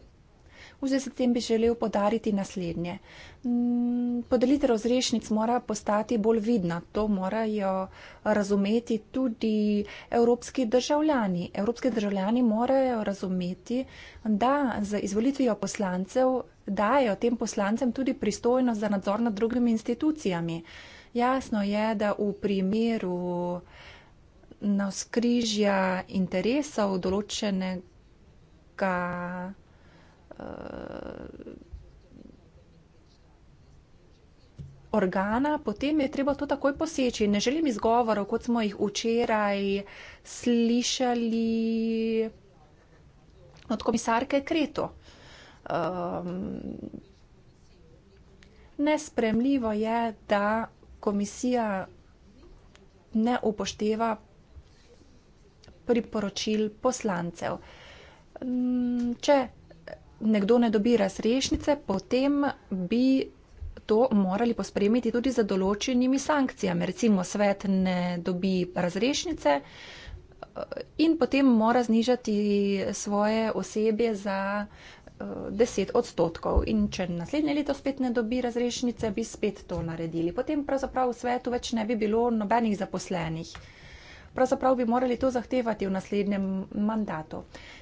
Speaker 2: V zvezi s tem bi želel podariti naslednje. Mm, podelitev razrešnic mora postati bolj vidna. To morajo razumeti tudi evropski državljani. Evropski državljani morajo razumeti, da z izvolitvijo poslancev dajo tem poslancem tudi pristojnost za nadzor nad drugimi institucijami. Jasno je, da v primeru navskrižja interesov določenega Eh, organa, potem je treba to takoj poseči. Ne želim izgovorov, kot smo jih včeraj slišali od komisarke Kreto. Um, nespremljivo je, da komisija ne upošteva priporočil poslancev. Hm, če nekdo ne dobi razrešnice, potem bi to morali pospremiti tudi za določenimi sankcijami. Recimo svet ne dobi razrešnice eh, in potem mora znižati svoje osebje za 10 eh, odstotkov. In če naslednje leto spet ne dobi razrešnice, bi spet to naredili. Potem pravzaprav v svetu več ne bi bilo nobenih zaposlenih pravzaprav bi morali to zahtevati v naslednjem mandatu.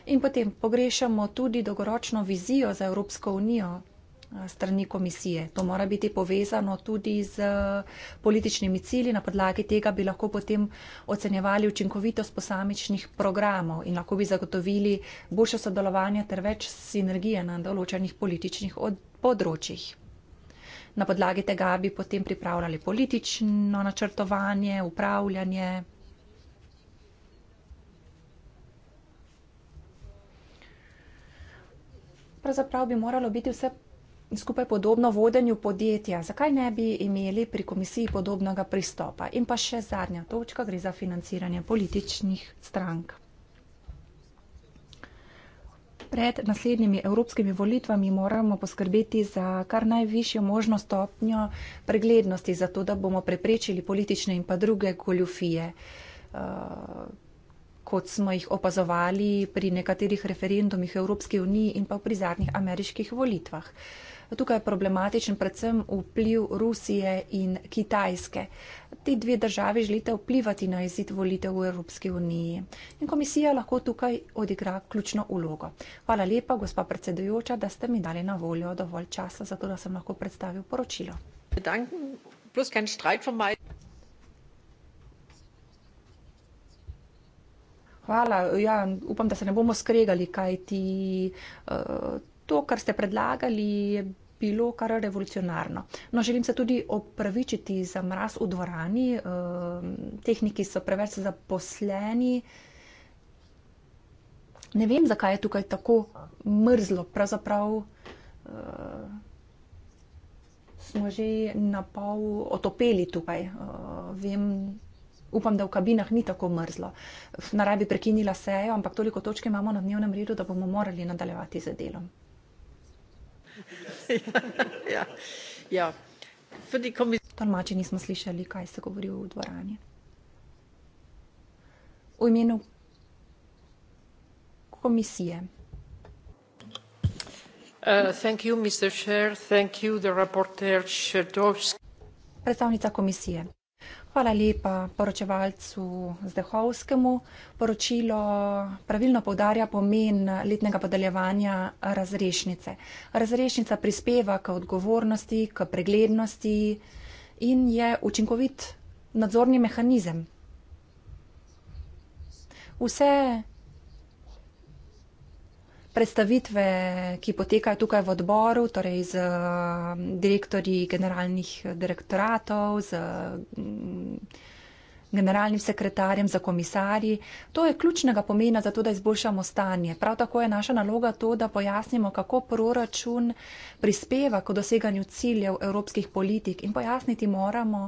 Speaker 2: In potem pogrešamo tudi dolgoročno vizijo za Evropsko unijo eh, strani komisije. To mora biti povezano tudi z eh, političnimi cilji, na podlagi tega bi lahko potem ocenjevali učinkovitost posamičnih programov in lahko bi zagotovili boljše sodelovanje ter več sinergije na določenih političnih področjih. Na podlagi tega bi potem pripravljali politično načrtovanje, upravljanje, pravzaprav bi moralo biti vse skupaj podobno vodenju podjetja. Zakaj ne bi imeli pri komisiji podobnega pristopa? In pa še zadnja točka, gre za financiranje političnih strank. Pred naslednjimi evropskimi volitvami moramo poskrbeti za kar najvišjo možno stopnjo preglednosti, zato da bomo preprečili politične in pa druge goljufije. Uh, kot smo jih opazovali pri nekaterih referendumih Evropske unije in pa pri zadnjih ameriških volitvah. Tukaj je problematičen predvsem vpliv Rusije in Kitajske. Ti dve državi želite vplivati na izid volitev v Evropski uniji in komisija lahko tukaj odigra ključno ulogo. Hvala lepa, gospa predsedujoča, da ste mi dali na voljo dovolj časa, zato da sem lahko predstavil poročilo.
Speaker 1: Danke. Plus kein Streit von meinem.
Speaker 2: Hvala. Ja, upam, da se ne bomo skregali, kaj ti eh, to, kar ste predlagali, je bilo kar revolucionarno. No, želim se tudi opravičiti za mraz v dvorani. Eh, tehniki so preveč zaposleni. Ne vem, zakaj je tukaj tako mrzlo. Pravzaprav eh, smo že na pol otopeli tukaj. Vem, Upam, da v kabinah ni tako mrzlo. Naravi prekinila sejo, ampak toliko točke imamo na dnevnem redu, da bomo morali nadaljevati z delom.
Speaker 1: Ja, ja, ja.
Speaker 2: Komis... Tolmači nismo slišali, kaj se govori v dvorani. V imenu komisije.
Speaker 1: Uh, thank you, Mr. Chair. Thank you, the reporter Shadovski.
Speaker 2: Predstavnica komisije. Hvala lepa poročevalcu Zdehovskemu. Poročilo pravilno povdarja pomen letnega podeljevanja razrešnice. Razrešnica prispeva k odgovornosti, k preglednosti in je učinkovit nadzorni mehanizem. Vse predstavitve, ki potekajo tukaj v odboru, torej z um, direktori generalnih direktoratov, z mm, generalnim sekretarjem, za komisarji. To je ključnega pomena za to, da izboljšamo stanje. Prav tako je naša naloga to, da pojasnimo, kako proračun prispeva k doseganju ciljev evropskih politik in pojasniti moramo,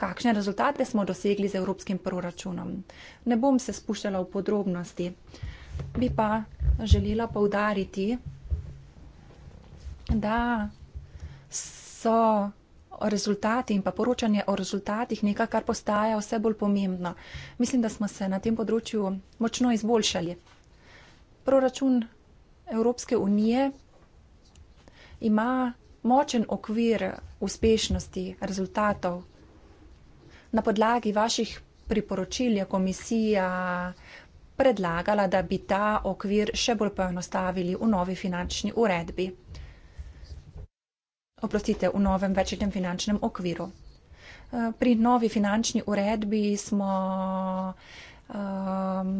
Speaker 2: kakšne rezultate smo dosegli z evropskim proračunom. Ne bom se spuščala v podrobnosti bi pa želela poudariti, da so rezultati in pa poročanje o rezultatih nekaj, kar postaja vse bolj pomembno. Mislim, da smo se na tem področju močno izboljšali. Proračun Evropske unije ima močen okvir uspešnosti rezultatov. Na podlagi vaših priporočil je komisija predlagala, da bi ta okvir še bolj poenostavili v novi finančni uredbi. Oprostite, v novem večjem finančnem okviru. Eh, pri novi finančni uredbi smo um,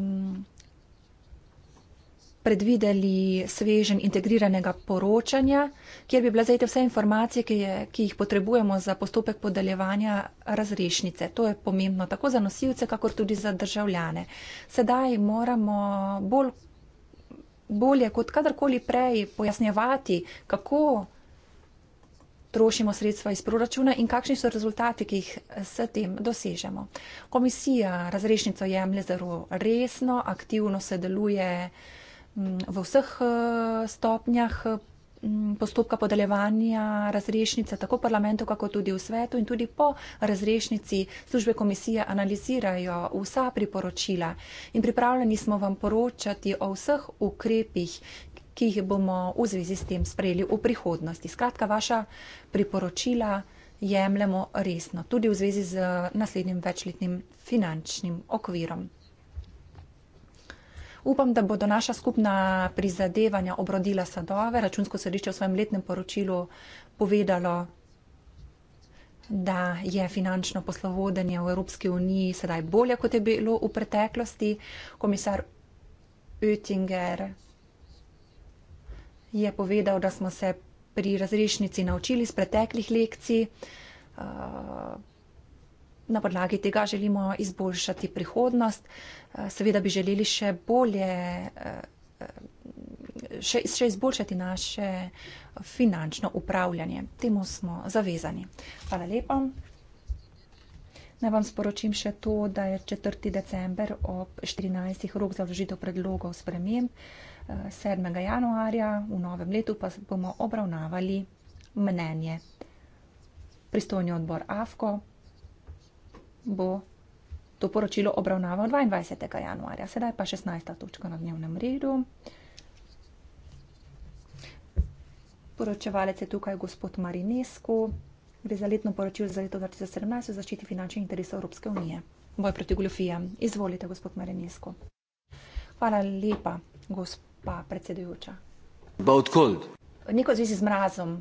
Speaker 2: predvideli svežen integriranega poročanja, kjer bi bile zajete vse informacije, ki, je, ki jih potrebujemo za postopek podeljevanja razrešnice. To je pomembno tako za nosilce, kakor tudi za državljane. Sedaj moramo bolj, bolje kot kadarkoli prej pojasnjevati, kako trošimo sredstva iz proračuna in kakšni so rezultati, ki jih s tem dosežemo. Komisija razrešnico jemlje zelo resno, aktivno se deluje v vseh eh, stopnjah eh, postopka podeljevanja razrešnice tako parlamentu, kako tudi v svetu in tudi po razrešnici službe komisije analizirajo vsa priporočila in pripravljeni smo vam poročati o vseh ukrepih, ki jih bomo v zvezi s tem sprejeli v prihodnosti. Skratka, vaša priporočila jemljemo resno, tudi v zvezi z naslednjim večletnim finančnim okvirom. Upam, da bodo naša skupna prizadevanja obrodila sadove. Računsko sodišče v svojem letnem poročilu povedalo, da je finančno poslovodenje v Evropski uniji sedaj bolje, kot je bilo v preteklosti. Komisar Oettinger je povedal, da smo se pri razrešnici naučili iz preteklih lekcij na podlagi tega želimo izboljšati prihodnost. Eh, seveda bi želeli še bolje, eh, še, še izboljšati naše finančno upravljanje. Temu smo zavezani. Hvala lepa. Naj vam sporočim še to, da je 4. december ob 14. rok za vložitev predlogov sprememb, 7. Eh, januarja v novem letu pa bomo obravnavali mnenje. Pristojni odbor AFKO bo to poročilo obravnaval 22. januarja, sedaj pa 16. točka na dnevnem redu. Poročevalec je tukaj gospod Marinesko, gre za letno poročilo za leto 2017 o zaščiti finančnih interesov Evropske unije. Boj proti goljofijam. Izvolite, gospod Marinesko. Hvala lepa, gospa predsedujoča. Neko zvezi z mrazom.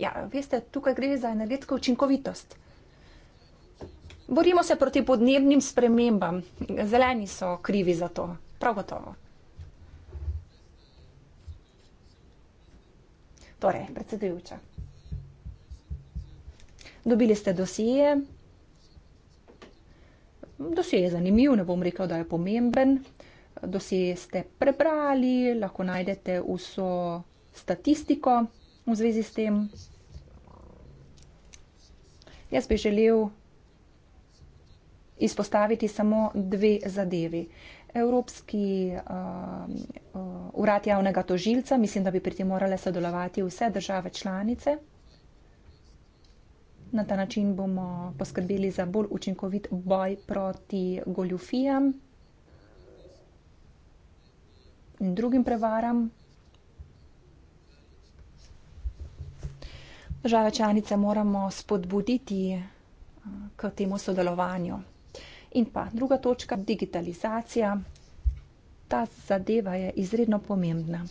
Speaker 2: Ja, veste, tukaj gre za energetsko učinkovitost. Borimo se proti podnebnim spremembam. Zeleni so krivi za to. Prav gotovo. Torej, predsedujoča. Dobili ste dosije. Dosije je zanimiv, ne bom rekla, da je pomemben. Dosije ste prebrali, lahko najdete vso statistiko v zvezi s tem. Jaz bi želel izpostaviti samo dve zadevi. Evropski uh, uh, urad javnega tožilca, mislim, da bi pri tem morale sodelovati vse države članice. Na ta način bomo poskrbeli za bolj učinkovit boj proti goljufijam in drugim prevaram. Države članice moramo spodbuditi uh, k temu sodelovanju. In pa druga točka, digitalizacija. Ta zadeva je izredno pomembna.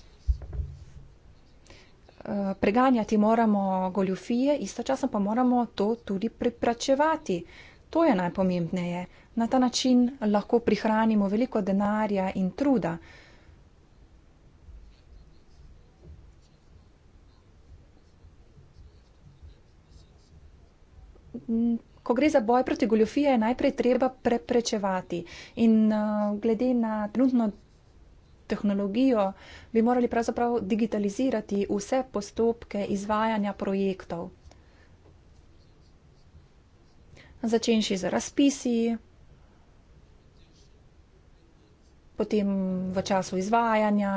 Speaker 2: Eh, preganjati moramo goljufije, istočasno pa moramo to tudi preprečevati. To je najpomembneje. Na ta način lahko prihranimo veliko denarja in truda. Mm ko gre za boj proti goljofije, je najprej treba preprečevati. In uh, glede na trenutno tehnologijo, bi morali pravzaprav digitalizirati vse postopke izvajanja projektov. Začenši z razpisi, potem v času izvajanja,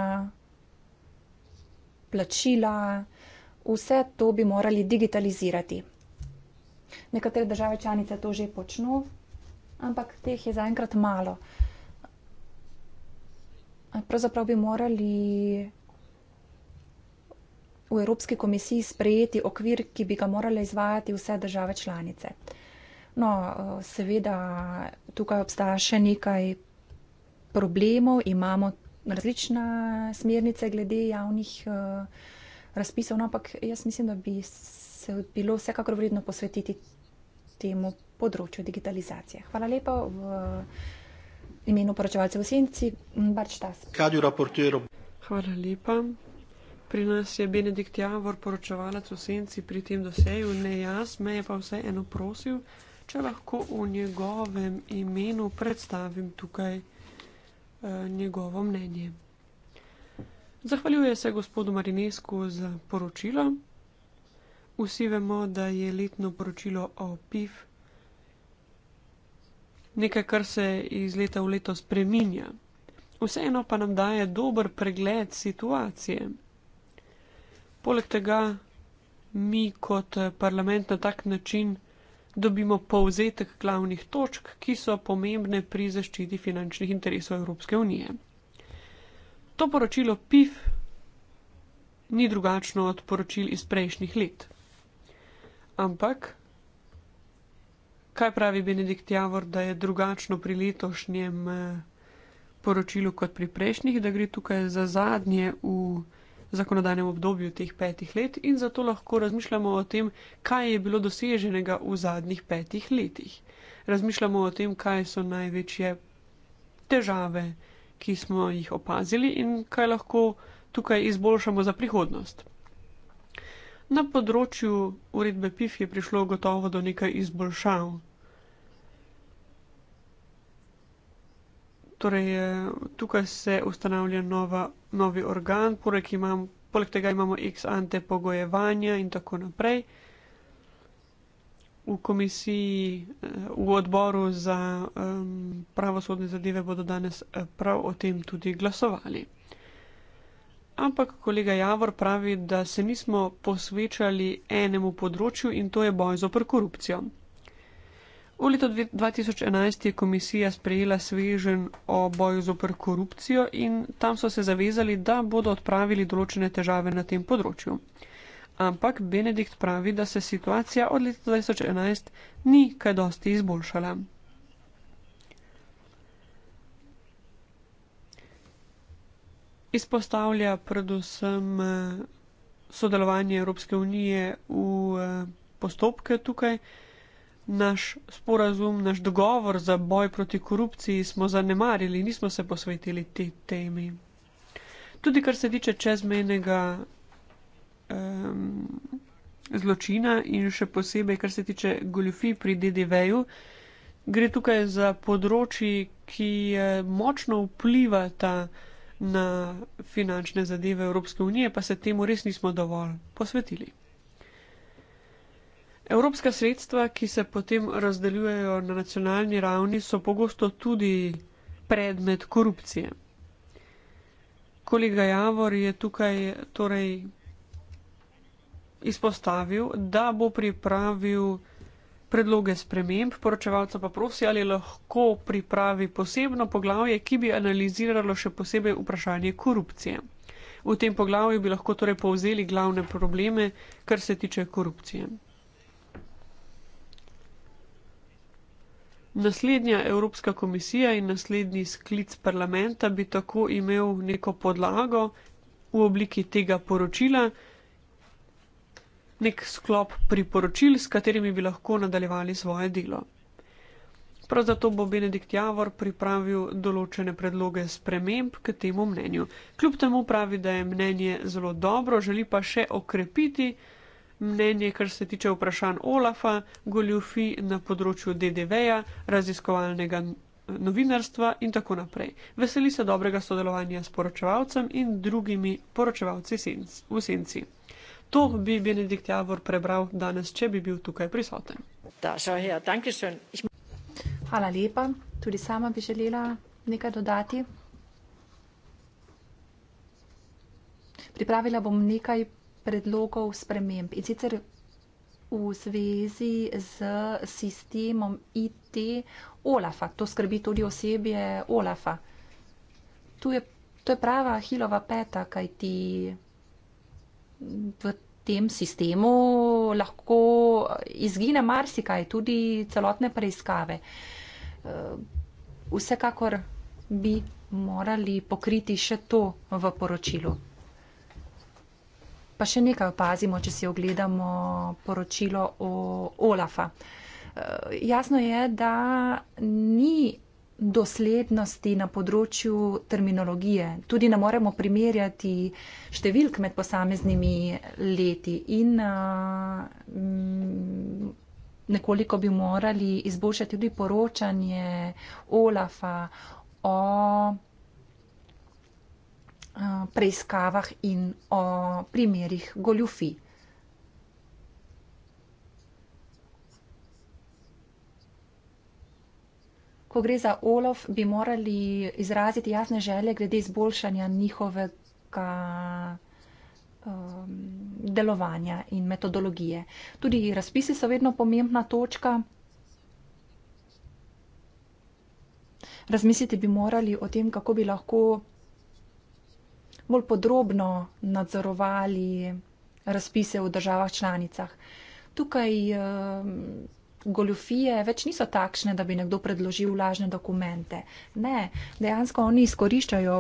Speaker 2: plačila, vse to bi morali digitalizirati. Nekatere države članice to že počno, ampak teh je zaenkrat malo. Pravzaprav bi morali v Evropski komisiji sprejeti okvir, ki bi ga morale izvajati vse države članice. No, seveda tukaj obstaja še nekaj problemov, imamo različne smernice glede javnih eh, razpisov, no, ampak jaz mislim, da bi se bilo vsekakor vredno posvetiti temu področju digitalizacije. Hvala lepa v imenu poročevalcev v Senci, Barč Tas.
Speaker 5: Hvala
Speaker 2: lepa.
Speaker 4: Pri nas je Benedikt Javor, poročevalec v Senci, pri tem doseju, ne jaz, me je pa vse eno prosil, če lahko v njegovem imenu predstavim tukaj eh, njegovo mnenje. Zahvaljuje se gospodu Marinesku za poročilo. Vsi vemo, da je letno poročilo o PIF nekaj, kar se iz leta v leto spreminja. Vseeno pa nam daje dober pregled situacije. Poleg tega mi kot parlament na tak način dobimo povzetek glavnih točk, ki so pomembne pri zaščiti finančnih interesov Evropske unije. To poročilo PIF ni drugačno od poročil iz prejšnjih let ampak kaj pravi Benedikt Javor, da je drugačno pri letošnjem eh, poročilu kot pri prejšnjih, da gre tukaj za zadnje v zakonodajnem obdobju teh petih let in zato lahko razmišljamo o tem, kaj je bilo doseženega v zadnjih petih letih. Razmišljamo o tem, kaj so največje težave, ki smo jih opazili in kaj lahko tukaj izboljšamo za prihodnost. Na področju uredbe PIF je prišlo gotovo do nekaj izboljšav. Torej, tukaj se ustanavlja nova, novi organ, poleg, imam, poleg tega imamo ex ante pogojevanja in tako naprej. V komisiji, eh, v odboru za um, pravosodne zadeve bodo danes eh, prav o tem tudi glasovali ampak kolega Javor pravi, da se nismo posvečali enemu področju in to je boj zopr korupcijo. V letu 2011 je komisija sprejela svežen o boju zopr korupcijo in tam so se zavezali, da bodo odpravili določene težave na tem področju. Ampak Benedikt pravi, da se situacija od leta 2011 ni kaj dosti izboljšala. izpostavlja predvsem eh, sodelovanje Evropske unije v eh, postopke tukaj. Naš sporazum, naš dogovor za boj proti korupciji smo zanemarili, nismo se posvetili te temi. Tudi kar se tiče čezmejnega um, zločina in še posebej kar se tiče goljufi pri DDV-ju, gre tukaj za področji, ki eh, močno vplivata na na finančne zadeve Evropske unije, pa se temu res nismo dovolj posvetili. Evropska sredstva, ki se potem razdeljujejo na nacionalni ravni, so pogosto tudi predmet korupcije. Kolega Javor je tukaj torej izpostavil, da bo pripravil predloge sprememb, poročevalca pa prosi, ali lahko pripravi posebno poglavje, ki bi analiziralo še posebej vprašanje korupcije. V tem poglavju bi lahko torej povzeli glavne probleme, kar se tiče korupcije. Naslednja Evropska komisija in naslednji sklic parlamenta bi tako imel neko podlago v obliki tega poročila nek sklop priporočil, s katerimi bi lahko nadaljevali svoje delo. Prav zato bo Benedikt Javor pripravil določene predloge sprememb k temu mnenju. Kljub temu pravi, da je mnenje zelo dobro, želi pa še okrepiti mnenje, kar se tiče vprašanj Olafa, goljufi na področju DDV-ja, raziskovalnega novinarstva in tako naprej. Veseli se dobrega sodelovanja s poročevalcem in drugimi poročevalci v senci. To bi Benedikt Javor prebral danes, če bi bil tukaj prisoten. Ja,
Speaker 2: Hvala lepa. Tudi sama bi želela nekaj dodati. Pripravila bom nekaj predlogov sprememb in sicer v zvezi z sistemom IT OLAFA. To skrbi tudi osebje OLAFA. Tu je, to je prava hilova peta, kaj ti v tem sistemu lahko izgine marsikaj, tudi celotne preiskave. Eh, vsekakor bi morali pokriti še to v poročilu. Pa še nekaj opazimo, če si ogledamo poročilo o Olafa. Eh, jasno je, da ni doslednosti na področju terminologije. Tudi ne moremo primerjati številk med posameznimi leti in uh, nekoliko bi morali izboljšati tudi poročanje Olafa o uh, preiskavah in o primerih goljufi. ko gre za Olof, bi morali izraziti jasne želje glede izboljšanja njihovega um, delovanja in metodologije. Tudi razpisi so vedno pomembna točka. Razmisliti bi morali o tem, kako bi lahko bolj podrobno nadzorovali razpise v državah članicah. Tukaj um, goljofije več niso takšne, da bi nekdo predložil lažne dokumente. Ne, dejansko oni izkoriščajo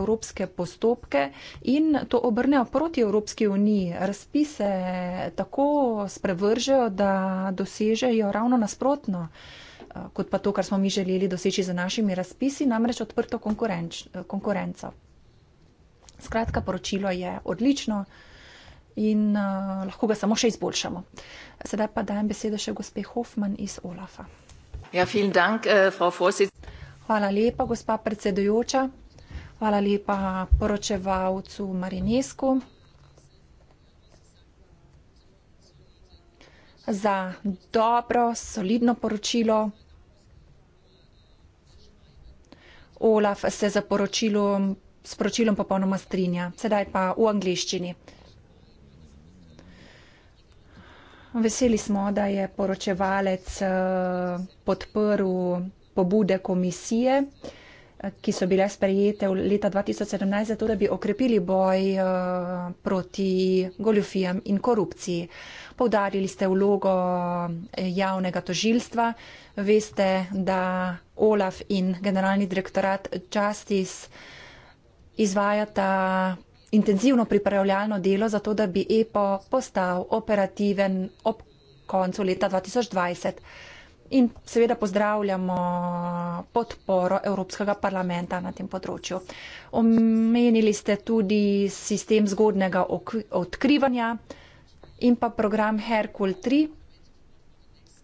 Speaker 2: evropske postopke in to obrnejo proti Evropski uniji. Razpise tako sprevržejo, da dosežejo ravno nasprotno eh, kot pa to, kar smo mi želeli doseči z našimi razpisi, namreč odprto konkurenco. Skratka, poročilo je odlično in uh, lahko ga samo še izboljšamo. Sedaj pa dajem besedo še gospe Hoffman iz Olafa.
Speaker 1: Ja, dank, uh,
Speaker 2: hvala lepa, gospa predsedujoča. Hvala lepa poročevalcu Marinesku za dobro, solidno poročilo. Olaf se za poročilom, s poročilom popolnoma strinja. Sedaj pa v angliščini. Veseli smo, da je poročevalec eh, podprl pobude komisije, eh, ki so bile sprejete leta 2017, zato da bi okrepili boj eh, proti goljofijam in korupciji. Povdarili ste vlogo javnega tožilstva. Veste, da Olaf in generalni direktorat Justice izvajata intenzivno pripravljalno delo za to, da bi EPO postal operativen ob koncu leta 2020. In seveda pozdravljamo podporo Evropskega parlamenta na tem področju. Omenili ste tudi sistem zgodnega odkrivanja in pa program Herkul 3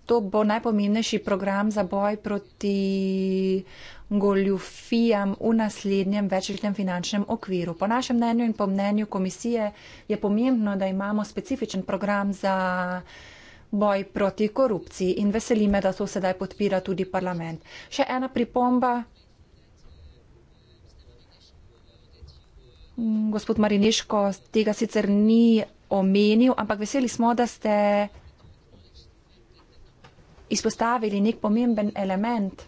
Speaker 2: to bo najpomembnejši program za boj proti goljufijam v naslednjem večletnem finančnem okviru. Po našem mnenju in po mnenju komisije je pomembno, da imamo specifičen program za boj proti korupciji in veseli me, da to sedaj podpira tudi parlament. Še ena pripomba. Gospod Marineško tega sicer ni omenil, ampak veseli smo, da ste izpostavili nek pomemben element.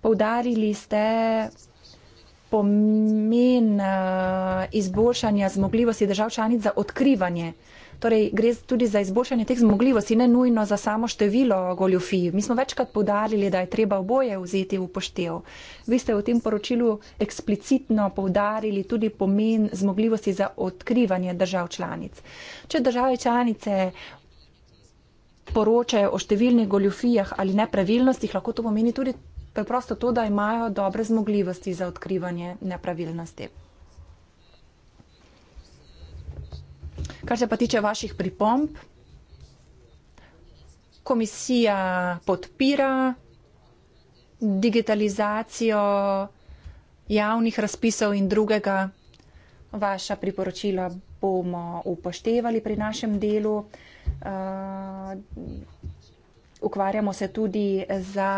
Speaker 2: Poudarili ste pomen eh, izboljšanja zmogljivosti držav članic za odkrivanje. Torej, gre tudi za izboljšanje teh zmogljivosti, ne nujno za samo število goljofij. Mi smo večkrat podarili, da je treba oboje vzeti v poštev. Vi ste v tem poročilu eksplicitno podarili tudi pomen zmogljivosti za odkrivanje držav članic. Če države članice poročajo o številnih goljofijah ali nepravilnostih, lahko to pomeni tudi preprosto to, da imajo dobre zmogljivosti za odkrivanje nepravilnosti. Kar se pa tiče vaših pripomb, komisija podpira digitalizacijo javnih razpisov in drugega. Vaša priporočila bomo upoštevali pri našem delu. Uh, ukvarjamo se tudi za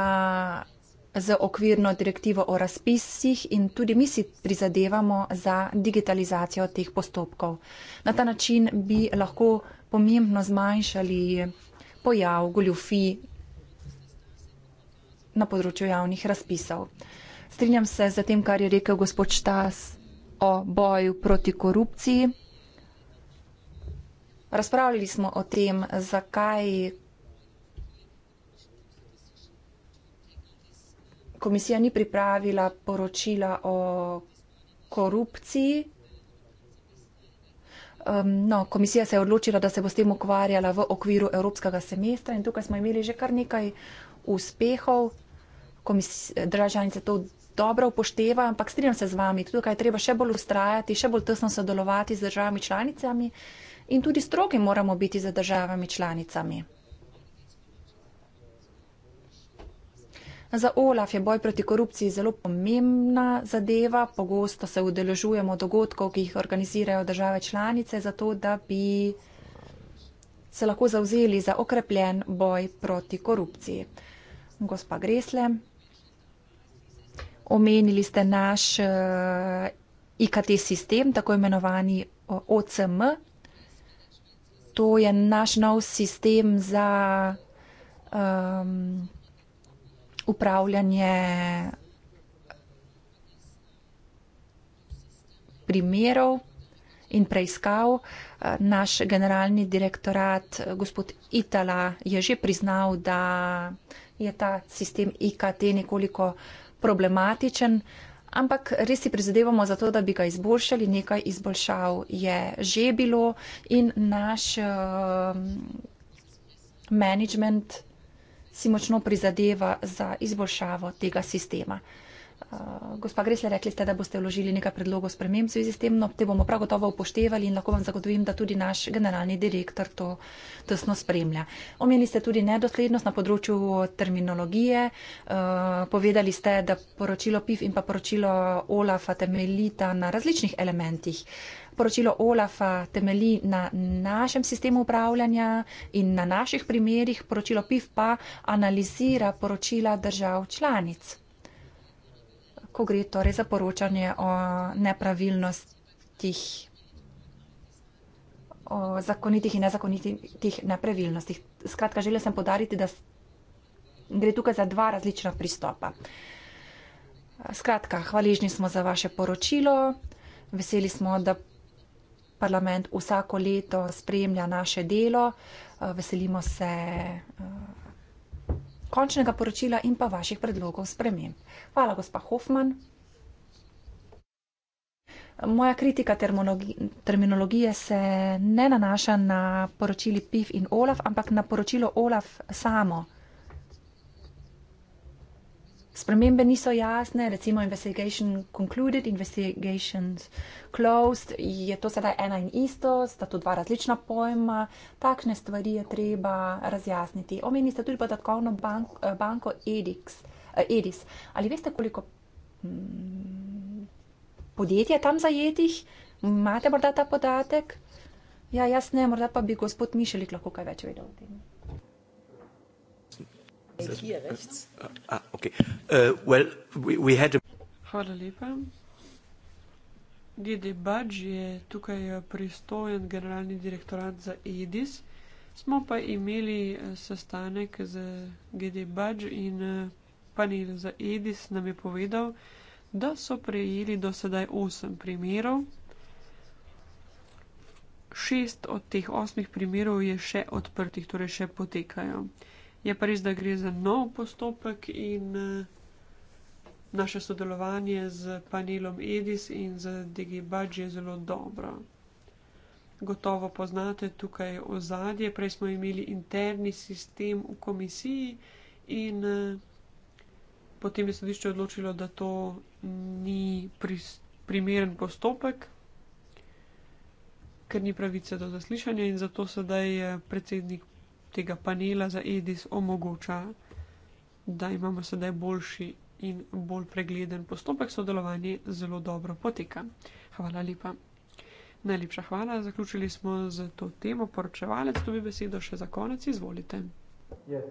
Speaker 2: z okvirno direktivo o razpisih in tudi mi si prizadevamo za digitalizacijo teh postopkov. Na ta način bi lahko pomembno zmanjšali pojav goljufij na področju javnih razpisov. Strinjam se z tem, kar je rekel gospod Štas o boju proti korupciji. Razpravljali smo o tem, zakaj komisija ni pripravila poročila o korupciji. Um, no, komisija se je odločila, da se bo s tem ukvarjala v okviru evropskega semestra in tukaj smo imeli že kar nekaj uspehov. Državljanice to dobro upošteva, ampak strinjam se z vami, tudi tukaj je treba še bolj ustrajati, še bolj tesno sodelovati z državami članicami in tudi strogi moramo biti z državami članicami. Za Olaf je boj proti korupciji zelo pomembna zadeva. Pogosto se udeležujemo dogodkov, ki jih organizirajo države članice, zato da bi se lahko zauzeli za okrepljen boj proti korupciji. Gospa Gresle, omenili ste naš eh, IKT sistem, tako imenovani eh, OCM. To je naš nov sistem za. Um, upravljanje primerov in preiskav. Naš generalni direktorat, gospod Itala, je že priznal, da je ta sistem IKT nekoliko problematičen, ampak res si prizadevamo za to, da bi ga izboljšali. Nekaj izboljšav je že bilo in naš eh, management. Uh, si močno prizadeva za izboljšavo tega sistema. Uh, gospa Gresle, rekli ste, da boste vložili nekaj predlogov sprememb v zvezi s tem, no te bomo prav gotovo upoštevali in lahko vam zagotovim, da tudi naš generalni direktor to tesno spremlja. Omenili ste tudi nedoslednost na področju terminologije, uh, povedali ste, da poročilo PIF in pa poročilo OLAFA temeljita na različnih elementih. Uh, poročilo OLAFA temelji na našem sistemu upravljanja in na naših primerjih, poročilo PIF pa analizira poročila držav članic, ko gre torej za poročanje o nepravilnostih, o zakonitih in nezakonitih nepravilnostih. Skratka, želel sem podariti, da gre tukaj za dva različna pristopa. Skratka, hvaležni smo za vaše poročilo, veseli smo, da parlament vsako leto spremlja naše delo. Eh, veselimo se eh, končnega poročila in pa vaših predlogov sprememb. Hvala, gospa Hofman. Moja kritika terminologije se ne nanaša na poročili PIF in OLAF, ampak na poročilo OLAF samo spremembe niso jasne, recimo investigation concluded, investigation closed, je to sedaj ena in isto, sta to dva različna pojma, takšne stvari je treba razjasniti. Omeni ste tudi podatkovno bank, eh, banko Edix, eh, Edis. Ali veste, koliko mm, podjetij je tam zajetih? Imate morda ta podatek? Ja, jaz ne, morda pa bi gospod Mišelik lahko kaj več vedel o tem.
Speaker 1: Ah, ah, uh,
Speaker 2: Hvala lepa.
Speaker 4: Dede Bač je tukaj eh, pristojen generalni direktorat za EDIS. Smo pa imeli eh, sestanek z Dede Bač in eh, panel za EDIS nam je povedal, da so prejeli do sedaj 8 primerov. Šest od teh osmih primerov je še odprtih, torej še potekajo. Je pa res, da gre za nov postopek in eh, naše sodelovanje z panelom Edis in z DG Budge je zelo dobro. Gotovo poznate tukaj ozadje, prej smo imeli interni sistem v komisiji in eh, potem je sodišče odločilo, da to ni primeren postopek, ker ni pravice do zaslišanja in zato sedaj predsednik tega panela za Edis omogoča, da imamo sedaj boljši in bolj pregleden postopek sodelovanja, zelo dobro poteka. Hvala lepa. Najlepša hvala, zaključili smo z to temo. Poročevalec, tu bi besedo še za konec, izvolite. Yes,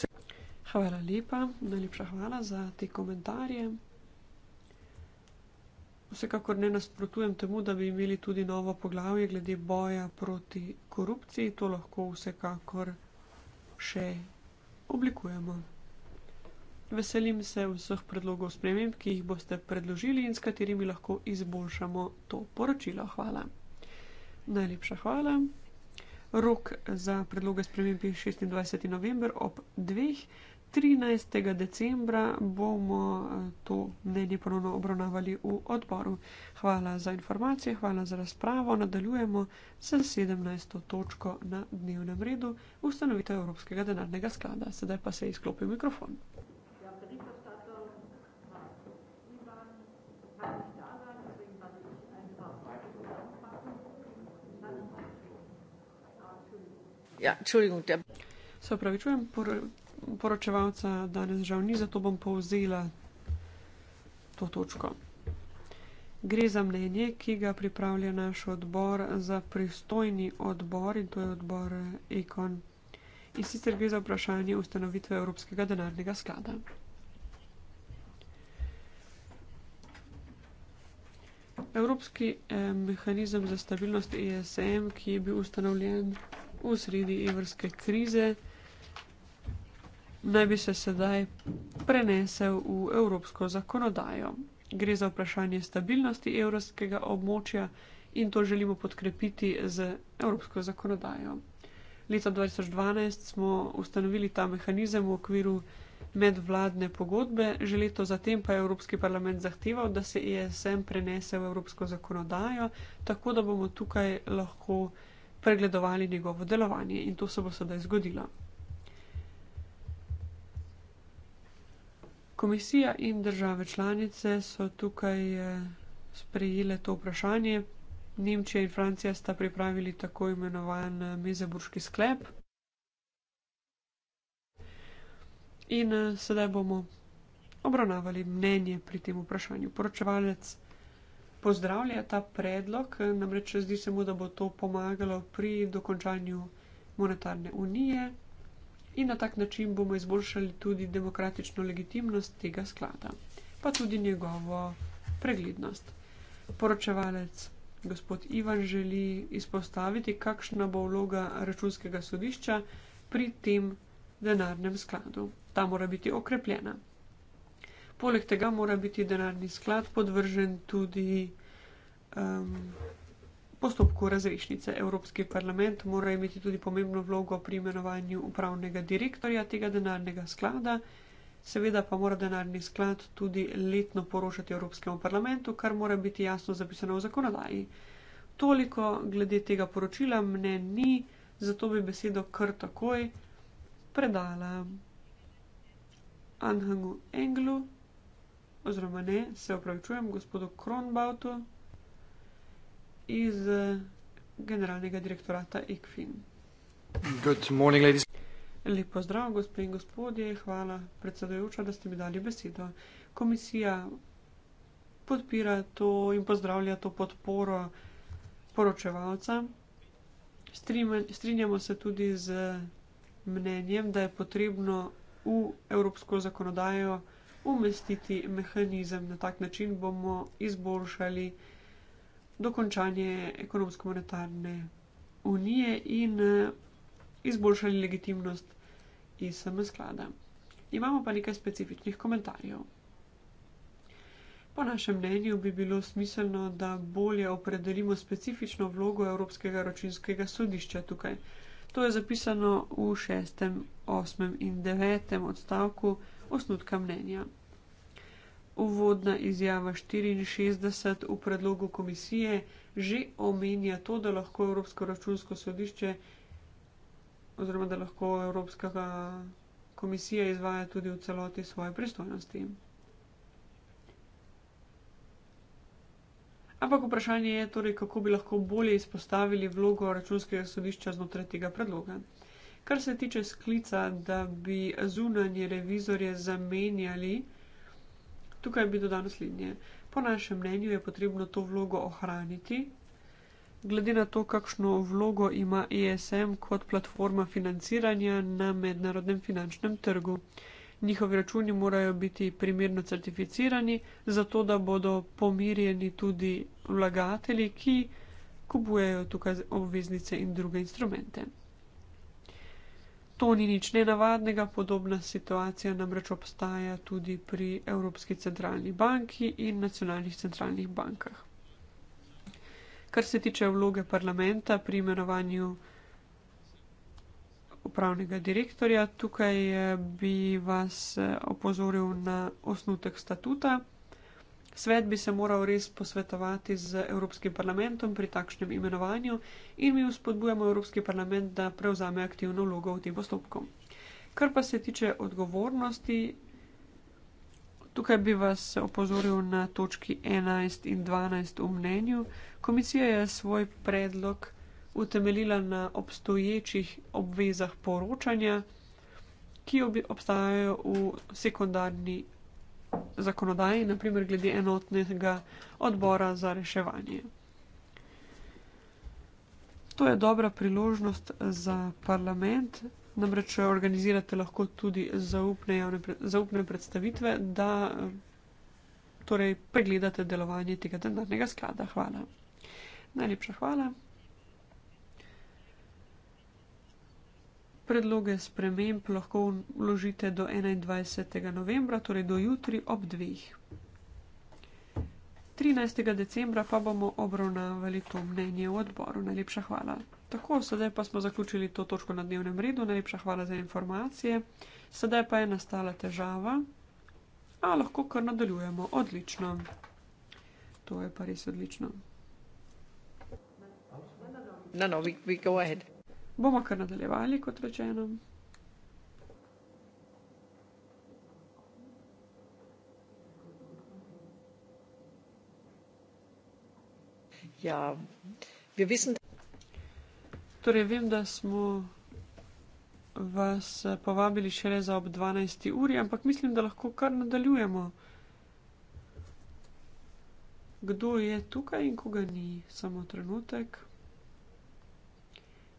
Speaker 4: yes. Hvala lepa, najlepša hvala za te komentarje. Vsekakor ne nasprotujem temu, da bi imeli tudi novo poglavje glede boja proti korupciji, to lahko vsekakor še oblikujemo. Veselim se vseh predlogov sprememb, ki jih boste predložili in s katerimi lahko izboljšamo to poročilo. Hvala. Najlepša hvala. Rok za predloge sprememb je 26. november ob dveh. 13. decembra bomo eh, to mnenje ponovno obravnavali v odboru. Hvala za informacije, hvala za razpravo. Nadaljujemo s 17. točko na dnevnem redu ustanovitev Evropskega denarnega sklada. Sedaj pa se izklopi mikrofon. Ja, čujem, da. Se opravičujem, poročevalca danes žal ni, zato bom povzela to točko. Gre za mnenje, ki ga pripravlja naš odbor za pristojni odbor in to je odbor Ekon. In sicer gre za vprašanje ustanovitve Evropskega denarnega sklada. Evropski eh, mehanizem za stabilnost ESM, ki je bil ustanovljen v sredi evrske krize, naj bi se sedaj prenesel v evropsko zakonodajo. Gre za vprašanje stabilnosti evropskega območja in to želimo podkrepiti z evropsko zakonodajo. Leta 2012 smo ustanovili ta mehanizem v okviru medvladne pogodbe, že leto zatem pa je Evropski parlament zahteval, da se ESM prenese v evropsko zakonodajo, tako da bomo tukaj lahko pregledovali njegovo delovanje in to se bo sedaj zgodilo. Komisija in države članice so tukaj eh, sprejele to vprašanje. Nemčija in Francija sta pripravili tako imenovan eh, mezeburški sklep. In eh, sedaj bomo obravnavali mnenje pri tem vprašanju. Poročevalec pozdravlja ta predlog, namreč zdi se mu, da bo to pomagalo pri dokončanju monetarne unije, in na tak način bomo izboljšali tudi demokratično legitimnost tega sklada, pa tudi njegovo preglednost. Poročevalec gospod Ivan želi izpostaviti, kakšna bo vloga računskega sodišča pri tem denarnem skladu. Ta mora biti okrepljena. Poleg tega mora biti denarni sklad podvržen tudi um, postopku razrešnice. Evropski parlament mora imeti tudi pomembno vlogo pri imenovanju upravnega direktorja tega denarnega sklada. Seveda pa mora denarni sklad tudi letno poročati Evropskemu parlamentu, kar mora biti jasno zapisano v zakonodaji. Toliko glede tega poročila mnen ni, zato bi besedo kar takoj predala Anhangu Englu, oziroma ne, se opravičujem gospodu Kronbautu iz eh, generalnega direktorata ICFIN. Morning, Lepo zdrav, gospe in gospodje, hvala predsedojoča, da ste mi dali besedo. Komisija podpira to in pozdravlja to podporo poročevalca. Strinjamo se tudi z mnenjem, da je potrebno v evropsko zakonodajo umestiti mehanizem. Na tak način bomo izboljšali dokončanje ekonomsko-monetarne unije in eh, izboljšali legitimnost ISM sklada. Imamo pa nekaj specifičnih komentarjev. Po našem mnenju bi bilo smiselno, da bolje opredelimo specifično vlogo Evropskega računskega sodišča tukaj. To je zapisano v šestem, osmem in devetem odstavku osnutka mnenja uvodna izjava 64 v predlogu komisije že omenja to, da lahko Evropsko računsko sodišče oziroma da lahko Evropska komisija izvaja tudi v celoti svoje pristojnosti. Ampak vprašanje je torej, kako bi lahko bolje izpostavili vlogo računskega sodišča znotraj tega predloga. Kar se tiče sklica, da bi zunanje revizorje zamenjali, Tukaj bi dodal naslednje. Po našem mnenju je potrebno to vlogo ohraniti. Glede na to, kakšno vlogo ima ESM kot platforma financiranja na mednarodnem finančnem trgu, njihovi računi morajo biti primerno certificirani, zato da bodo pomirjeni tudi vlagatelji, ki kupujejo tukaj obveznice in druge instrumente. To ni nič nenavadnega, podobna situacija namreč obstaja tudi pri Evropski centralni banki in nacionalnih centralnih bankah. Kar se tiče vloge parlamenta pri imenovanju upravnega direktorja, tukaj eh, bi vas eh, opozoril na osnutek statuta. Svet bi se moral res posvetovati z Evropskim parlamentom pri takšnem imenovanju in mi vzpodbujamo Evropski parlament, da prevzame aktivno vlogo v tem postopku. Kar pa se tiče odgovornosti, tukaj bi vas opozoril na točki 11 in 12 v mnenju. Komisija je svoj predlog utemeljila na obstoječih obvezah poročanja, ki obstajajo v sekundarni zakonodaji, naprimer glede enotnega odbora za reševanje. To je dobra priložnost za parlament, namreč organizirate lahko tudi zaupne, javne, zaupne predstavitve, da torej, pregledate delovanje tega denarnega sklada. Hvala. Najlepša hvala. predloge sprememb lahko vložite do 21. novembra, torej do jutri ob dveh. 13. decembra pa bomo obravnavali to mnenje v odboru. Najlepša hvala. Tako, sedaj pa smo zaključili to točko na dnevnem redu. Najlepša hvala za informacije. Sedaj pa je nastala težava, a lahko kar nadaljujemo. Odlično. To je pa res odlično. No, no, we, we go ahead bomo kar nadaljevali, kot rečeno. Ja, bi mislim, da. Torej, vem, da smo vas povabili šele za ob 12. uri, ampak mislim, da lahko kar nadaljujemo. Kdo je tukaj in koga ni, samo trenutek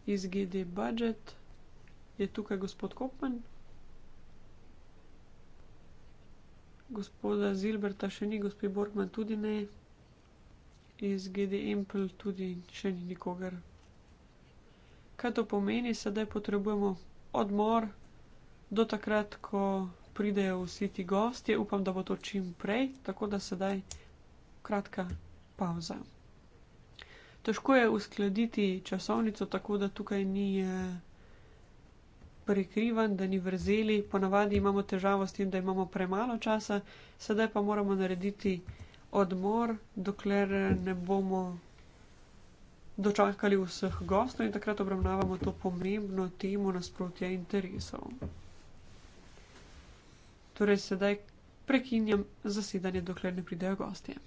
Speaker 4: iz GD Budget. Je tukaj gospod Kopman? Gospoda Zilberta še ni, gospod Borgman tudi ne. Iz GD Ample tudi še ni nikogar. Kaj to pomeni? Sedaj potrebujemo odmor do takrat, ko pridejo vsi ti gostje. Upam, da bo to čim prej, tako da sedaj kratka pauza težko je uskladiti časovnico tako, da tukaj ni eh, prekrivan, da ni vrzeli. Ponavadi imamo težavo s tem, da imamo premalo časa, sedaj pa moramo narediti odmor, dokler eh, ne bomo dočakali vseh gostov in takrat obravnavamo to pomembno temo nasprotja interesov. Torej, sedaj prekinjam zasedanje, dokler ne pridejo gostje.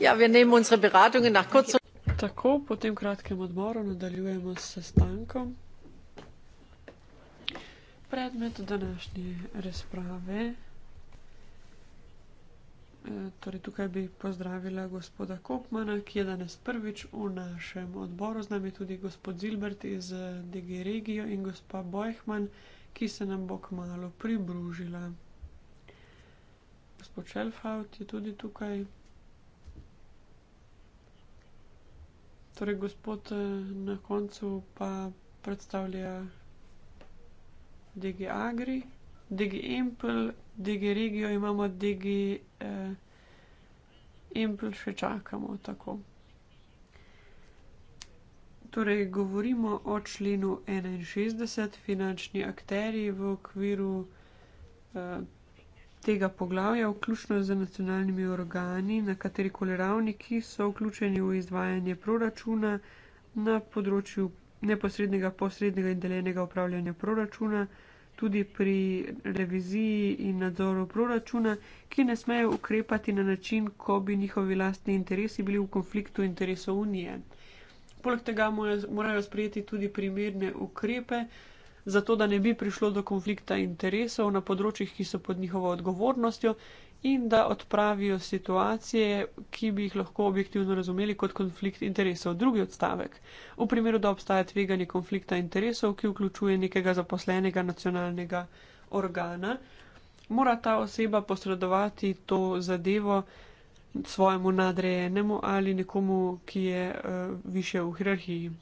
Speaker 1: Ja, Tako, po tem kratkem odmoru nadaljujemo s
Speaker 4: sestankom. Predmet današnje razprave. Eh, torej, tukaj bi pozdravila gospoda Kopmana, ki je danes prvič v našem odboru. Z nami je tudi gospod Zilbert iz eh, DG Regijo in gospa Bojhman, ki se nam bo kmalo pridružila. Gospod Šelfaut je tudi tukaj. Torej, gospod eh, na koncu pa predstavlja DG Agri, DG Empel, DG Regijo imamo, DG eh, Empel še čakamo. Tako. Torej, govorimo o členu 61, finančni akteri v okviru eh, tega poglavja, vključno z nacionalnimi organi, na kateri koli ravni, ki so vključeni v izvajanje proračuna na področju neposrednega, posrednega in deljenega upravljanja proračuna, tudi pri reviziji in nadzoru proračuna, ki ne smejo ukrepati na način, ko bi njihovi lastni interesi bili v konfliktu interesov unije. Poleg tega morajo sprejeti tudi primerne ukrepe, zato da ne bi prišlo do konflikta interesov na področjih, ki so pod njihovo odgovornostjo in da odpravijo situacije, ki bi jih lahko objektivno razumeli kot konflikt interesov. Drugi odstavek. V primeru, da obstaja tveganje konflikta interesov, ki vključuje nekega zaposlenega nacionalnega organa, mora ta oseba posredovati to zadevo svojemu nadrejenemu ali nekomu, ki je uh, više v hierarhiji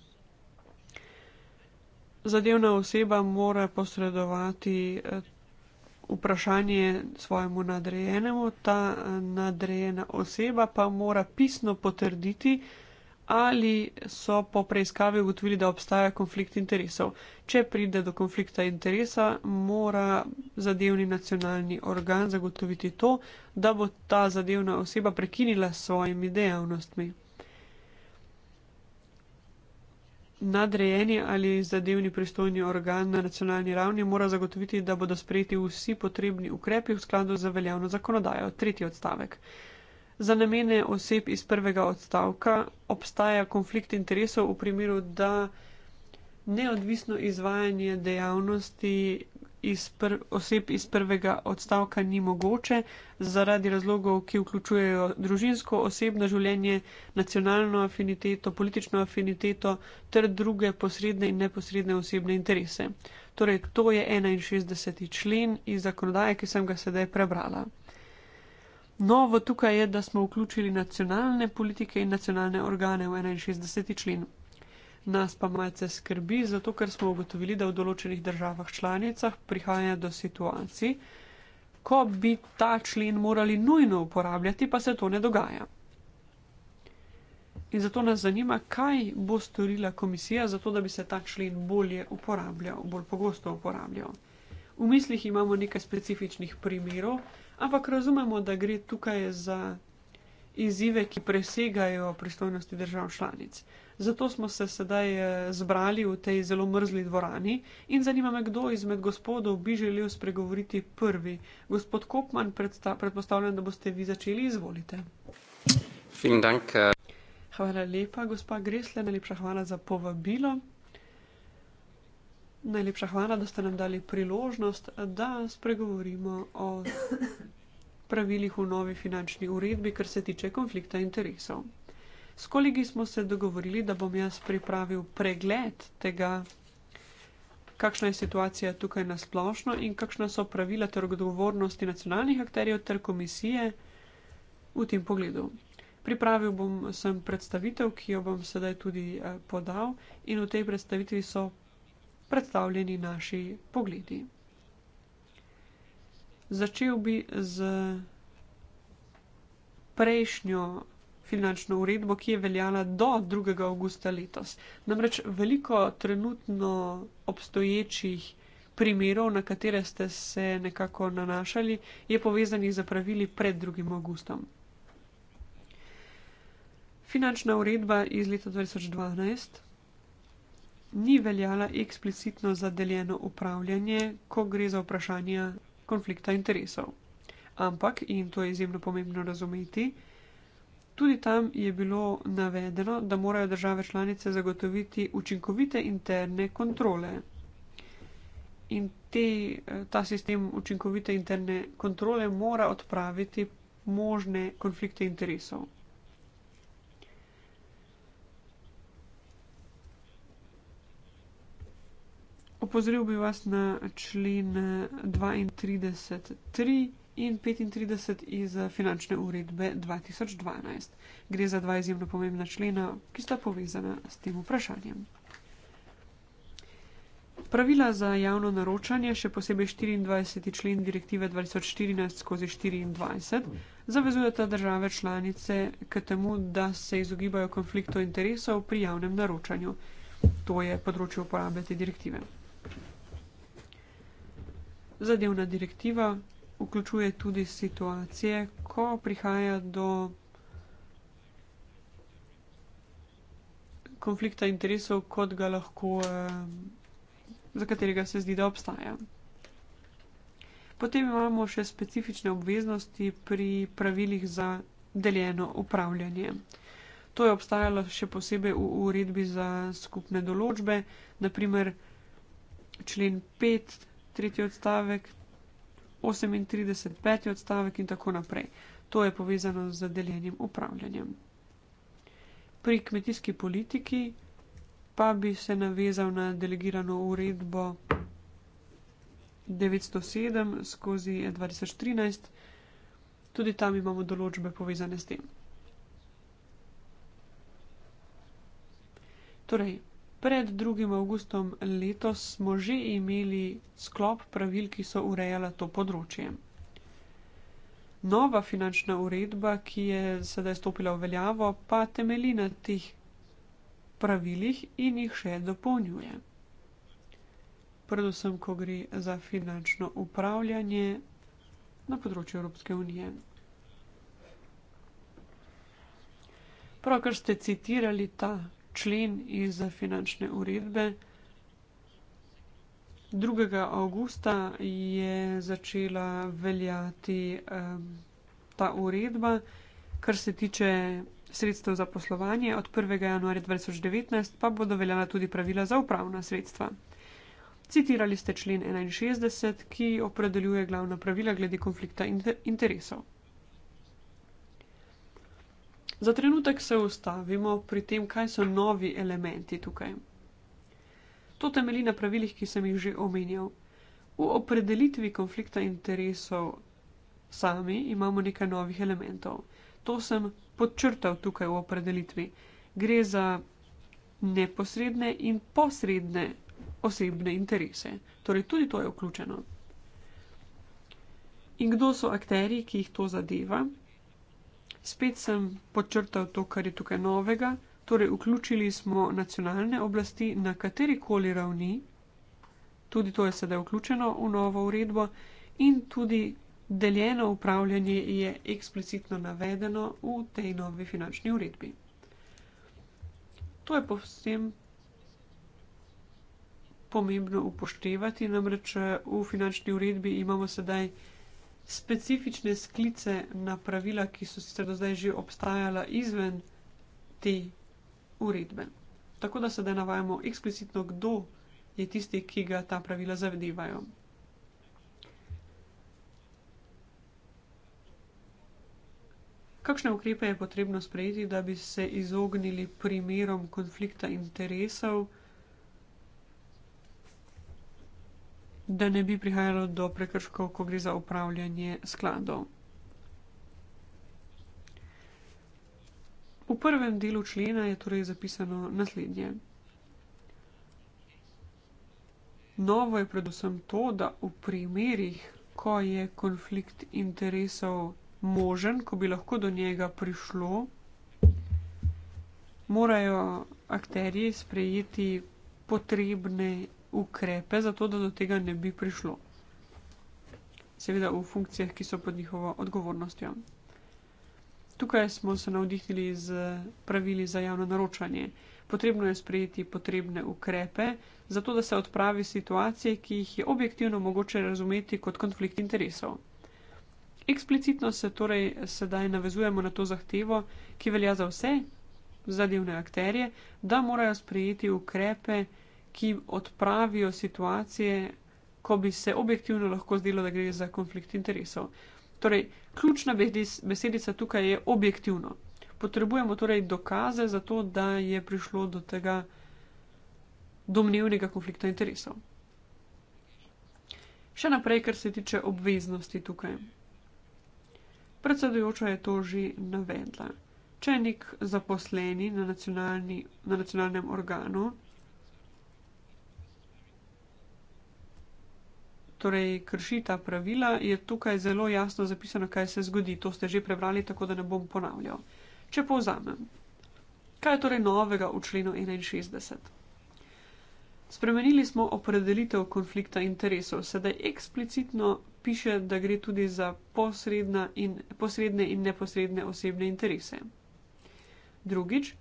Speaker 4: zadevna oseba mora posredovati eh, vprašanje svojemu nadrejenemu, ta eh, nadrejena oseba pa mora pisno potrditi, ali so po preiskavi ugotovili, da obstaja konflikt interesov. Če pride do konflikta interesa, mora zadevni nacionalni organ zagotoviti to, da bo ta zadevna oseba prekinila s svojimi dejavnostmi. nadrejeni ali zadevni pristojni organ na nacionalni ravni mora zagotoviti, da bodo sprejeti vsi potrebni ukrepi v skladu z veljavno zakonodajo. Tretji odstavek. Za namene oseb iz prvega odstavka obstaja konflikt interesov v primeru, da neodvisno izvajanje dejavnosti iz oseb iz prvega odstavka ni mogoče zaradi razlogov, ki vključujejo družinsko, osebno življenje, nacionalno afiniteto, politično afiniteto ter druge posredne in neposredne osebne interese. Torej, to je 61. člen iz zakonodaje, ki sem ga sedaj prebrala. Novo tukaj je, da smo vključili nacionalne politike in nacionalne organe v 61. člen. Nas pa malce skrbi, zato ker smo ugotovili, da v določenih državah članicah prihaja do situacij, ko bi ta člen morali nujno uporabljati, pa se to ne dogaja. In zato nas zanima, kaj bo storila komisija, zato da bi se ta člen bolje uporabljal, bolj pogosto uporabljal. V mislih imamo nekaj specifičnih primerov, ampak razumemo, da gre tukaj za izzive, ki presegajo pristojnosti držav članic. Zato smo se sedaj eh, zbrali v tej zelo mrzli dvorani in zanima me, kdo izmed gospodov bi želel spregovoriti prvi. Gospod Kokman, predpostavljam, da boste vi začeli, izvolite.
Speaker 3: Eh.
Speaker 4: Hvala lepa, gospa Gresle, najlepša hvala za povabilo. Najlepša hvala, da ste nam dali priložnost, da spregovorimo o pravilih v novi finančni uredbi, kar se tiče konflikta interesov. S kolegi smo se dogovorili, da bom jaz pripravil pregled tega, kakšna je situacija tukaj na splošno in kakšna so pravila ter odgovornosti nacionalnih akterjev ter komisije v tem pogledu. Pripravil bom sem predstavitev, ki jo bom sedaj tudi eh, podal, in v tej predstavitvi so predstavljeni naši pogledi. Začel bi z prejšnjo finančno uredbo, ki je veljala do 2. augusta letos. Namreč veliko trenutno obstoječih primerov, na katere ste se nekako nanašali, je povezanih z pravili pred 2. augustom. Finančna uredba iz leta 2012 ni veljala eksplicitno za deljeno upravljanje, ko gre za vprašanje konflikta interesov. Ampak, in to je izjemno pomembno razumeti, Tudi tam je bilo navedeno, da morajo države članice zagotoviti učinkovite interne kontrole. In te, ta sistem učinkovite interne kontrole mora odpraviti možne konflikte interesov. Opozoril bi vas na člen 32.3. Eh, in 35 iz eh, finančne uredbe 2012. Gre za dva izjemno pomembna člena, ki sta povezana s tem vprašanjem. Pravila za javno naročanje, še posebej 24. člen direktive 2014/24, zavezujeta države članice k temu, da se izogibajo konfliktu interesov pri javnem naročanju. To je področje uporabe te direktive. Zadevna direktiva vključuje tudi situacije, ko prihaja do konflikta interesov, kot ga lahko, eh, za katerega se zdi, da obstaja. Potem imamo še specifične obveznosti pri pravilih za deljeno upravljanje. To je obstajalo še posebej v uredbi za skupne določbe, naprimer člen 5, tretji odstavek, 38, 5 odstavek in tako naprej. To je povezano z deljenim upravljanjem. Pri kmetijski politiki pa bi se navezal na delegirano uredbo 907 skozi 2013. Tudi tam imamo določbe povezane s tem. Torej, Pred drugim avgustom letos smo že imeli sklop pravil, ki so urejala to področje. Nova finančna uredba, ki je sedaj stopila v veljavo, pa temelji na teh pravilih in jih še dopolnjuje. Predvsem, ko gre za finančno upravljanje na področju Evropske unije. Prav, kar ste citirali ta člen iz finančne uredbe. 2. avgusta je začela veljati um, ta uredba, kar se tiče sredstev za poslovanje, od 1. januarja 2019 pa bodo veljala tudi pravila za upravna sredstva. Citirali ste člen 61, ki opredeljuje glavna pravila glede konflikta interesov. Za trenutek se ustavimo pri tem, kaj so novi elementi tukaj. To temelji na pravilih, ki sem jih že omenjal. V opredelitvi konflikta interesov sami imamo nekaj novih elementov. To sem podčrtal tukaj v opredelitvi. Gre za neposredne in posredne osebne interese. Torej, tudi to je vključeno. In kdo so akteri, ki jih to zadeva? Spet sem podčrtal to, kar je tukaj novega, torej vključili smo nacionalne oblasti na kateri koli ravni, tudi to je sedaj vključeno v novo uredbo, in tudi deljeno upravljanje je eksplicitno navedeno v tej novi finančni uredbi. To je povsem pomembno upoštevati, namreč eh, v finančni uredbi imamo sedaj specifične sklice na pravila, ki so sicer do zdaj že obstajala izven te uredbe. Tako da sedaj navajamo eksplicitno, kdo je tisti, ki ga ta pravila zavedevajo. Kakšne ukrepe je potrebno sprejeti, da bi se izognili primerom konflikta interesov? da ne bi prihajalo do prekrškov, ko gre za upravljanje skladov. V prvem delu člena je torej zapisano naslednje. Novo je predvsem to, da v primerih, ko je konflikt interesov možen, ko bi lahko do njega prišlo, morajo akterji sprejeti potrebne ukrepe za to, da do tega ne bi prišlo. Seveda v funkcijah, ki so pod njihovo odgovornostjo. Tukaj smo se navdihnili z pravili za javno naročanje. Potrebno je sprejeti potrebne ukrepe, zato da se odpravi situacije, ki jih je objektivno mogoče razumeti kot konflikt interesov. Eksplicitno se torej sedaj navezujemo na to zahtevo, ki velja za vse zadevne akterje, da morajo sprejeti ukrepe, ki odpravijo situacije, ko bi se objektivno lahko zdelo, da gre za konflikt interesov. Torej, ključna besedica tukaj je objektivno. Potrebujemo torej dokaze za to, da je prišlo do tega domnevnega konflikta interesov. Še naprej, kar se tiče obveznosti tukaj. Predsedujoča je to že navedla. Če je nek zaposleni na, na nacionalnem organu, torej krši ta pravila, je tukaj zelo jasno zapisano, kaj se zgodi. To ste že prebrali, tako da ne bom ponavljal. Če povzamem, kaj je torej novega v členu 61? Spremenili smo opredelitev konflikta interesov. Sedaj eksplicitno piše, da gre tudi za in, posredne in neposredne osebne interese. Drugič,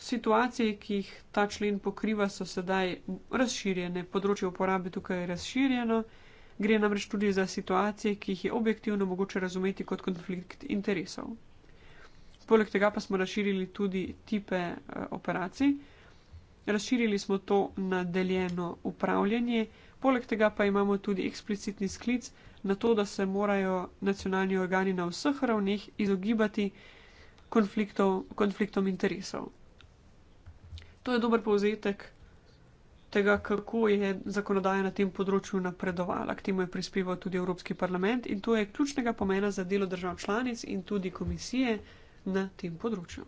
Speaker 4: Situacije, ki jih ta člen pokriva, so sedaj razširjene, področje uporabe tukaj je razširjeno, gre namreč tudi za situacije, ki jih je objektivno mogoče razumeti kot konflikt interesov. Poleg tega pa smo razširili tudi tipe eh, operacij, razširili smo to na deljeno upravljanje, poleg tega pa imamo tudi eksplicitni sklic na to, da se morajo nacionalni organi na vseh ravneh izogibati konfliktom interesov to je dober povzetek tega, kako je zakonodaja na tem področju napredovala. K temu je prispeval tudi Evropski parlament in to je ključnega pomena za delo držav članic in tudi komisije na tem področju.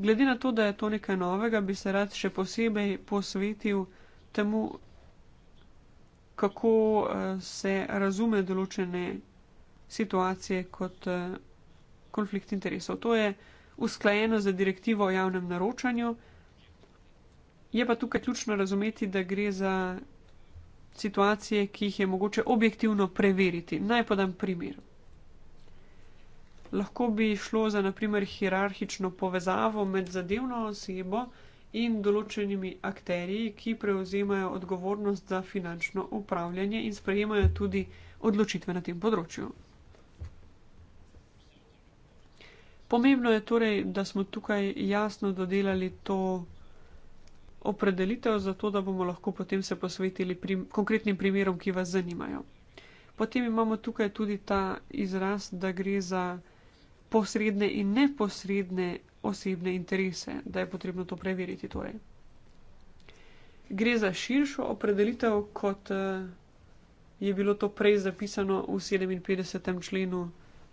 Speaker 4: Glede na to, da je to nekaj novega, bi se rad še posebej posvetil temu, kako eh, se razume določene situacije kot eh, konflikt interesov. To je usklajeno z direktivo o javnem naročanju. Je pa tukaj ključno razumeti, da gre za situacije, ki jih je mogoče objektivno preveriti. Naj podam primer. Lahko bi šlo za naprimer hierarhično povezavo med zadevno osebo in določenimi akterji, ki prevzemajo odgovornost za finančno upravljanje in sprejemajo tudi odločitve na tem področju. Pomembno je torej, da smo tukaj jasno dodelali to opredelitev, zato da bomo lahko potem se posvetili prim konkretnim primerom, ki vas zanimajo. Potem imamo tukaj tudi ta izraz, da gre za posredne in neposredne osebne interese, da je potrebno to preveriti. Torej. Gre za širšo opredelitev, kot eh, je bilo to prej zapisano v 57. členu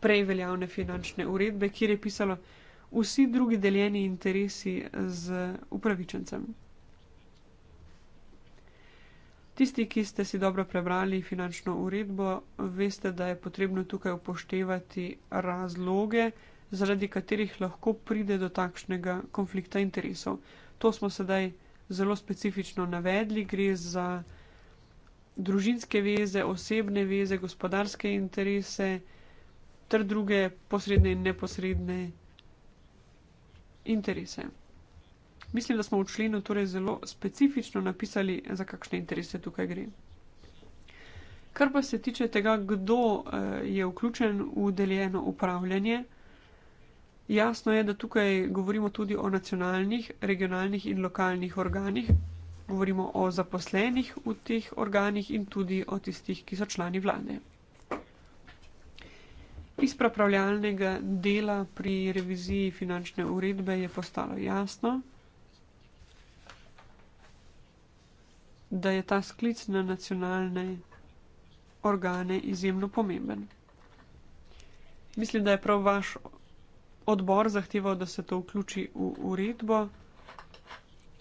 Speaker 4: prej veljavne finančne uredbe, kjer je pisalo vsi drugi deljeni interesi z upravičencem. Tisti, ki ste si dobro prebrali finančno uredbo, veste, da je potrebno tukaj upoštevati razloge, zaradi katerih lahko pride do takšnega konflikta interesov. To smo sedaj zelo specifično navedli, gre za družinske veze, osebne veze, gospodarske interese ter druge posredne in neposredne interese. Mislim, da smo v členu torej zelo specifično napisali, za kakšne interese tukaj gre. Kar pa se tiče tega, kdo eh, je vključen v deljeno upravljanje, jasno je, da tukaj govorimo tudi o nacionalnih, regionalnih in lokalnih organih, govorimo o zaposlenih v teh organih in tudi o tistih, ki so člani vlade. Iz popravljalnega dela pri reviziji finančne uredbe je postalo jasno, da je ta sklic na nacionalne organe izjemno pomemben. Mislim, da je prav vaš odbor zahteval, da se to vključi v uredbo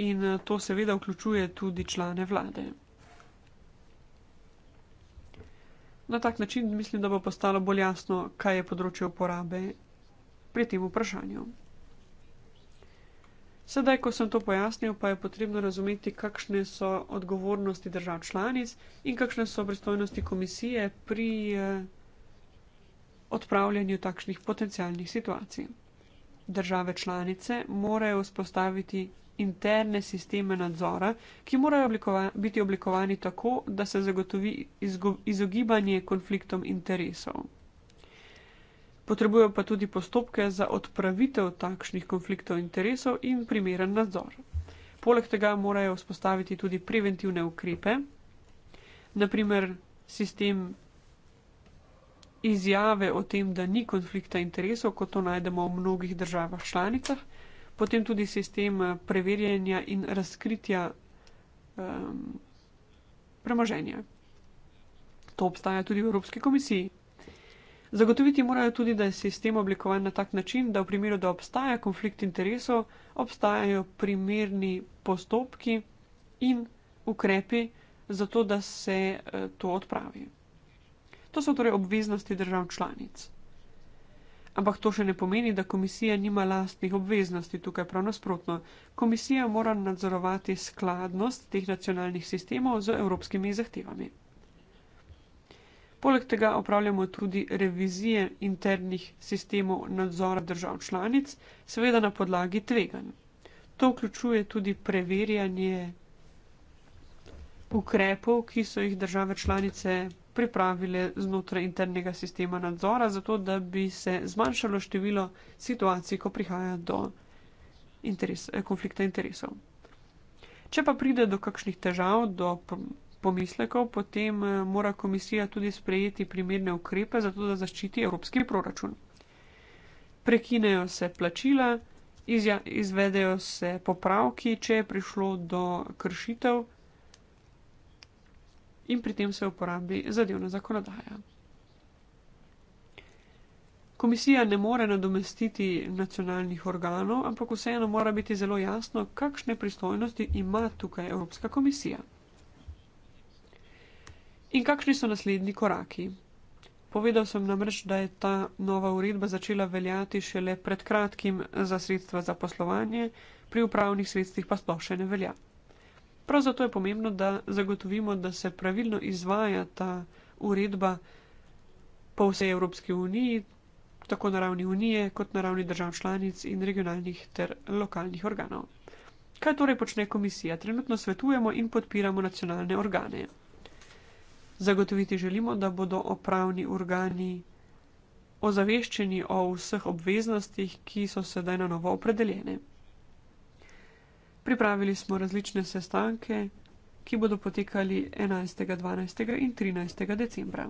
Speaker 4: in to seveda vključuje tudi člane vlade. Na tak način mislim, da bo postalo bolj jasno, kaj je področje uporabe pri tem vprašanju. Sedaj, ko sem to pojasnil, pa je potrebno razumeti, kakšne so odgovornosti držav članic in kakšne so pristojnosti komisije pri eh, odpravljanju takšnih potencialnih situacij. Države članice morajo vzpostaviti interne sisteme nadzora, ki morajo oblikova biti oblikovani tako, da se zagotovi izogibanje konfliktom interesov. Potrebujejo pa tudi postopke za odpravitev takšnih konfliktov interesov in primeren nadzor. Poleg tega morajo vzpostaviti tudi preventivne ukrepe, naprimer sistem izjave o tem, da ni konflikta interesov, kot to najdemo v mnogih državah članicah potem tudi sistem eh, preverjanja in razkritja um, premoženja. To obstaja tudi v Evropski komisiji. Zagotoviti morajo tudi, da je sistem oblikovan na tak način, da v primeru, da obstaja konflikt interesov, obstajajo primerni postopki in ukrepi za to, da se eh, to odpravi. To so torej obveznosti držav članic. Ampak to še ne pomeni, da komisija nima lastnih obveznosti, tukaj prav nasprotno. Komisija mora nadzorovati skladnost teh nacionalnih sistemov z evropskimi zahtevami. Poleg tega opravljamo tudi revizije internih sistemov nadzora držav članic, seveda na podlagi tvegan. To vključuje tudi preverjanje ukrepov, ki so jih države članice pripravile znotraj internega sistema nadzora, zato da bi se zmanjšalo število situacij, ko prihaja do interes, konflikta interesov. Če pa pride do kakšnih težav, do pomislekov, potem eh, mora komisija tudi sprejeti primerne ukrepe, zato da zaščiti evropski proračun. Prekinejo se plačila, izvedejo se popravki, če je prišlo do kršitev in pri tem se uporabi zadevna zakonodaja. Komisija ne more nadomestiti nacionalnih organov, ampak vseeno mora biti zelo jasno, kakšne pristojnosti ima tukaj Evropska komisija. In kakšni so naslednji koraki? Povedal sem namreč, da je ta nova uredba začela veljati šele pred kratkim za sredstva za poslovanje, pri upravnih sredstvih pa sploh še ne velja. Prav zato je pomembno, da zagotovimo, da se pravilno izvaja ta uredba po vsej Evropski uniji, tako na ravni unije, kot na ravni držav članic in regionalnih ter lokalnih organov. Kaj torej počne komisija? Trenutno svetujemo in podpiramo nacionalne organe. Zagotoviti želimo, da bodo opravni organi ozaveščeni o vseh obveznostih, ki so sedaj na novo opredeljene. Pripravili smo različne sestanke, ki bodo potekali 11., 12. in 13. decembra.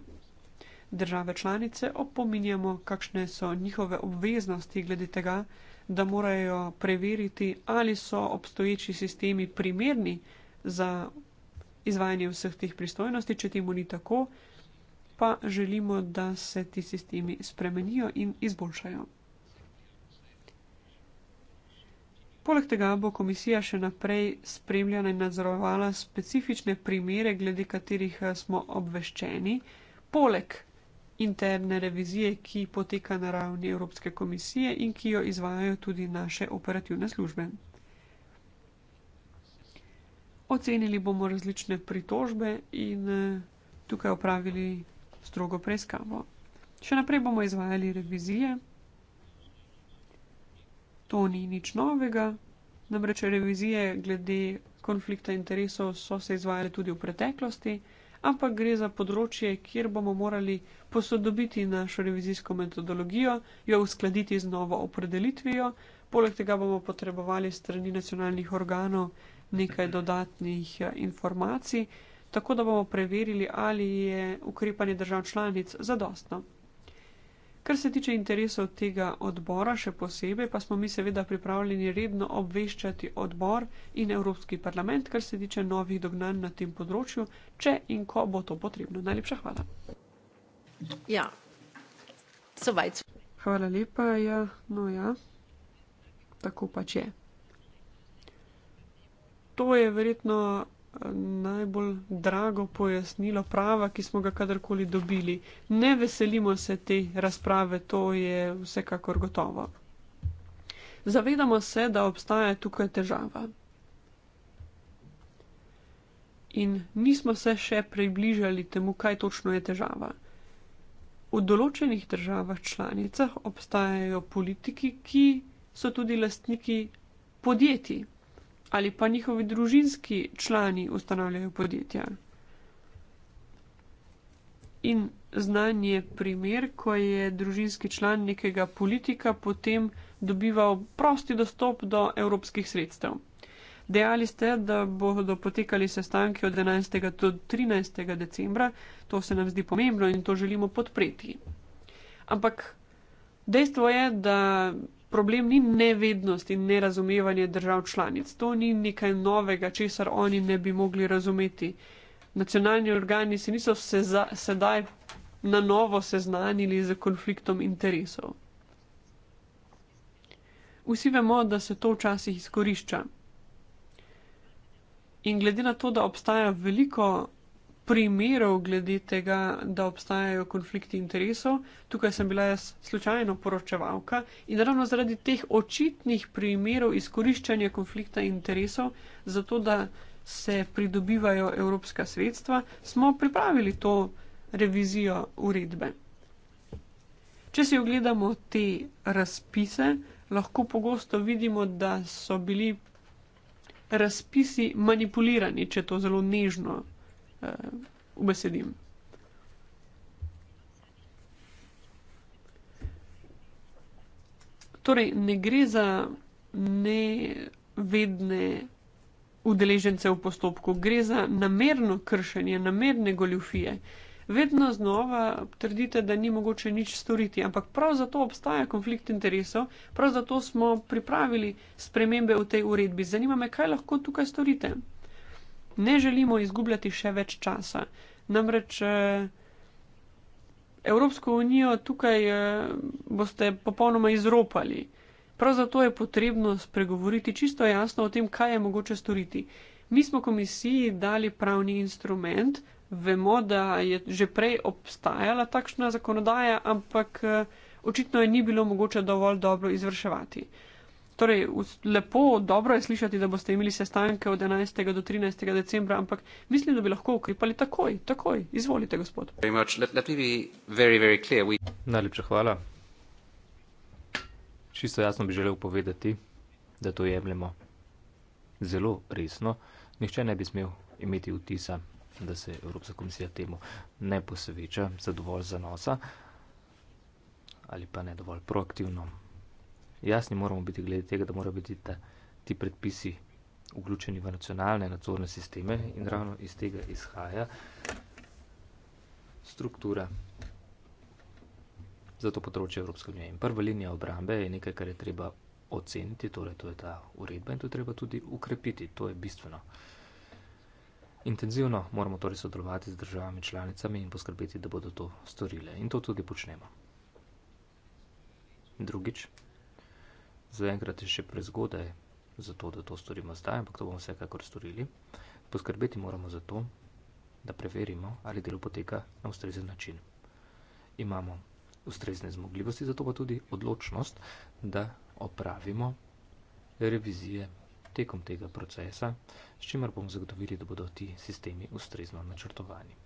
Speaker 4: Države članice opominjamo, kakšne so njihove obveznosti glede tega, da morajo preveriti, ali so obstoječi sistemi primerni za izvajanje vseh teh pristojnosti. Če temu ni tako, pa želimo, da se ti sistemi spremenijo in izboljšajo. Poleg tega bo komisija še naprej spremljala in nadzorovala specifične primere, glede katerih eh, smo obveščeni, poleg interne revizije, ki poteka na ravni Evropske komisije in ki jo izvajajo tudi naše operativne službe. Ocenili bomo različne pritožbe in eh, tukaj opravili strogo preiskavo. Še naprej bomo izvajali revizije. To ni nič novega, namreč revizije glede konflikta interesov so se izvajale tudi v preteklosti, ampak gre za področje, kjer bomo morali posodobiti našo revizijsko metodologijo, jo uskladiti z novo opredelitvijo, poleg tega bomo potrebovali strani nacionalnih organov nekaj dodatnih eh, informacij, tako da bomo preverili, ali je ukrepanje držav članic zadostno. Kar se tiče interesov tega odbora, še posebej pa smo mi seveda pripravljeni redno obveščati odbor in Evropski parlament, kar se tiče novih dognanj na tem področju, če in ko bo to potrebno. Najlepša hvala. Ja, so vajci. Hvala lepa, ja, no ja, tako pač je. To je verjetno najbolj drago pojasnilo prava, ki smo ga kadarkoli dobili. Ne veselimo se te razprave, to je vsekakor gotovo. Zavedamo se, da obstaja tukaj težava. In nismo se še približali temu, kaj točno je težava. V določenih državah članicah obstajajo politiki, ki so tudi lastniki podjetij ali pa njihovi družinski člani ustanavljajo podjetja. In znan je primer, ko je družinski član nekega politika potem dobival prosti dostop do evropskih sredstev. Dejali ste, da bodo potekali sestanki od 11. do 13. decembra, to se nam zdi pomembno in to želimo podpreti. Ampak dejstvo je, da problem ni nevednost in nerazumevanje držav članic. To ni nekaj novega, česar oni ne bi mogli razumeti. Nacionalni organi se niso seza, sedaj na novo seznanili z konfliktom interesov. Vsi vemo, da se to včasih izkorišča. In glede na to, da obstaja veliko primerov glede tega, da obstajajo konflikti interesov. Tukaj sem bila jaz slučajno poročevalka in ravno zaradi teh očitnih primerov izkoriščanja konflikta interesov, zato da se pridobivajo evropska sredstva, smo pripravili to revizijo uredbe. Če si ogledamo te razpise, lahko pogosto vidimo, da so bili razpisi manipulirani, če to zelo nežno Eh, ubesedim. Torej, ne gre za nevedne udeležence v postopku, gre za namerno kršenje, namerne goljufije. Vedno znova trdite, da ni mogoče nič storiti, ampak prav zato obstaja konflikt interesov, prav zato smo pripravili spremembe v tej uredbi. Zanima me, kaj lahko tukaj storite ne želimo izgubljati še več časa. Namreč eh, Evropsko unijo tukaj eh, boste popolnoma izropali. Prav zato je potrebno spregovoriti čisto jasno o tem, kaj je mogoče storiti. Mi smo komisiji dali pravni instrument, vemo, da je že prej obstajala takšna zakonodaja, ampak eh, očitno je ni bilo mogoče dovolj dobro izvrševati. Torej, lepo, dobro je slišati, da boste imeli sestanke od 11. do 13. decembra, ampak mislim, da bi lahko ukrepali takoj, takoj. Izvolite, gospod.
Speaker 5: Najlepša hvala. Čisto jasno bi želel povedati, da to jemljemo zelo resno. Nihče ne bi smel imeti vtisa, da se Evropska komisija temu ne posveča za dovolj zanosa ali pa ne dovolj proaktivno jasni moramo biti glede tega, da morajo biti ta, ti predpisi vključeni v nacionalne nadzorne sisteme in ravno iz tega izhaja struktura za to področje Evropske unije. In prva linija obrambe je nekaj, kar je treba oceniti, torej to je ta uredba in to je treba tudi ukrepiti, to je bistveno. Intenzivno moramo torej sodelovati z državami članicami in poskrbeti, da bodo to storile. In to tudi počnemo. Drugič, zaenkrat je še prezgodaj, zato da to storimo zdaj, ampak to bomo vsekakor storili. Poskrbeti moramo za to, da preverimo, ali delo poteka na ustrezen način. Imamo ustrezne zmogljivosti, zato pa tudi odločnost, da opravimo revizije tekom tega procesa, s čimer bomo zagotovili, da bodo ti sistemi ustrezno načrtovani.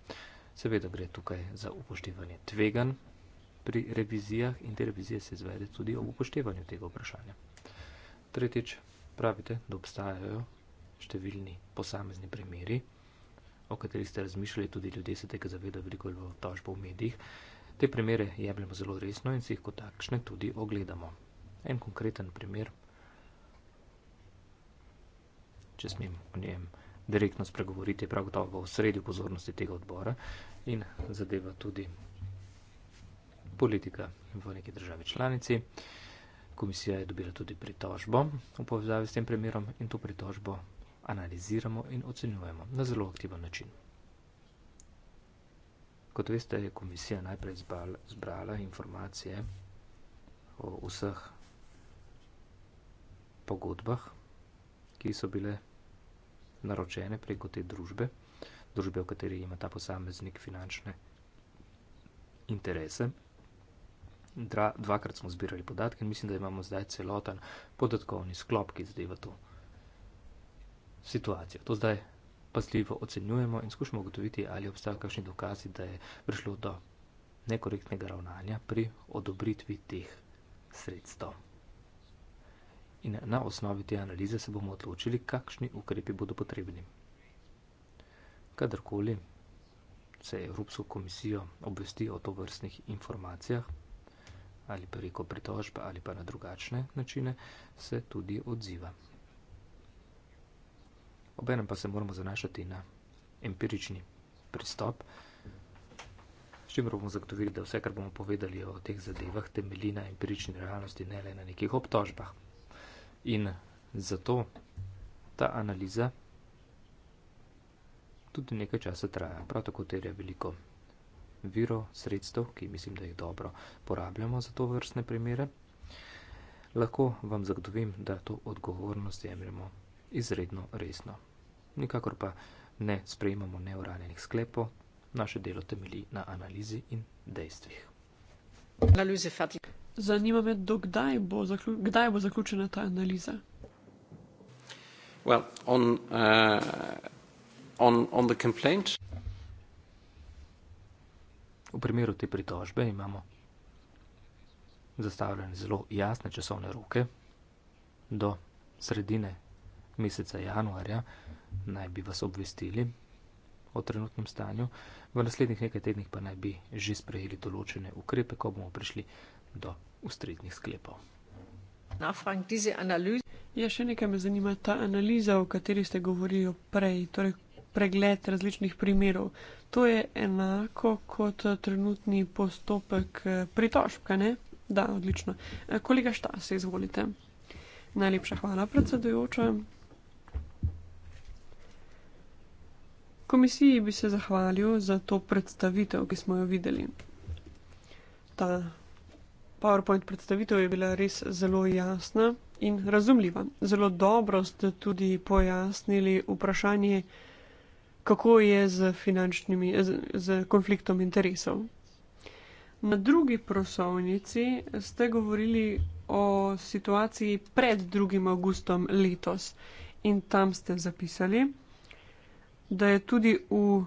Speaker 5: Seveda gre tukaj za upoštevanje tvegan, pri revizijah in te revizije se izvede tudi ob upoštevanju tega vprašanja. Tretjič, pravite, da obstajajo številni posamezni primeri, o katerih ste razmišljali, tudi ljudje se tega zavedajo, veliko je bilo tožb v medijih. Te primere jemljemo zelo resno in si jih kot takšne tudi ogledamo. En konkreten primer, če smem o njem direktno spregovoriti, je prav gotovo v sredi pozornosti tega odbora in zadeva tudi politika v neki državi članici. Komisija je dobila tudi pritožbo v povezavi s tem primerom in to pritožbo analiziramo in ocenjujemo na zelo aktiven način. Kot veste, je komisija najprej zbal, zbrala informacije o vseh pogodbah, ki so bile naročene preko te družbe, družbe, v kateri ima ta posameznik finančne interese dra, dvakrat smo zbirali podatke in mislim, da imamo zdaj celoten podatkovni sklop, ki zdaj v to situacijo. To zdaj pazljivo ocenjujemo in skušamo ugotoviti, ali obstajajo kakšni dokazi, da je prišlo do nekorektnega ravnanja pri odobritvi teh sredstev. In na osnovi te analize se bomo odločili, kakšni ukrepi bodo potrebni. Kadarkoli se Evropsko komisijo obvesti o to vrstnih informacijah, ali preko pritožb ali pa na drugačne načine, se tudi odziva. Obenem pa se moramo zanašati na empirični pristop, s čimer bomo zagotovili, da vse, kar bomo povedali o teh zadevah, temelji na empirični realnosti, ne le na nekih obtožbah. In zato ta analiza tudi nekaj časa traja, prav tako terja veliko viro sredstev, ki mislim, da jih dobro porabljamo za to vrstne primere, lahko vam zagotovim, da to odgovornost jemljemo izredno resno. Nikakor pa ne sprejemamo neuranjenih sklepov, naše delo temelji na analizi in dejstvih.
Speaker 4: Zanima me, dokdaj bo, zaklju kdaj bo zaključena ta analiza?
Speaker 3: Well, on, uh, on, on the complaint.
Speaker 5: V primeru te pritožbe imamo zastavljene zelo jasne časovne roke. Do sredine meseca januarja naj bi vas obvestili o trenutnem stanju, v naslednjih nekaj tednih pa naj bi že sprejeli določene ukrepe, ko bomo prišli do ustreznih sklepov.
Speaker 4: Je ja, še nekaj me zanima, ta analiza, o kateri ste govorili prej. Torej, pregled različnih primerov. To je enako kot trenutni postopek eh, pritožb, kajne? Da, odlično. Eh, kolega Štas, izvolite. Najlepša hvala, predsedujoča. Komisiji bi se zahvalil za to predstavitev, ki smo jo videli. Ta PowerPoint predstavitev je bila res zelo jasna in razumljiva. Zelo dobro ste tudi pojasnili vprašanje, kako je z, z, z konfliktom interesov. Na drugi prosovnici ste govorili o situaciji pred 2. augustom letos in tam ste zapisali, da je tudi v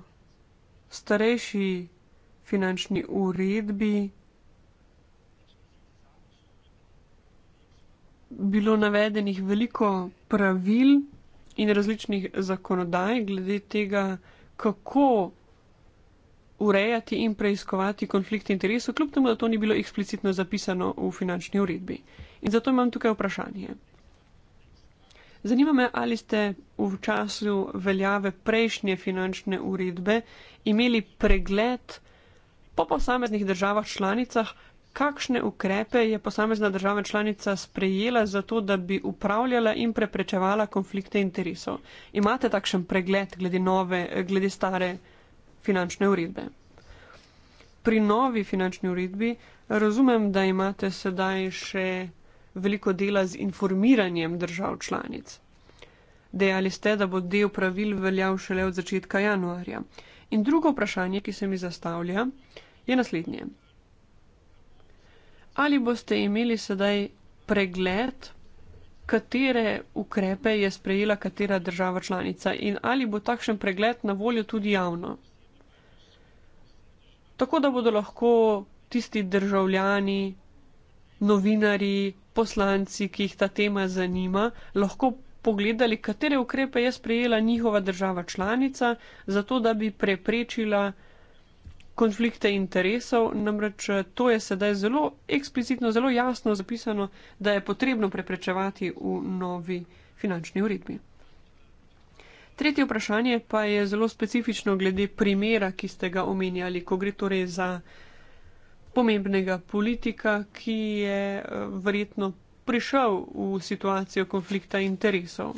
Speaker 4: starejši finančni uredbi bilo navedenih veliko pravil, in različnih zakonodaj glede tega, kako urejati in preiskovati konflikt interesov, kljub temu, da to ni bilo eksplicitno zapisano v finančni uredbi. In zato imam tukaj vprašanje. Zanima me, ali ste v času veljave prejšnje finančne uredbe imeli pregled po posameznih državah članicah, kakšne ukrepe je posamezna država članica sprejela za to, da bi upravljala in preprečevala konflikte interesov? Imate takšen pregled glede nove, glede stare finančne uredbe? Pri novi finančni uredbi razumem, da imate sedaj še veliko dela z informiranjem držav članic. Dejali ste, da bo del pravil veljal šele od začetka januarja. In drugo vprašanje, ki se mi zastavlja, je naslednje ali boste imeli sedaj pregled, katere ukrepe je sprejela katera država članica in ali bo takšen pregled na voljo tudi javno. Tako da bodo lahko tisti državljani, novinari, poslanci, ki jih ta tema zanima, lahko pogledali, katere ukrepe je sprejela njihova država članica, zato da bi preprečila konflikte interesov, namreč eh, to je sedaj zelo eksplicitno, zelo jasno zapisano, da je potrebno preprečevati v novi finančni uredbi. Tretje vprašanje pa je zelo specifično glede primera, ki ste ga omenjali, ko gre torej za pomembnega politika, ki je eh, verjetno prišel v situacijo konflikta interesov.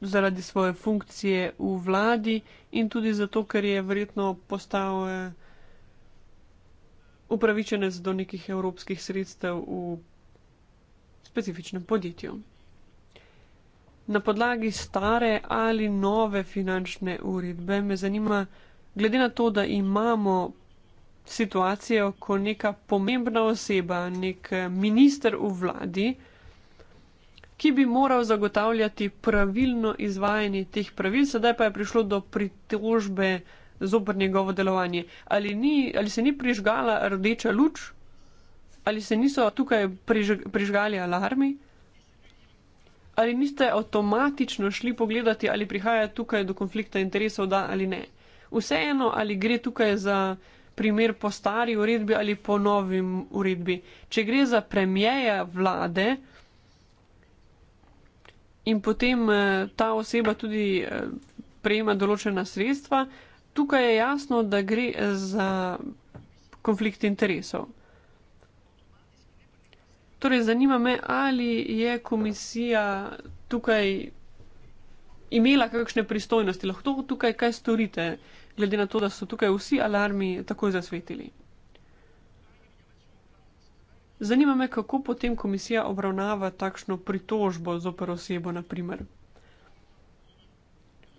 Speaker 4: zaradi svoje funkcije v vladi in tudi zato, ker je verjetno postal eh, upravičenec do nekih evropskih sredstev v specifičnem podjetju. Na podlagi stare ali nove finančne uredbe me zanima, glede na to, da imamo situacijo, ko neka pomembna oseba, nek eh, minister v vladi, ki bi moral zagotavljati pravilno izvajanje teh pravil, sedaj pa je prišlo do pritožbe zopr njegovo delovanje. Ali, ni, ali se ni prižgala rdeča luč, ali se niso tukaj prižgali alarmi, ali niste avtomatično šli pogledati, ali prihaja tukaj do konflikta interesov, da ali ne. Vseeno, ali gre tukaj za primer po stari uredbi ali po novim uredbi. Če gre za premijeja vlade, in potem eh, ta oseba tudi eh, prejema določena sredstva, tukaj je jasno, da gre eh, za konflikt interesov. Torej, zanima me, ali je komisija tukaj imela kakšne pristojnosti, lahko tukaj kaj storite, glede na to, da so tukaj vsi alarmi takoj zasvetili. Zanima me, kako potem komisija obravnava takšno pritožbo zoper osebo, naprimer.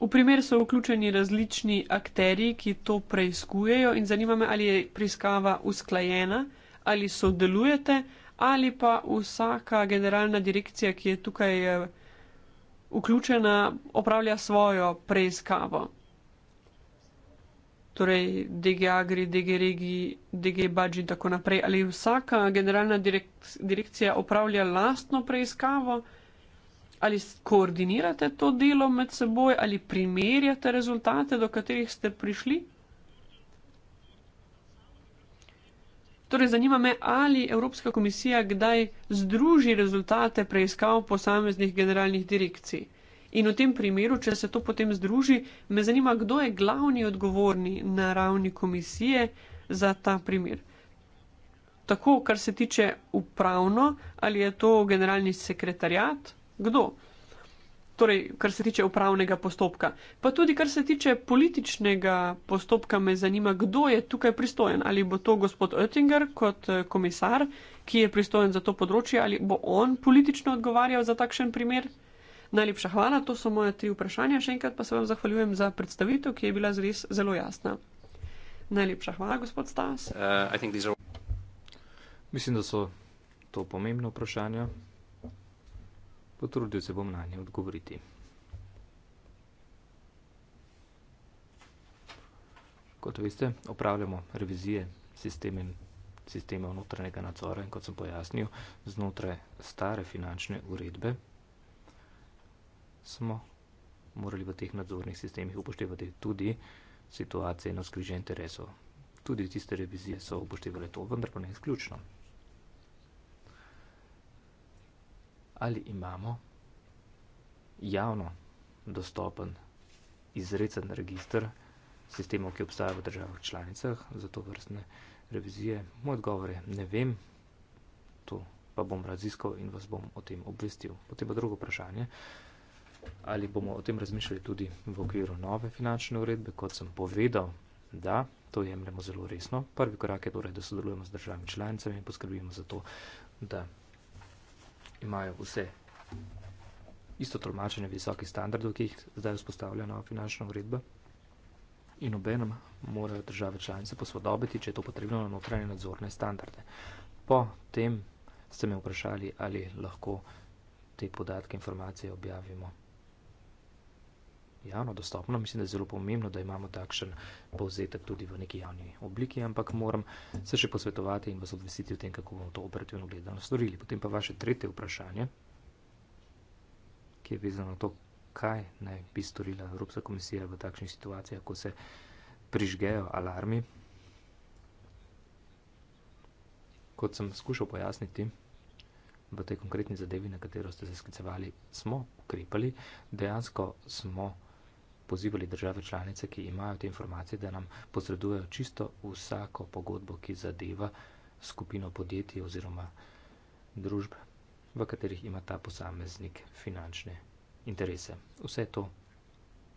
Speaker 4: V primer so vključeni različni akteri, ki to preiskujejo, in zanima me, ali je preiskava usklajena, ali sodelujete, ali pa vsaka generalna direkcija, ki je tukaj eh, vključena, opravlja svojo preiskavo torej DG Agri, DG Regi, DG Budge in tako naprej, ali vsaka generalna direkt, direkcija opravlja lastno preiskavo, ali koordinirate to delo med seboj, ali primerjate rezultate, do katerih ste prišli? Torej, zanima me, ali Evropska komisija kdaj združi rezultate preiskav posameznih generalnih direkcij. In v tem primeru, če se to potem združi, me zanima, kdo je glavni odgovorni na ravni komisije za ta primer. Tako, kar se tiče upravno, ali je to generalni sekretarjat, kdo? Torej, kar se tiče upravnega postopka. Pa tudi, kar se tiče političnega postopka, me zanima, kdo je tukaj pristojen. Ali bo to gospod Oettinger kot eh, komisar, ki je pristojen za to področje, ali bo on politično odgovarjal za takšen primer? Najlepša hvala, to so moje tri vprašanja. Še enkrat pa se vam zahvaljujem za predstavitev, ki je bila res zelo jasna. Najlepša hvala, gospod Stas.
Speaker 5: Uh, are... Mislim, da so to pomembna vprašanja. Potrudil se bom na nje odgovoriti. Kot veste, opravljamo revizije sistemem, sistema notranjega nadzora in kot sem pojasnil, znotraj stare finančne uredbe smo morali v teh nadzornih sistemih upoštevati tudi situacije na skrižje interesov. Tudi tiste revizije so upoštevali to, vendar pa ne izključno. Ali imamo javno dostopen izrecen registr sistemov, ki obstajajo v državah članicah za to vrstne revizije? Moj odgovor je ne vem, to pa bom raziskal in vas bom o tem obvestil. Potem pa drugo vprašanje ali bomo o tem razmišljali tudi v okviru nove finančne uredbe, kot sem povedal, da to jemljemo zelo resno. Prvi korak je torej, da sodelujemo z državami članicami in poskrbimo za to, da imajo vse isto tolmačenje visokih standardov, ki jih zdaj vzpostavlja nova finančna uredba. In obenem morajo države članice posodobiti, če je to potrebno, na notranje nadzorne standarde. Po tem ste me vprašali, ali lahko te podatke, informacije objavimo javno dostopno. Mislim, da je zelo pomembno, da imamo takšen povzetek tudi v neki javni obliki, ampak moram se še posvetovati in vas obvestiti o tem, kako bomo to operativno gledano storili. Potem pa vaše tretje vprašanje, ki je vezano na to, kaj naj bi storila Evropska komisija v takšnih situacijah, ko se prižgejo alarmi. Kot sem skušal pojasniti v tej konkretni zadevi, na katero ste se sklicevali, smo ukrepali, dejansko smo ukrepali pozivali države članice, ki imajo te informacije, da nam posredujejo čisto vsako pogodbo, ki zadeva skupino podjetij oziroma družb, v katerih ima ta posameznik finančne interese. Vse to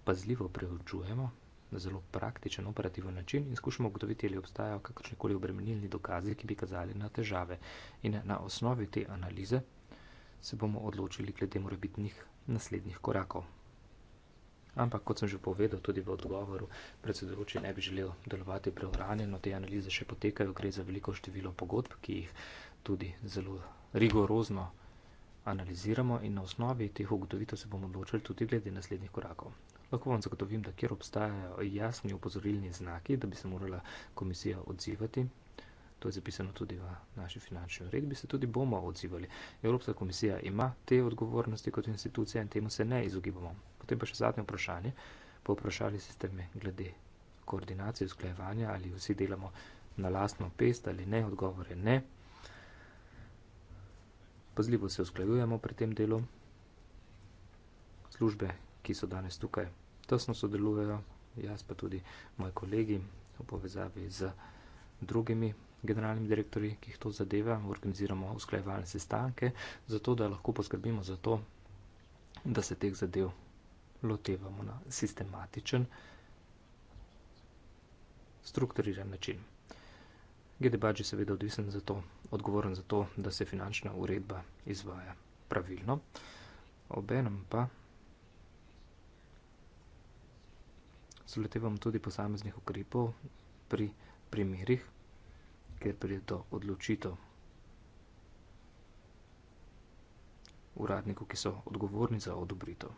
Speaker 5: pazljivo preučujemo na zelo praktičen, operativen način in skušamo ugotoviti, ali obstajajo kakršne koli obremenilni dokazi, ki bi kazali na težave. In na osnovi te analize se bomo odločili glede morebitnih naslednjih korakov. Ampak, kot sem že povedal, tudi v odgovoru predsedujoči ne bi želel delovati preuranjeno, te analize še potekajo, gre za veliko število pogodb, ki jih tudi zelo rigorozno analiziramo in na osnovi teh ugotovitev se bomo odločili tudi glede naslednjih korakov. Lahko vam zagotovim, da kjer obstajajo jasni upozorilni znaki, da bi se morala komisija odzivati. To je zapisano tudi v naši finančni uredbi, se tudi bomo odzivali. Evropska komisija ima te odgovornosti kot institucija in temu se ne izogibamo. Potem pa še zadnje vprašanje. Poprašali ste me glede koordinacije, usklajevanja, ali vsi delamo na lastno pest ali ne. Odgovor je ne. Pazljivo se usklajujemo pri tem delu. Službe, ki so danes tukaj, tesno sodelujejo, jaz pa tudi moji kolegi v povezavi z drugimi generalnimi direktori, ki jih to zadeva, organiziramo usklajevalne sestanke, zato da lahko poskrbimo za to, da se teh zadev lotevamo na sistematičen, strukturiran način. GDBAD je seveda odvisen za to, odgovoren za to, da se finančna uredba izvaja pravilno, obenem pa se lotevamo tudi posameznih ukrepov pri primerih, kjer pride do odločitev uradnikov, ki so odgovorni za odobritev.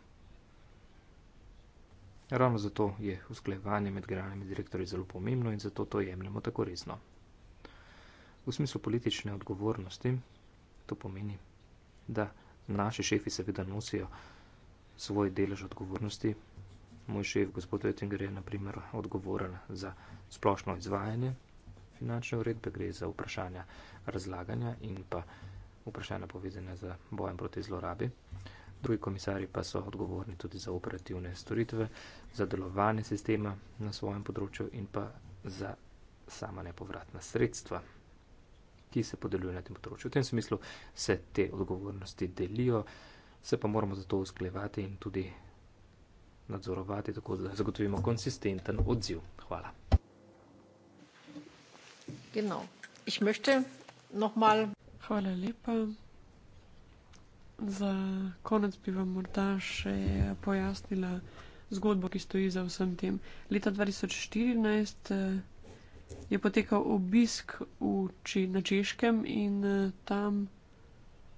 Speaker 5: Ravno zato je usklajevanje med generalnimi direktori zelo pomembno in zato to jemljemo tako resno. V smislu politične odgovornosti to pomeni, da naši šefi seveda nosijo svoj delež odgovornosti. Moj šef, gospod Oettinger, je naprimer odgovoren za splošno izvajanje finančne uredbe, gre za vprašanja razlaganja in pa vprašanja povezanja z bojem proti zlorabi drugi komisari pa so odgovorni tudi za operativne storitve, za delovanje sistema na svojem področju in pa za sama nepovratna sredstva, ki se podeljuje na tem področju. V tem smislu se te odgovornosti delijo, se pa moramo za to usklevati in tudi nadzorovati, tako da zagotovimo konsistenten odziv. Hvala.
Speaker 4: Genau. Ich möchte noch mal Hvala lepa. Za konec bi vam morda še pojasnila zgodbo, ki stoji za vsem tem. Leta 2014 eh, je potekal obisk v, na Češkem in eh, tam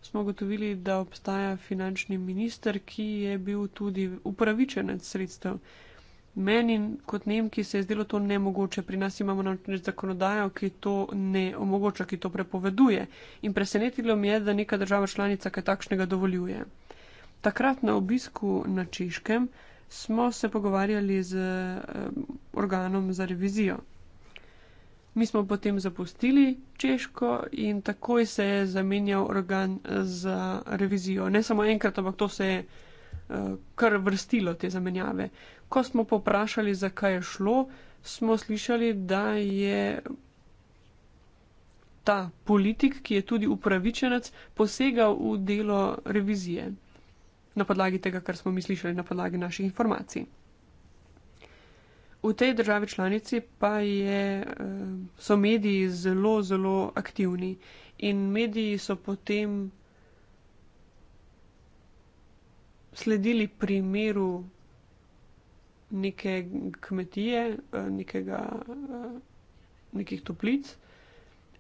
Speaker 4: smo gotovili, da obstaja finančni minister, ki je bil tudi upravičenec sredstev. Meni kot Nemki se je zdelo to nemogoče, pri nas imamo namreč zakonodajo, ki to ne omogoča, ki to prepoveduje. In presenetilo mi je, da neka država članica kaj takšnega dovoljuje. Takrat na obisku na Češkem smo se pogovarjali z organom za revizijo. Mi smo potem zapustili Češko in takoj se je zamenjal organ za revizijo. Ne samo enkrat, ampak to se je kar vrstilo te zamenjave. Ko smo poprašali, zakaj je šlo, smo slišali, da je ta politik, ki je tudi upravičenec, posegal v delo revizije na podlagi tega, kar smo mi slišali, na podlagi naših informacij. V tej državi članici pa je, eh, so mediji zelo, zelo aktivni in mediji so potem sledili primeru neke kmetije, eh, nekega, eh, nekih toplic.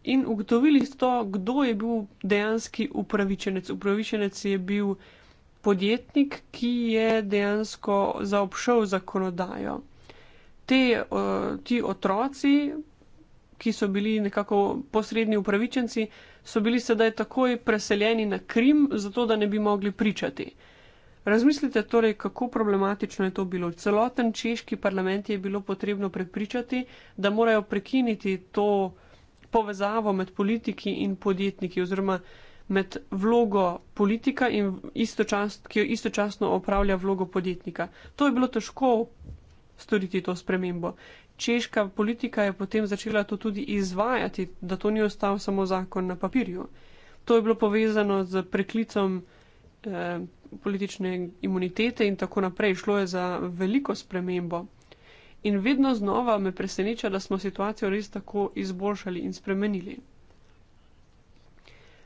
Speaker 4: In ugotovili so, kdo je bil dejanski upravičenec. Upravičenec je bil podjetnik, ki je dejansko zaobšel zakonodajo. Te, eh, ti otroci, ki so bili nekako posredni upravičenci, so bili sedaj takoj preseljeni na Krim, zato da ne bi mogli pričati. Razmislite torej, kako problematično je to bilo. Celoten češki parlament je bilo potrebno prepričati, da morajo prekiniti to povezavo med politiki in podjetniki oziroma med vlogo politika in istočasno, ki jo istočasno opravlja vlogo podjetnika. To je bilo težko storiti to spremembo. Češka politika je potem začela to tudi izvajati, da to ni ostal samo zakon na papirju. To je bilo povezano z preklicom eh, politične imunitete in tako naprej. Šlo je za veliko spremembo. In vedno znova me preseneča, da smo situacijo res tako izboljšali in spremenili.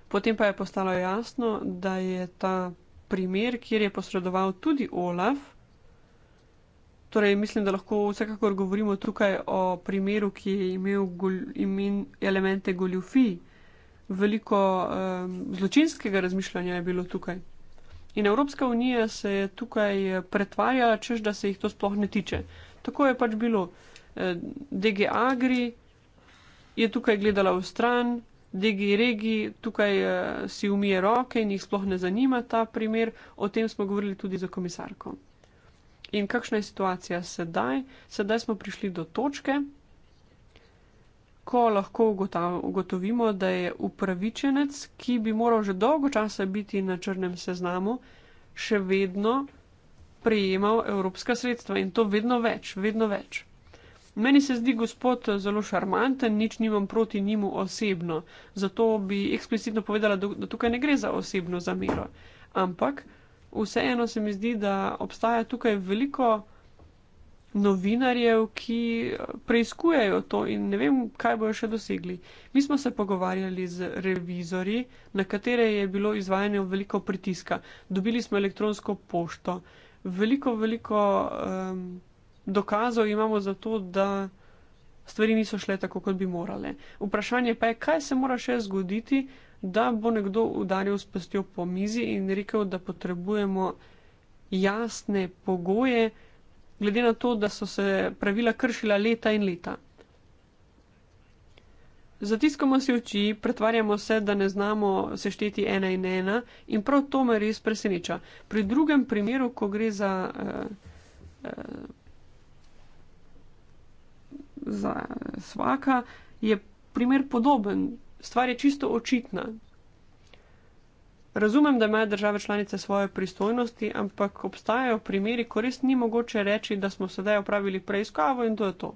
Speaker 4: Potem pa je postalo jasno, da je ta primer, kjer je posredoval tudi Olaf, torej mislim, da lahko vsekakor govorimo tukaj o primeru, ki je imel gol, imen, elemente goljufi, veliko um, zločinskega razmišljanja je bilo tukaj. In Evropska unija se je tukaj eh, pretvarjala, čež da se jih to sploh ne tiče. Tako je pač bilo. Eh, DG Agri je tukaj gledala v stran, DG Regi tukaj eh, si umije roke in jih sploh ne zanima ta primer. O tem smo govorili tudi za komisarko. In kakšna je situacija sedaj? Sedaj smo prišli do točke, ko lahko ugotovimo, da je upravičenec, ki bi moral že dolgo časa biti na črnem seznamu, še vedno prejemal evropska sredstva in to vedno več, vedno več. Meni se zdi gospod zelo šarmanten, nič nimam proti njemu osebno, zato bi eksplicitno povedala, da tukaj ne gre za osebno zamero. Ampak vseeno se mi zdi, da obstaja tukaj veliko novinarjev, ki preizkujejo to in ne vem, kaj bojo še dosegli. Mi smo se pogovarjali z revizori, na katere je bilo izvajanje veliko pritiska. Dobili smo elektronsko pošto. Veliko, veliko um, dokazov imamo za to, da stvari niso šle tako, kot bi morale. Vprašanje pa je, kaj se mora še zgoditi, da bo nekdo udaril s pestjo po mizi in rekel, da potrebujemo jasne pogoje, glede na to, da so se pravila kršila leta in leta. Zatiskamo si oči, pretvarjamo se, da ne znamo sešteti ena in ena, in prav to me res preseneča. Pri drugem primeru, ko gre za, eh, eh, za svaka, je primer podoben, stvar je čisto očitna, Razumem, da imajo države članice svoje pristojnosti, ampak obstajajo primeri, ko res ni mogoče reči, da smo sedaj opravili preiskavo in to je to.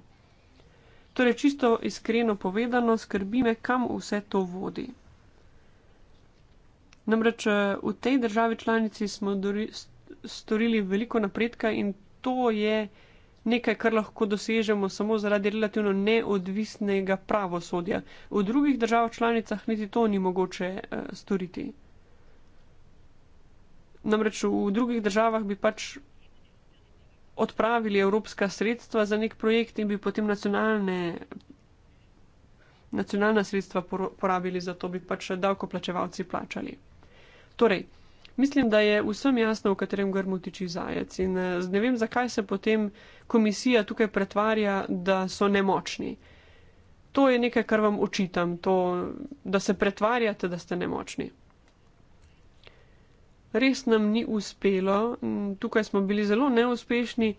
Speaker 4: Torej, čisto iskreno povedano, skrbi me, kam vse to vodi. Namreč eh, v tej državi članici smo dori, storili veliko napredka in to je nekaj, kar lahko dosežemo samo zaradi relativno neodvisnega pravosodja. V drugih državah članicah niti to ni mogoče uh, storiti. Namreč v drugih državah bi pač odpravili evropska sredstva za nek projekt in bi potem nacionalne, nacionalna sredstva porabili za to, bi pač davkoplačevalci plačali. Torej, mislim, da je vsem jasno, v katerem grmu tiči zajec in eh, ne vem, zakaj se potem komisija tukaj pretvarja, da so nemočni. To je nekaj, kar vam očitam, to, da se pretvarjate, da ste nemočni res nam ni uspelo, mm, tukaj smo bili zelo neuspešni,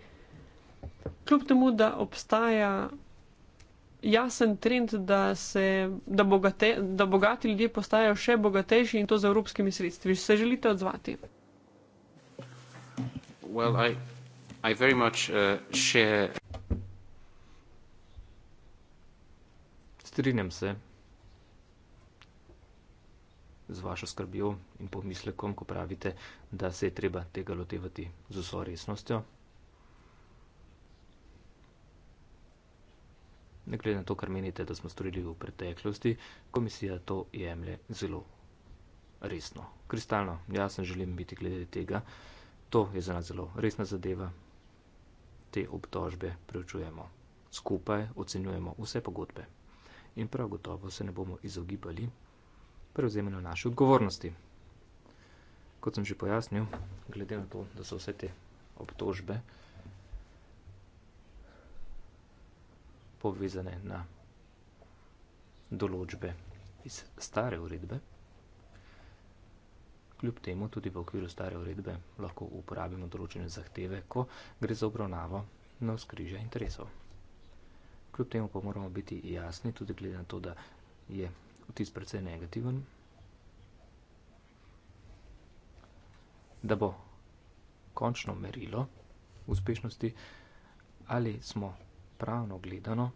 Speaker 4: kljub temu, da obstaja jasen trend, da, se, da, bogate, da bogati ljudje postajajo še bogatejši in to z evropskimi sredstvi. Se želite odzvati?
Speaker 3: Well, I, I very
Speaker 5: much uh, share. Strinjam se z vašo skrbjo in pomislekom, ko pravite, da se je treba tega lotevati z vso resnostjo. Ne glede na to, kar menite, da smo storili v preteklosti, komisija to jemlje zelo resno. Kristalno, jaz sem želim biti glede tega. To je za nas zelo resna zadeva. Te obtožbe preučujemo. Skupaj ocenjujemo vse pogodbe. In prav gotovo se ne bomo izogibali prevzeme na naše odgovornosti. Kot sem že pojasnil, glede na to, da so vse te obtožbe povezane na določbe iz stare uredbe, kljub temu tudi v okviru stare uredbe lahko uporabimo določene zahteve, ko gre za obravnavo na skriže interesov. Kljub temu pa moramo biti jasni tudi glede na to, da je vtis precej negativen. Da bo končno merilo uspešnosti, ali smo pravno gledano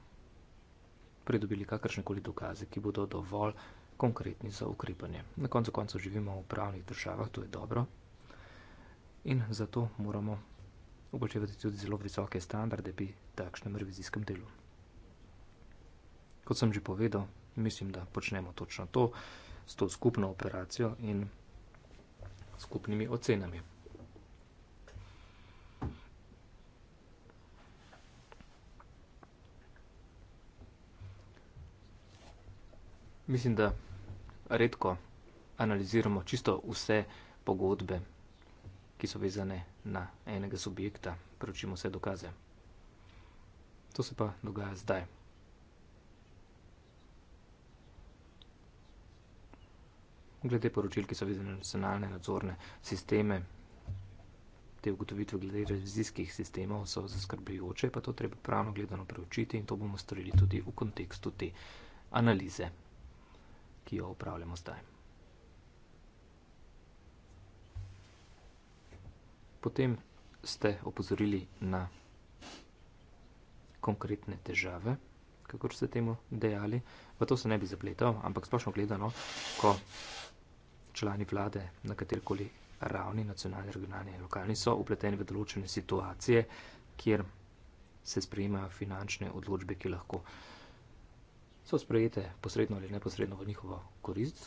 Speaker 5: pridobili kakršne koli dokaze, ki bodo dovolj konkretni za ukrepanje. Na koncu koncev živimo v pravnih državah, to je dobro. In zato moramo upoštevati tudi zelo visoke standarde pri takšnem revizijskem delu. Kot sem že povedal, mislim, da počnemo točno to s to skupno operacijo in skupnimi ocenami. Mislim, da redko analiziramo čisto vse pogodbe, ki so vezane na enega subjekta, preučimo vse dokaze. To se pa dogaja zdaj. glede poročil, ki so vezane na nacionalne nadzorne sisteme. Te ugotovitve glede revizijskih sistemov so zaskrbljujoče, pa to treba pravno gledano preučiti in to bomo storili tudi v kontekstu te analize, ki jo upravljamo zdaj. Potem ste opozorili na konkretne težave, kako ste temu dejali. V to se ne bi zapletal, ampak splošno gledano, ko člani vlade na katerkoli ravni, nacionalni, regionalni in lokalni, so upleteni v določene situacije, kjer se sprejemajo finančne odločbe, ki lahko so sprejete posredno ali neposredno v njihovo korist.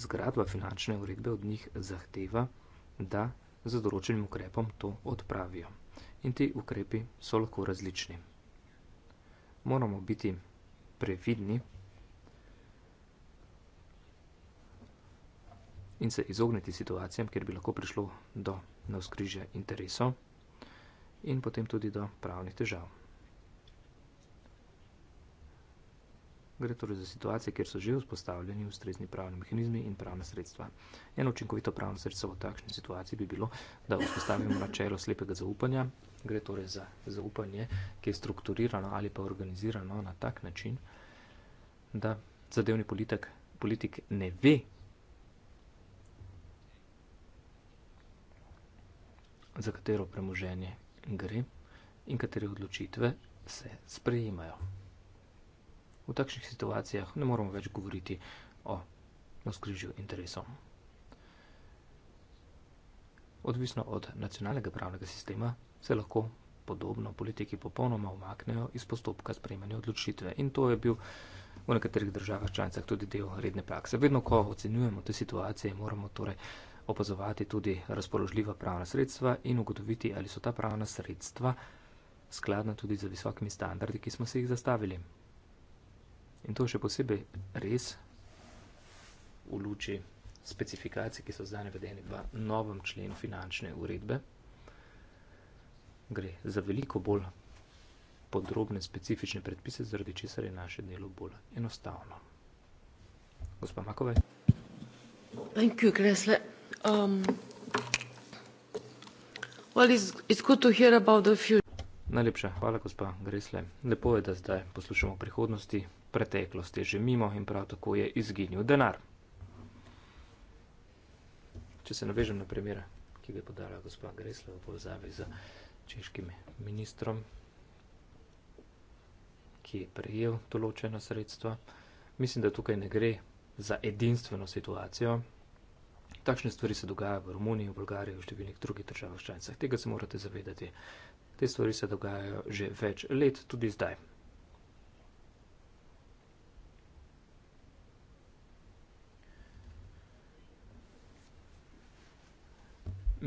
Speaker 5: Zgradba finančne uredbe od njih zahteva, da z določenim ukrepom to odpravijo. In ti ukrepi so lahko različni. Moramo biti previdni in se izogniti situacijam, kjer bi lahko prišlo do navzkrižja interesov in potem tudi do pravnih težav. Gre torej za situacije, kjer so že vzpostavljeni ustrezni pravni mehanizmi in pravna sredstva. Eno učinkovito pravno sredstvo v takšni situaciji bi bilo, da vzpostavimo načelo slepega zaupanja. Gre torej za zaupanje, ki je strukturirano ali pa organizirano na tak način, da zadevni politik, politik ne ve, za katero premoženje gre in katere odločitve se sprejemajo. V takšnih situacijah ne moramo več govoriti o razkrižju interesov. Odvisno od nacionalnega pravnega sistema se lahko podobno politiki popolnoma umaknejo iz postopka sprejemanja odločitve in to je bil v nekaterih državah članicah tudi del redne prakse. Vedno, ko ocenjujemo te situacije, moramo torej opazovati tudi razpoložljiva pravna sredstva in ugotoviti, ali so ta pravna sredstva skladna tudi z visokimi standardi, ki smo si jih zastavili. In to še posebej res v luči specifikacij, ki so zdaj navedene v novem členu finančne uredbe. Gre za veliko bolj podrobne specifične predpise, zaradi česar je naše delo bolj enostavno. Gospa Makovej.
Speaker 1: Thank you, Kresle um, well, it's, it's good to hear about the future.
Speaker 5: Najlepša hvala, gospa Gresle. Lepo je, da zdaj poslušamo o prihodnosti. Preteklost je že mimo in prav tako je izginil denar. Če se navežem na primere, ki ga je podala gospa Gresle v povezavi z češkim ministrom, ki je prejel določena sredstva, mislim, da tukaj ne gre za edinstveno situacijo, Takšne stvari se dogajajo v Romuniji, v Bolgariji, v številnih drugih državah članicah. Tega se morate zavedati. Te stvari se dogajajo že več let, tudi zdaj.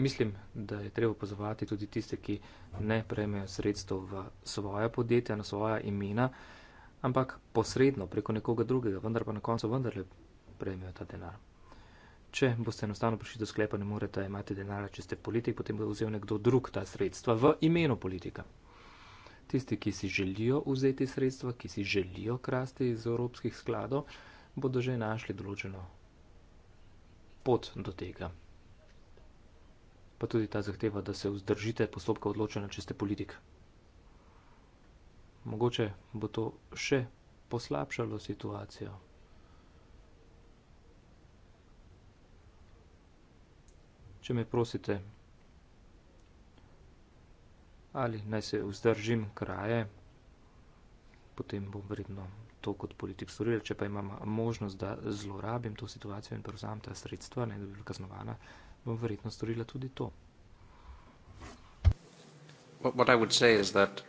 Speaker 5: Mislim, da je treba pozvati tudi tiste, ki ne prejmejo sredstev v svoje podjetja, na svoja imena, ampak posredno preko nekoga drugega, vendar pa na koncu vendarle prejmejo ta denar. Če boste enostavno prišli do sklepa, ne morete imati denarja, če ste politik, potem bo vzel nekdo drug ta sredstva v imenu politika. Tisti, ki si želijo vzeti sredstva, ki si želijo krasti iz evropskih skladov, bodo že našli določeno pot do tega. Pa tudi ta zahteva, da se vzdržite postopka odločanja, če ste politik. Mogoče bo to še poslabšalo situacijo. če me prosite. Ali naj se vzdržim kraje, potem bom vredno to kot politik storil, če pa imam možnost, da zlorabim to situacijo in prevzam ta sredstva, ne da bi bila kaznovana, bom verjetno storila tudi to.
Speaker 3: What I would say is that...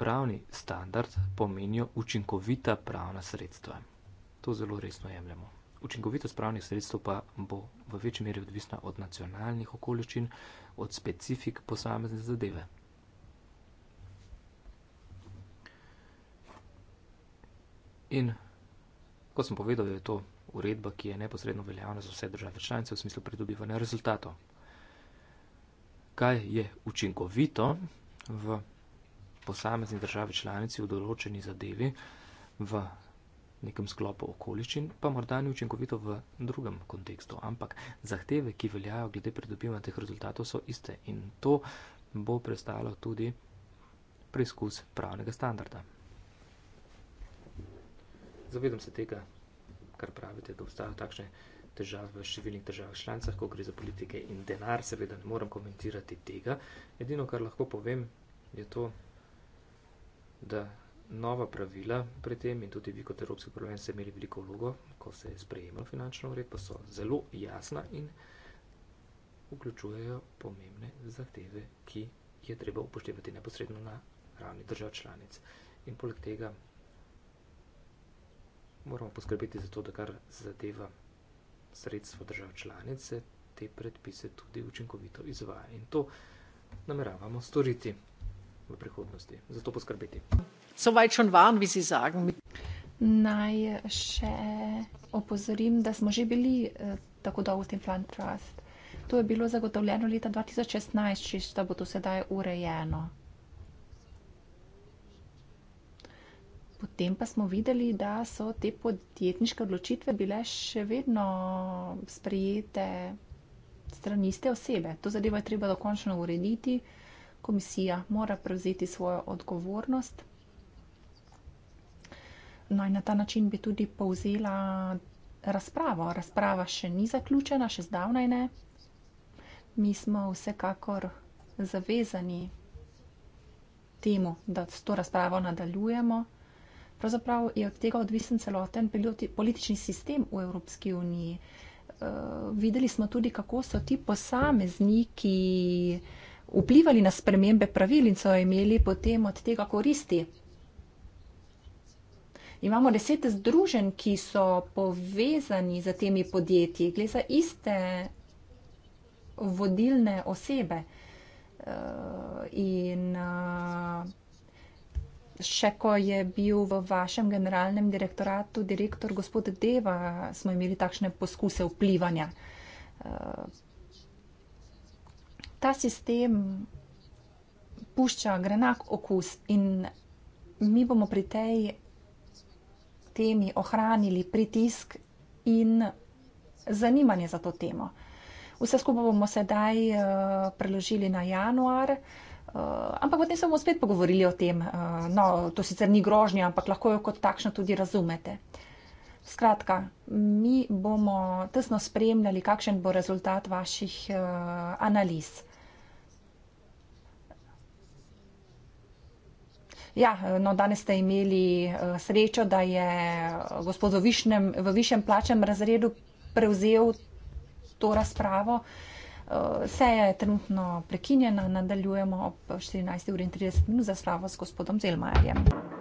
Speaker 5: Pravni standard pomenijo učinkovita pravna sredstva. To zelo resno jemljemo. Učinkovitost pravnih sredstev pa bo v večji meri odvisna od nacionalnih okoliščin, od specifik posamezne zadeve. In kot sem povedal, je to uredba, ki je neposredno veljavna za vse države članice v smislu pridobivanja rezultatov. Kaj je učinkovito v posamezni državi članici v določeni zadevi, v nekem sklopu okoliščin, pa morda ni učinkovito v drugem kontekstu, ampak zahteve, ki veljajo glede pridobivanja teh rezultatov, so iste in to bo prestalo tudi preizkus pravnega standarda. Zavedam se tega, kar pravite, da obstajajo takšne težave v številnih državah članicah, ko gre za politike in denar, seveda ne morem komentirati tega. Edino, kar lahko povem, je to, da nova pravila pri tem in tudi vi kot Evropski parlament ste imeli veliko vlogo, ko se je sprejemalo finančno uredbo, so zelo jasna in vključujejo pomembne zahteve, ki je treba upoštevati neposredno na ravni držav članic. In poleg tega moramo poskrbeti za to, da kar zadeva sredstvo držav članice, te predpise tudi učinkovito izvaja. In to nameravamo storiti v prihodnosti. Zato poskrbeti
Speaker 1: soweit schon waren, wie Sie sagen.
Speaker 2: Naj še opozorim, da smo že bili eh, tako dolgo v tem Plan Trust. To je bilo zagotovljeno leta 2016, da bo to sedaj urejeno. Potem pa smo videli, da so te podjetniške odločitve bile še vedno sprejete strani iste osebe. To zadevo je treba dokončno urediti. Komisija mora prevzeti svojo odgovornost. No in na ta način bi tudi povzela razpravo. Razprava še ni zaključena, še zdavnaj ne. Mi smo vsekakor zavezani temu, da s to razpravo nadaljujemo. Pravzaprav je od tega odvisen celoten politični sistem v Evropski uniji. Uh, videli smo tudi, kako so ti posamezniki vplivali na spremembe pravil in so imeli potem od tega koristi. Imamo deset združenj, ki so povezani z temi podjetji, gre za iste vodilne osebe. Eh, in eh, še ko je bil v vašem generalnem direktoratu direktor gospod Deva, smo imeli takšne poskuse vplivanja. Eh, ta sistem pušča grenak okus in mi bomo pri tej temi ohranili pritisk in zanimanje za to temo. Vse skupaj bomo sedaj eh, preložili na januar, eh, ampak potem se bomo spet pogovorili o tem. Eh, no, to sicer ni grožnja, ampak lahko jo kot takšno tudi razumete. Skratka, mi bomo tesno spremljali, kakšen bo rezultat vaših analiz. Ja, no, danes ste imeli eh, srečo, da je eh, gospod v višjem, v višjem plačem razredu prevzel to razpravo. Eh, seja je trenutno prekinjena, nadaljujemo ob 14.30 za slavo s gospodom Zelmajerjem.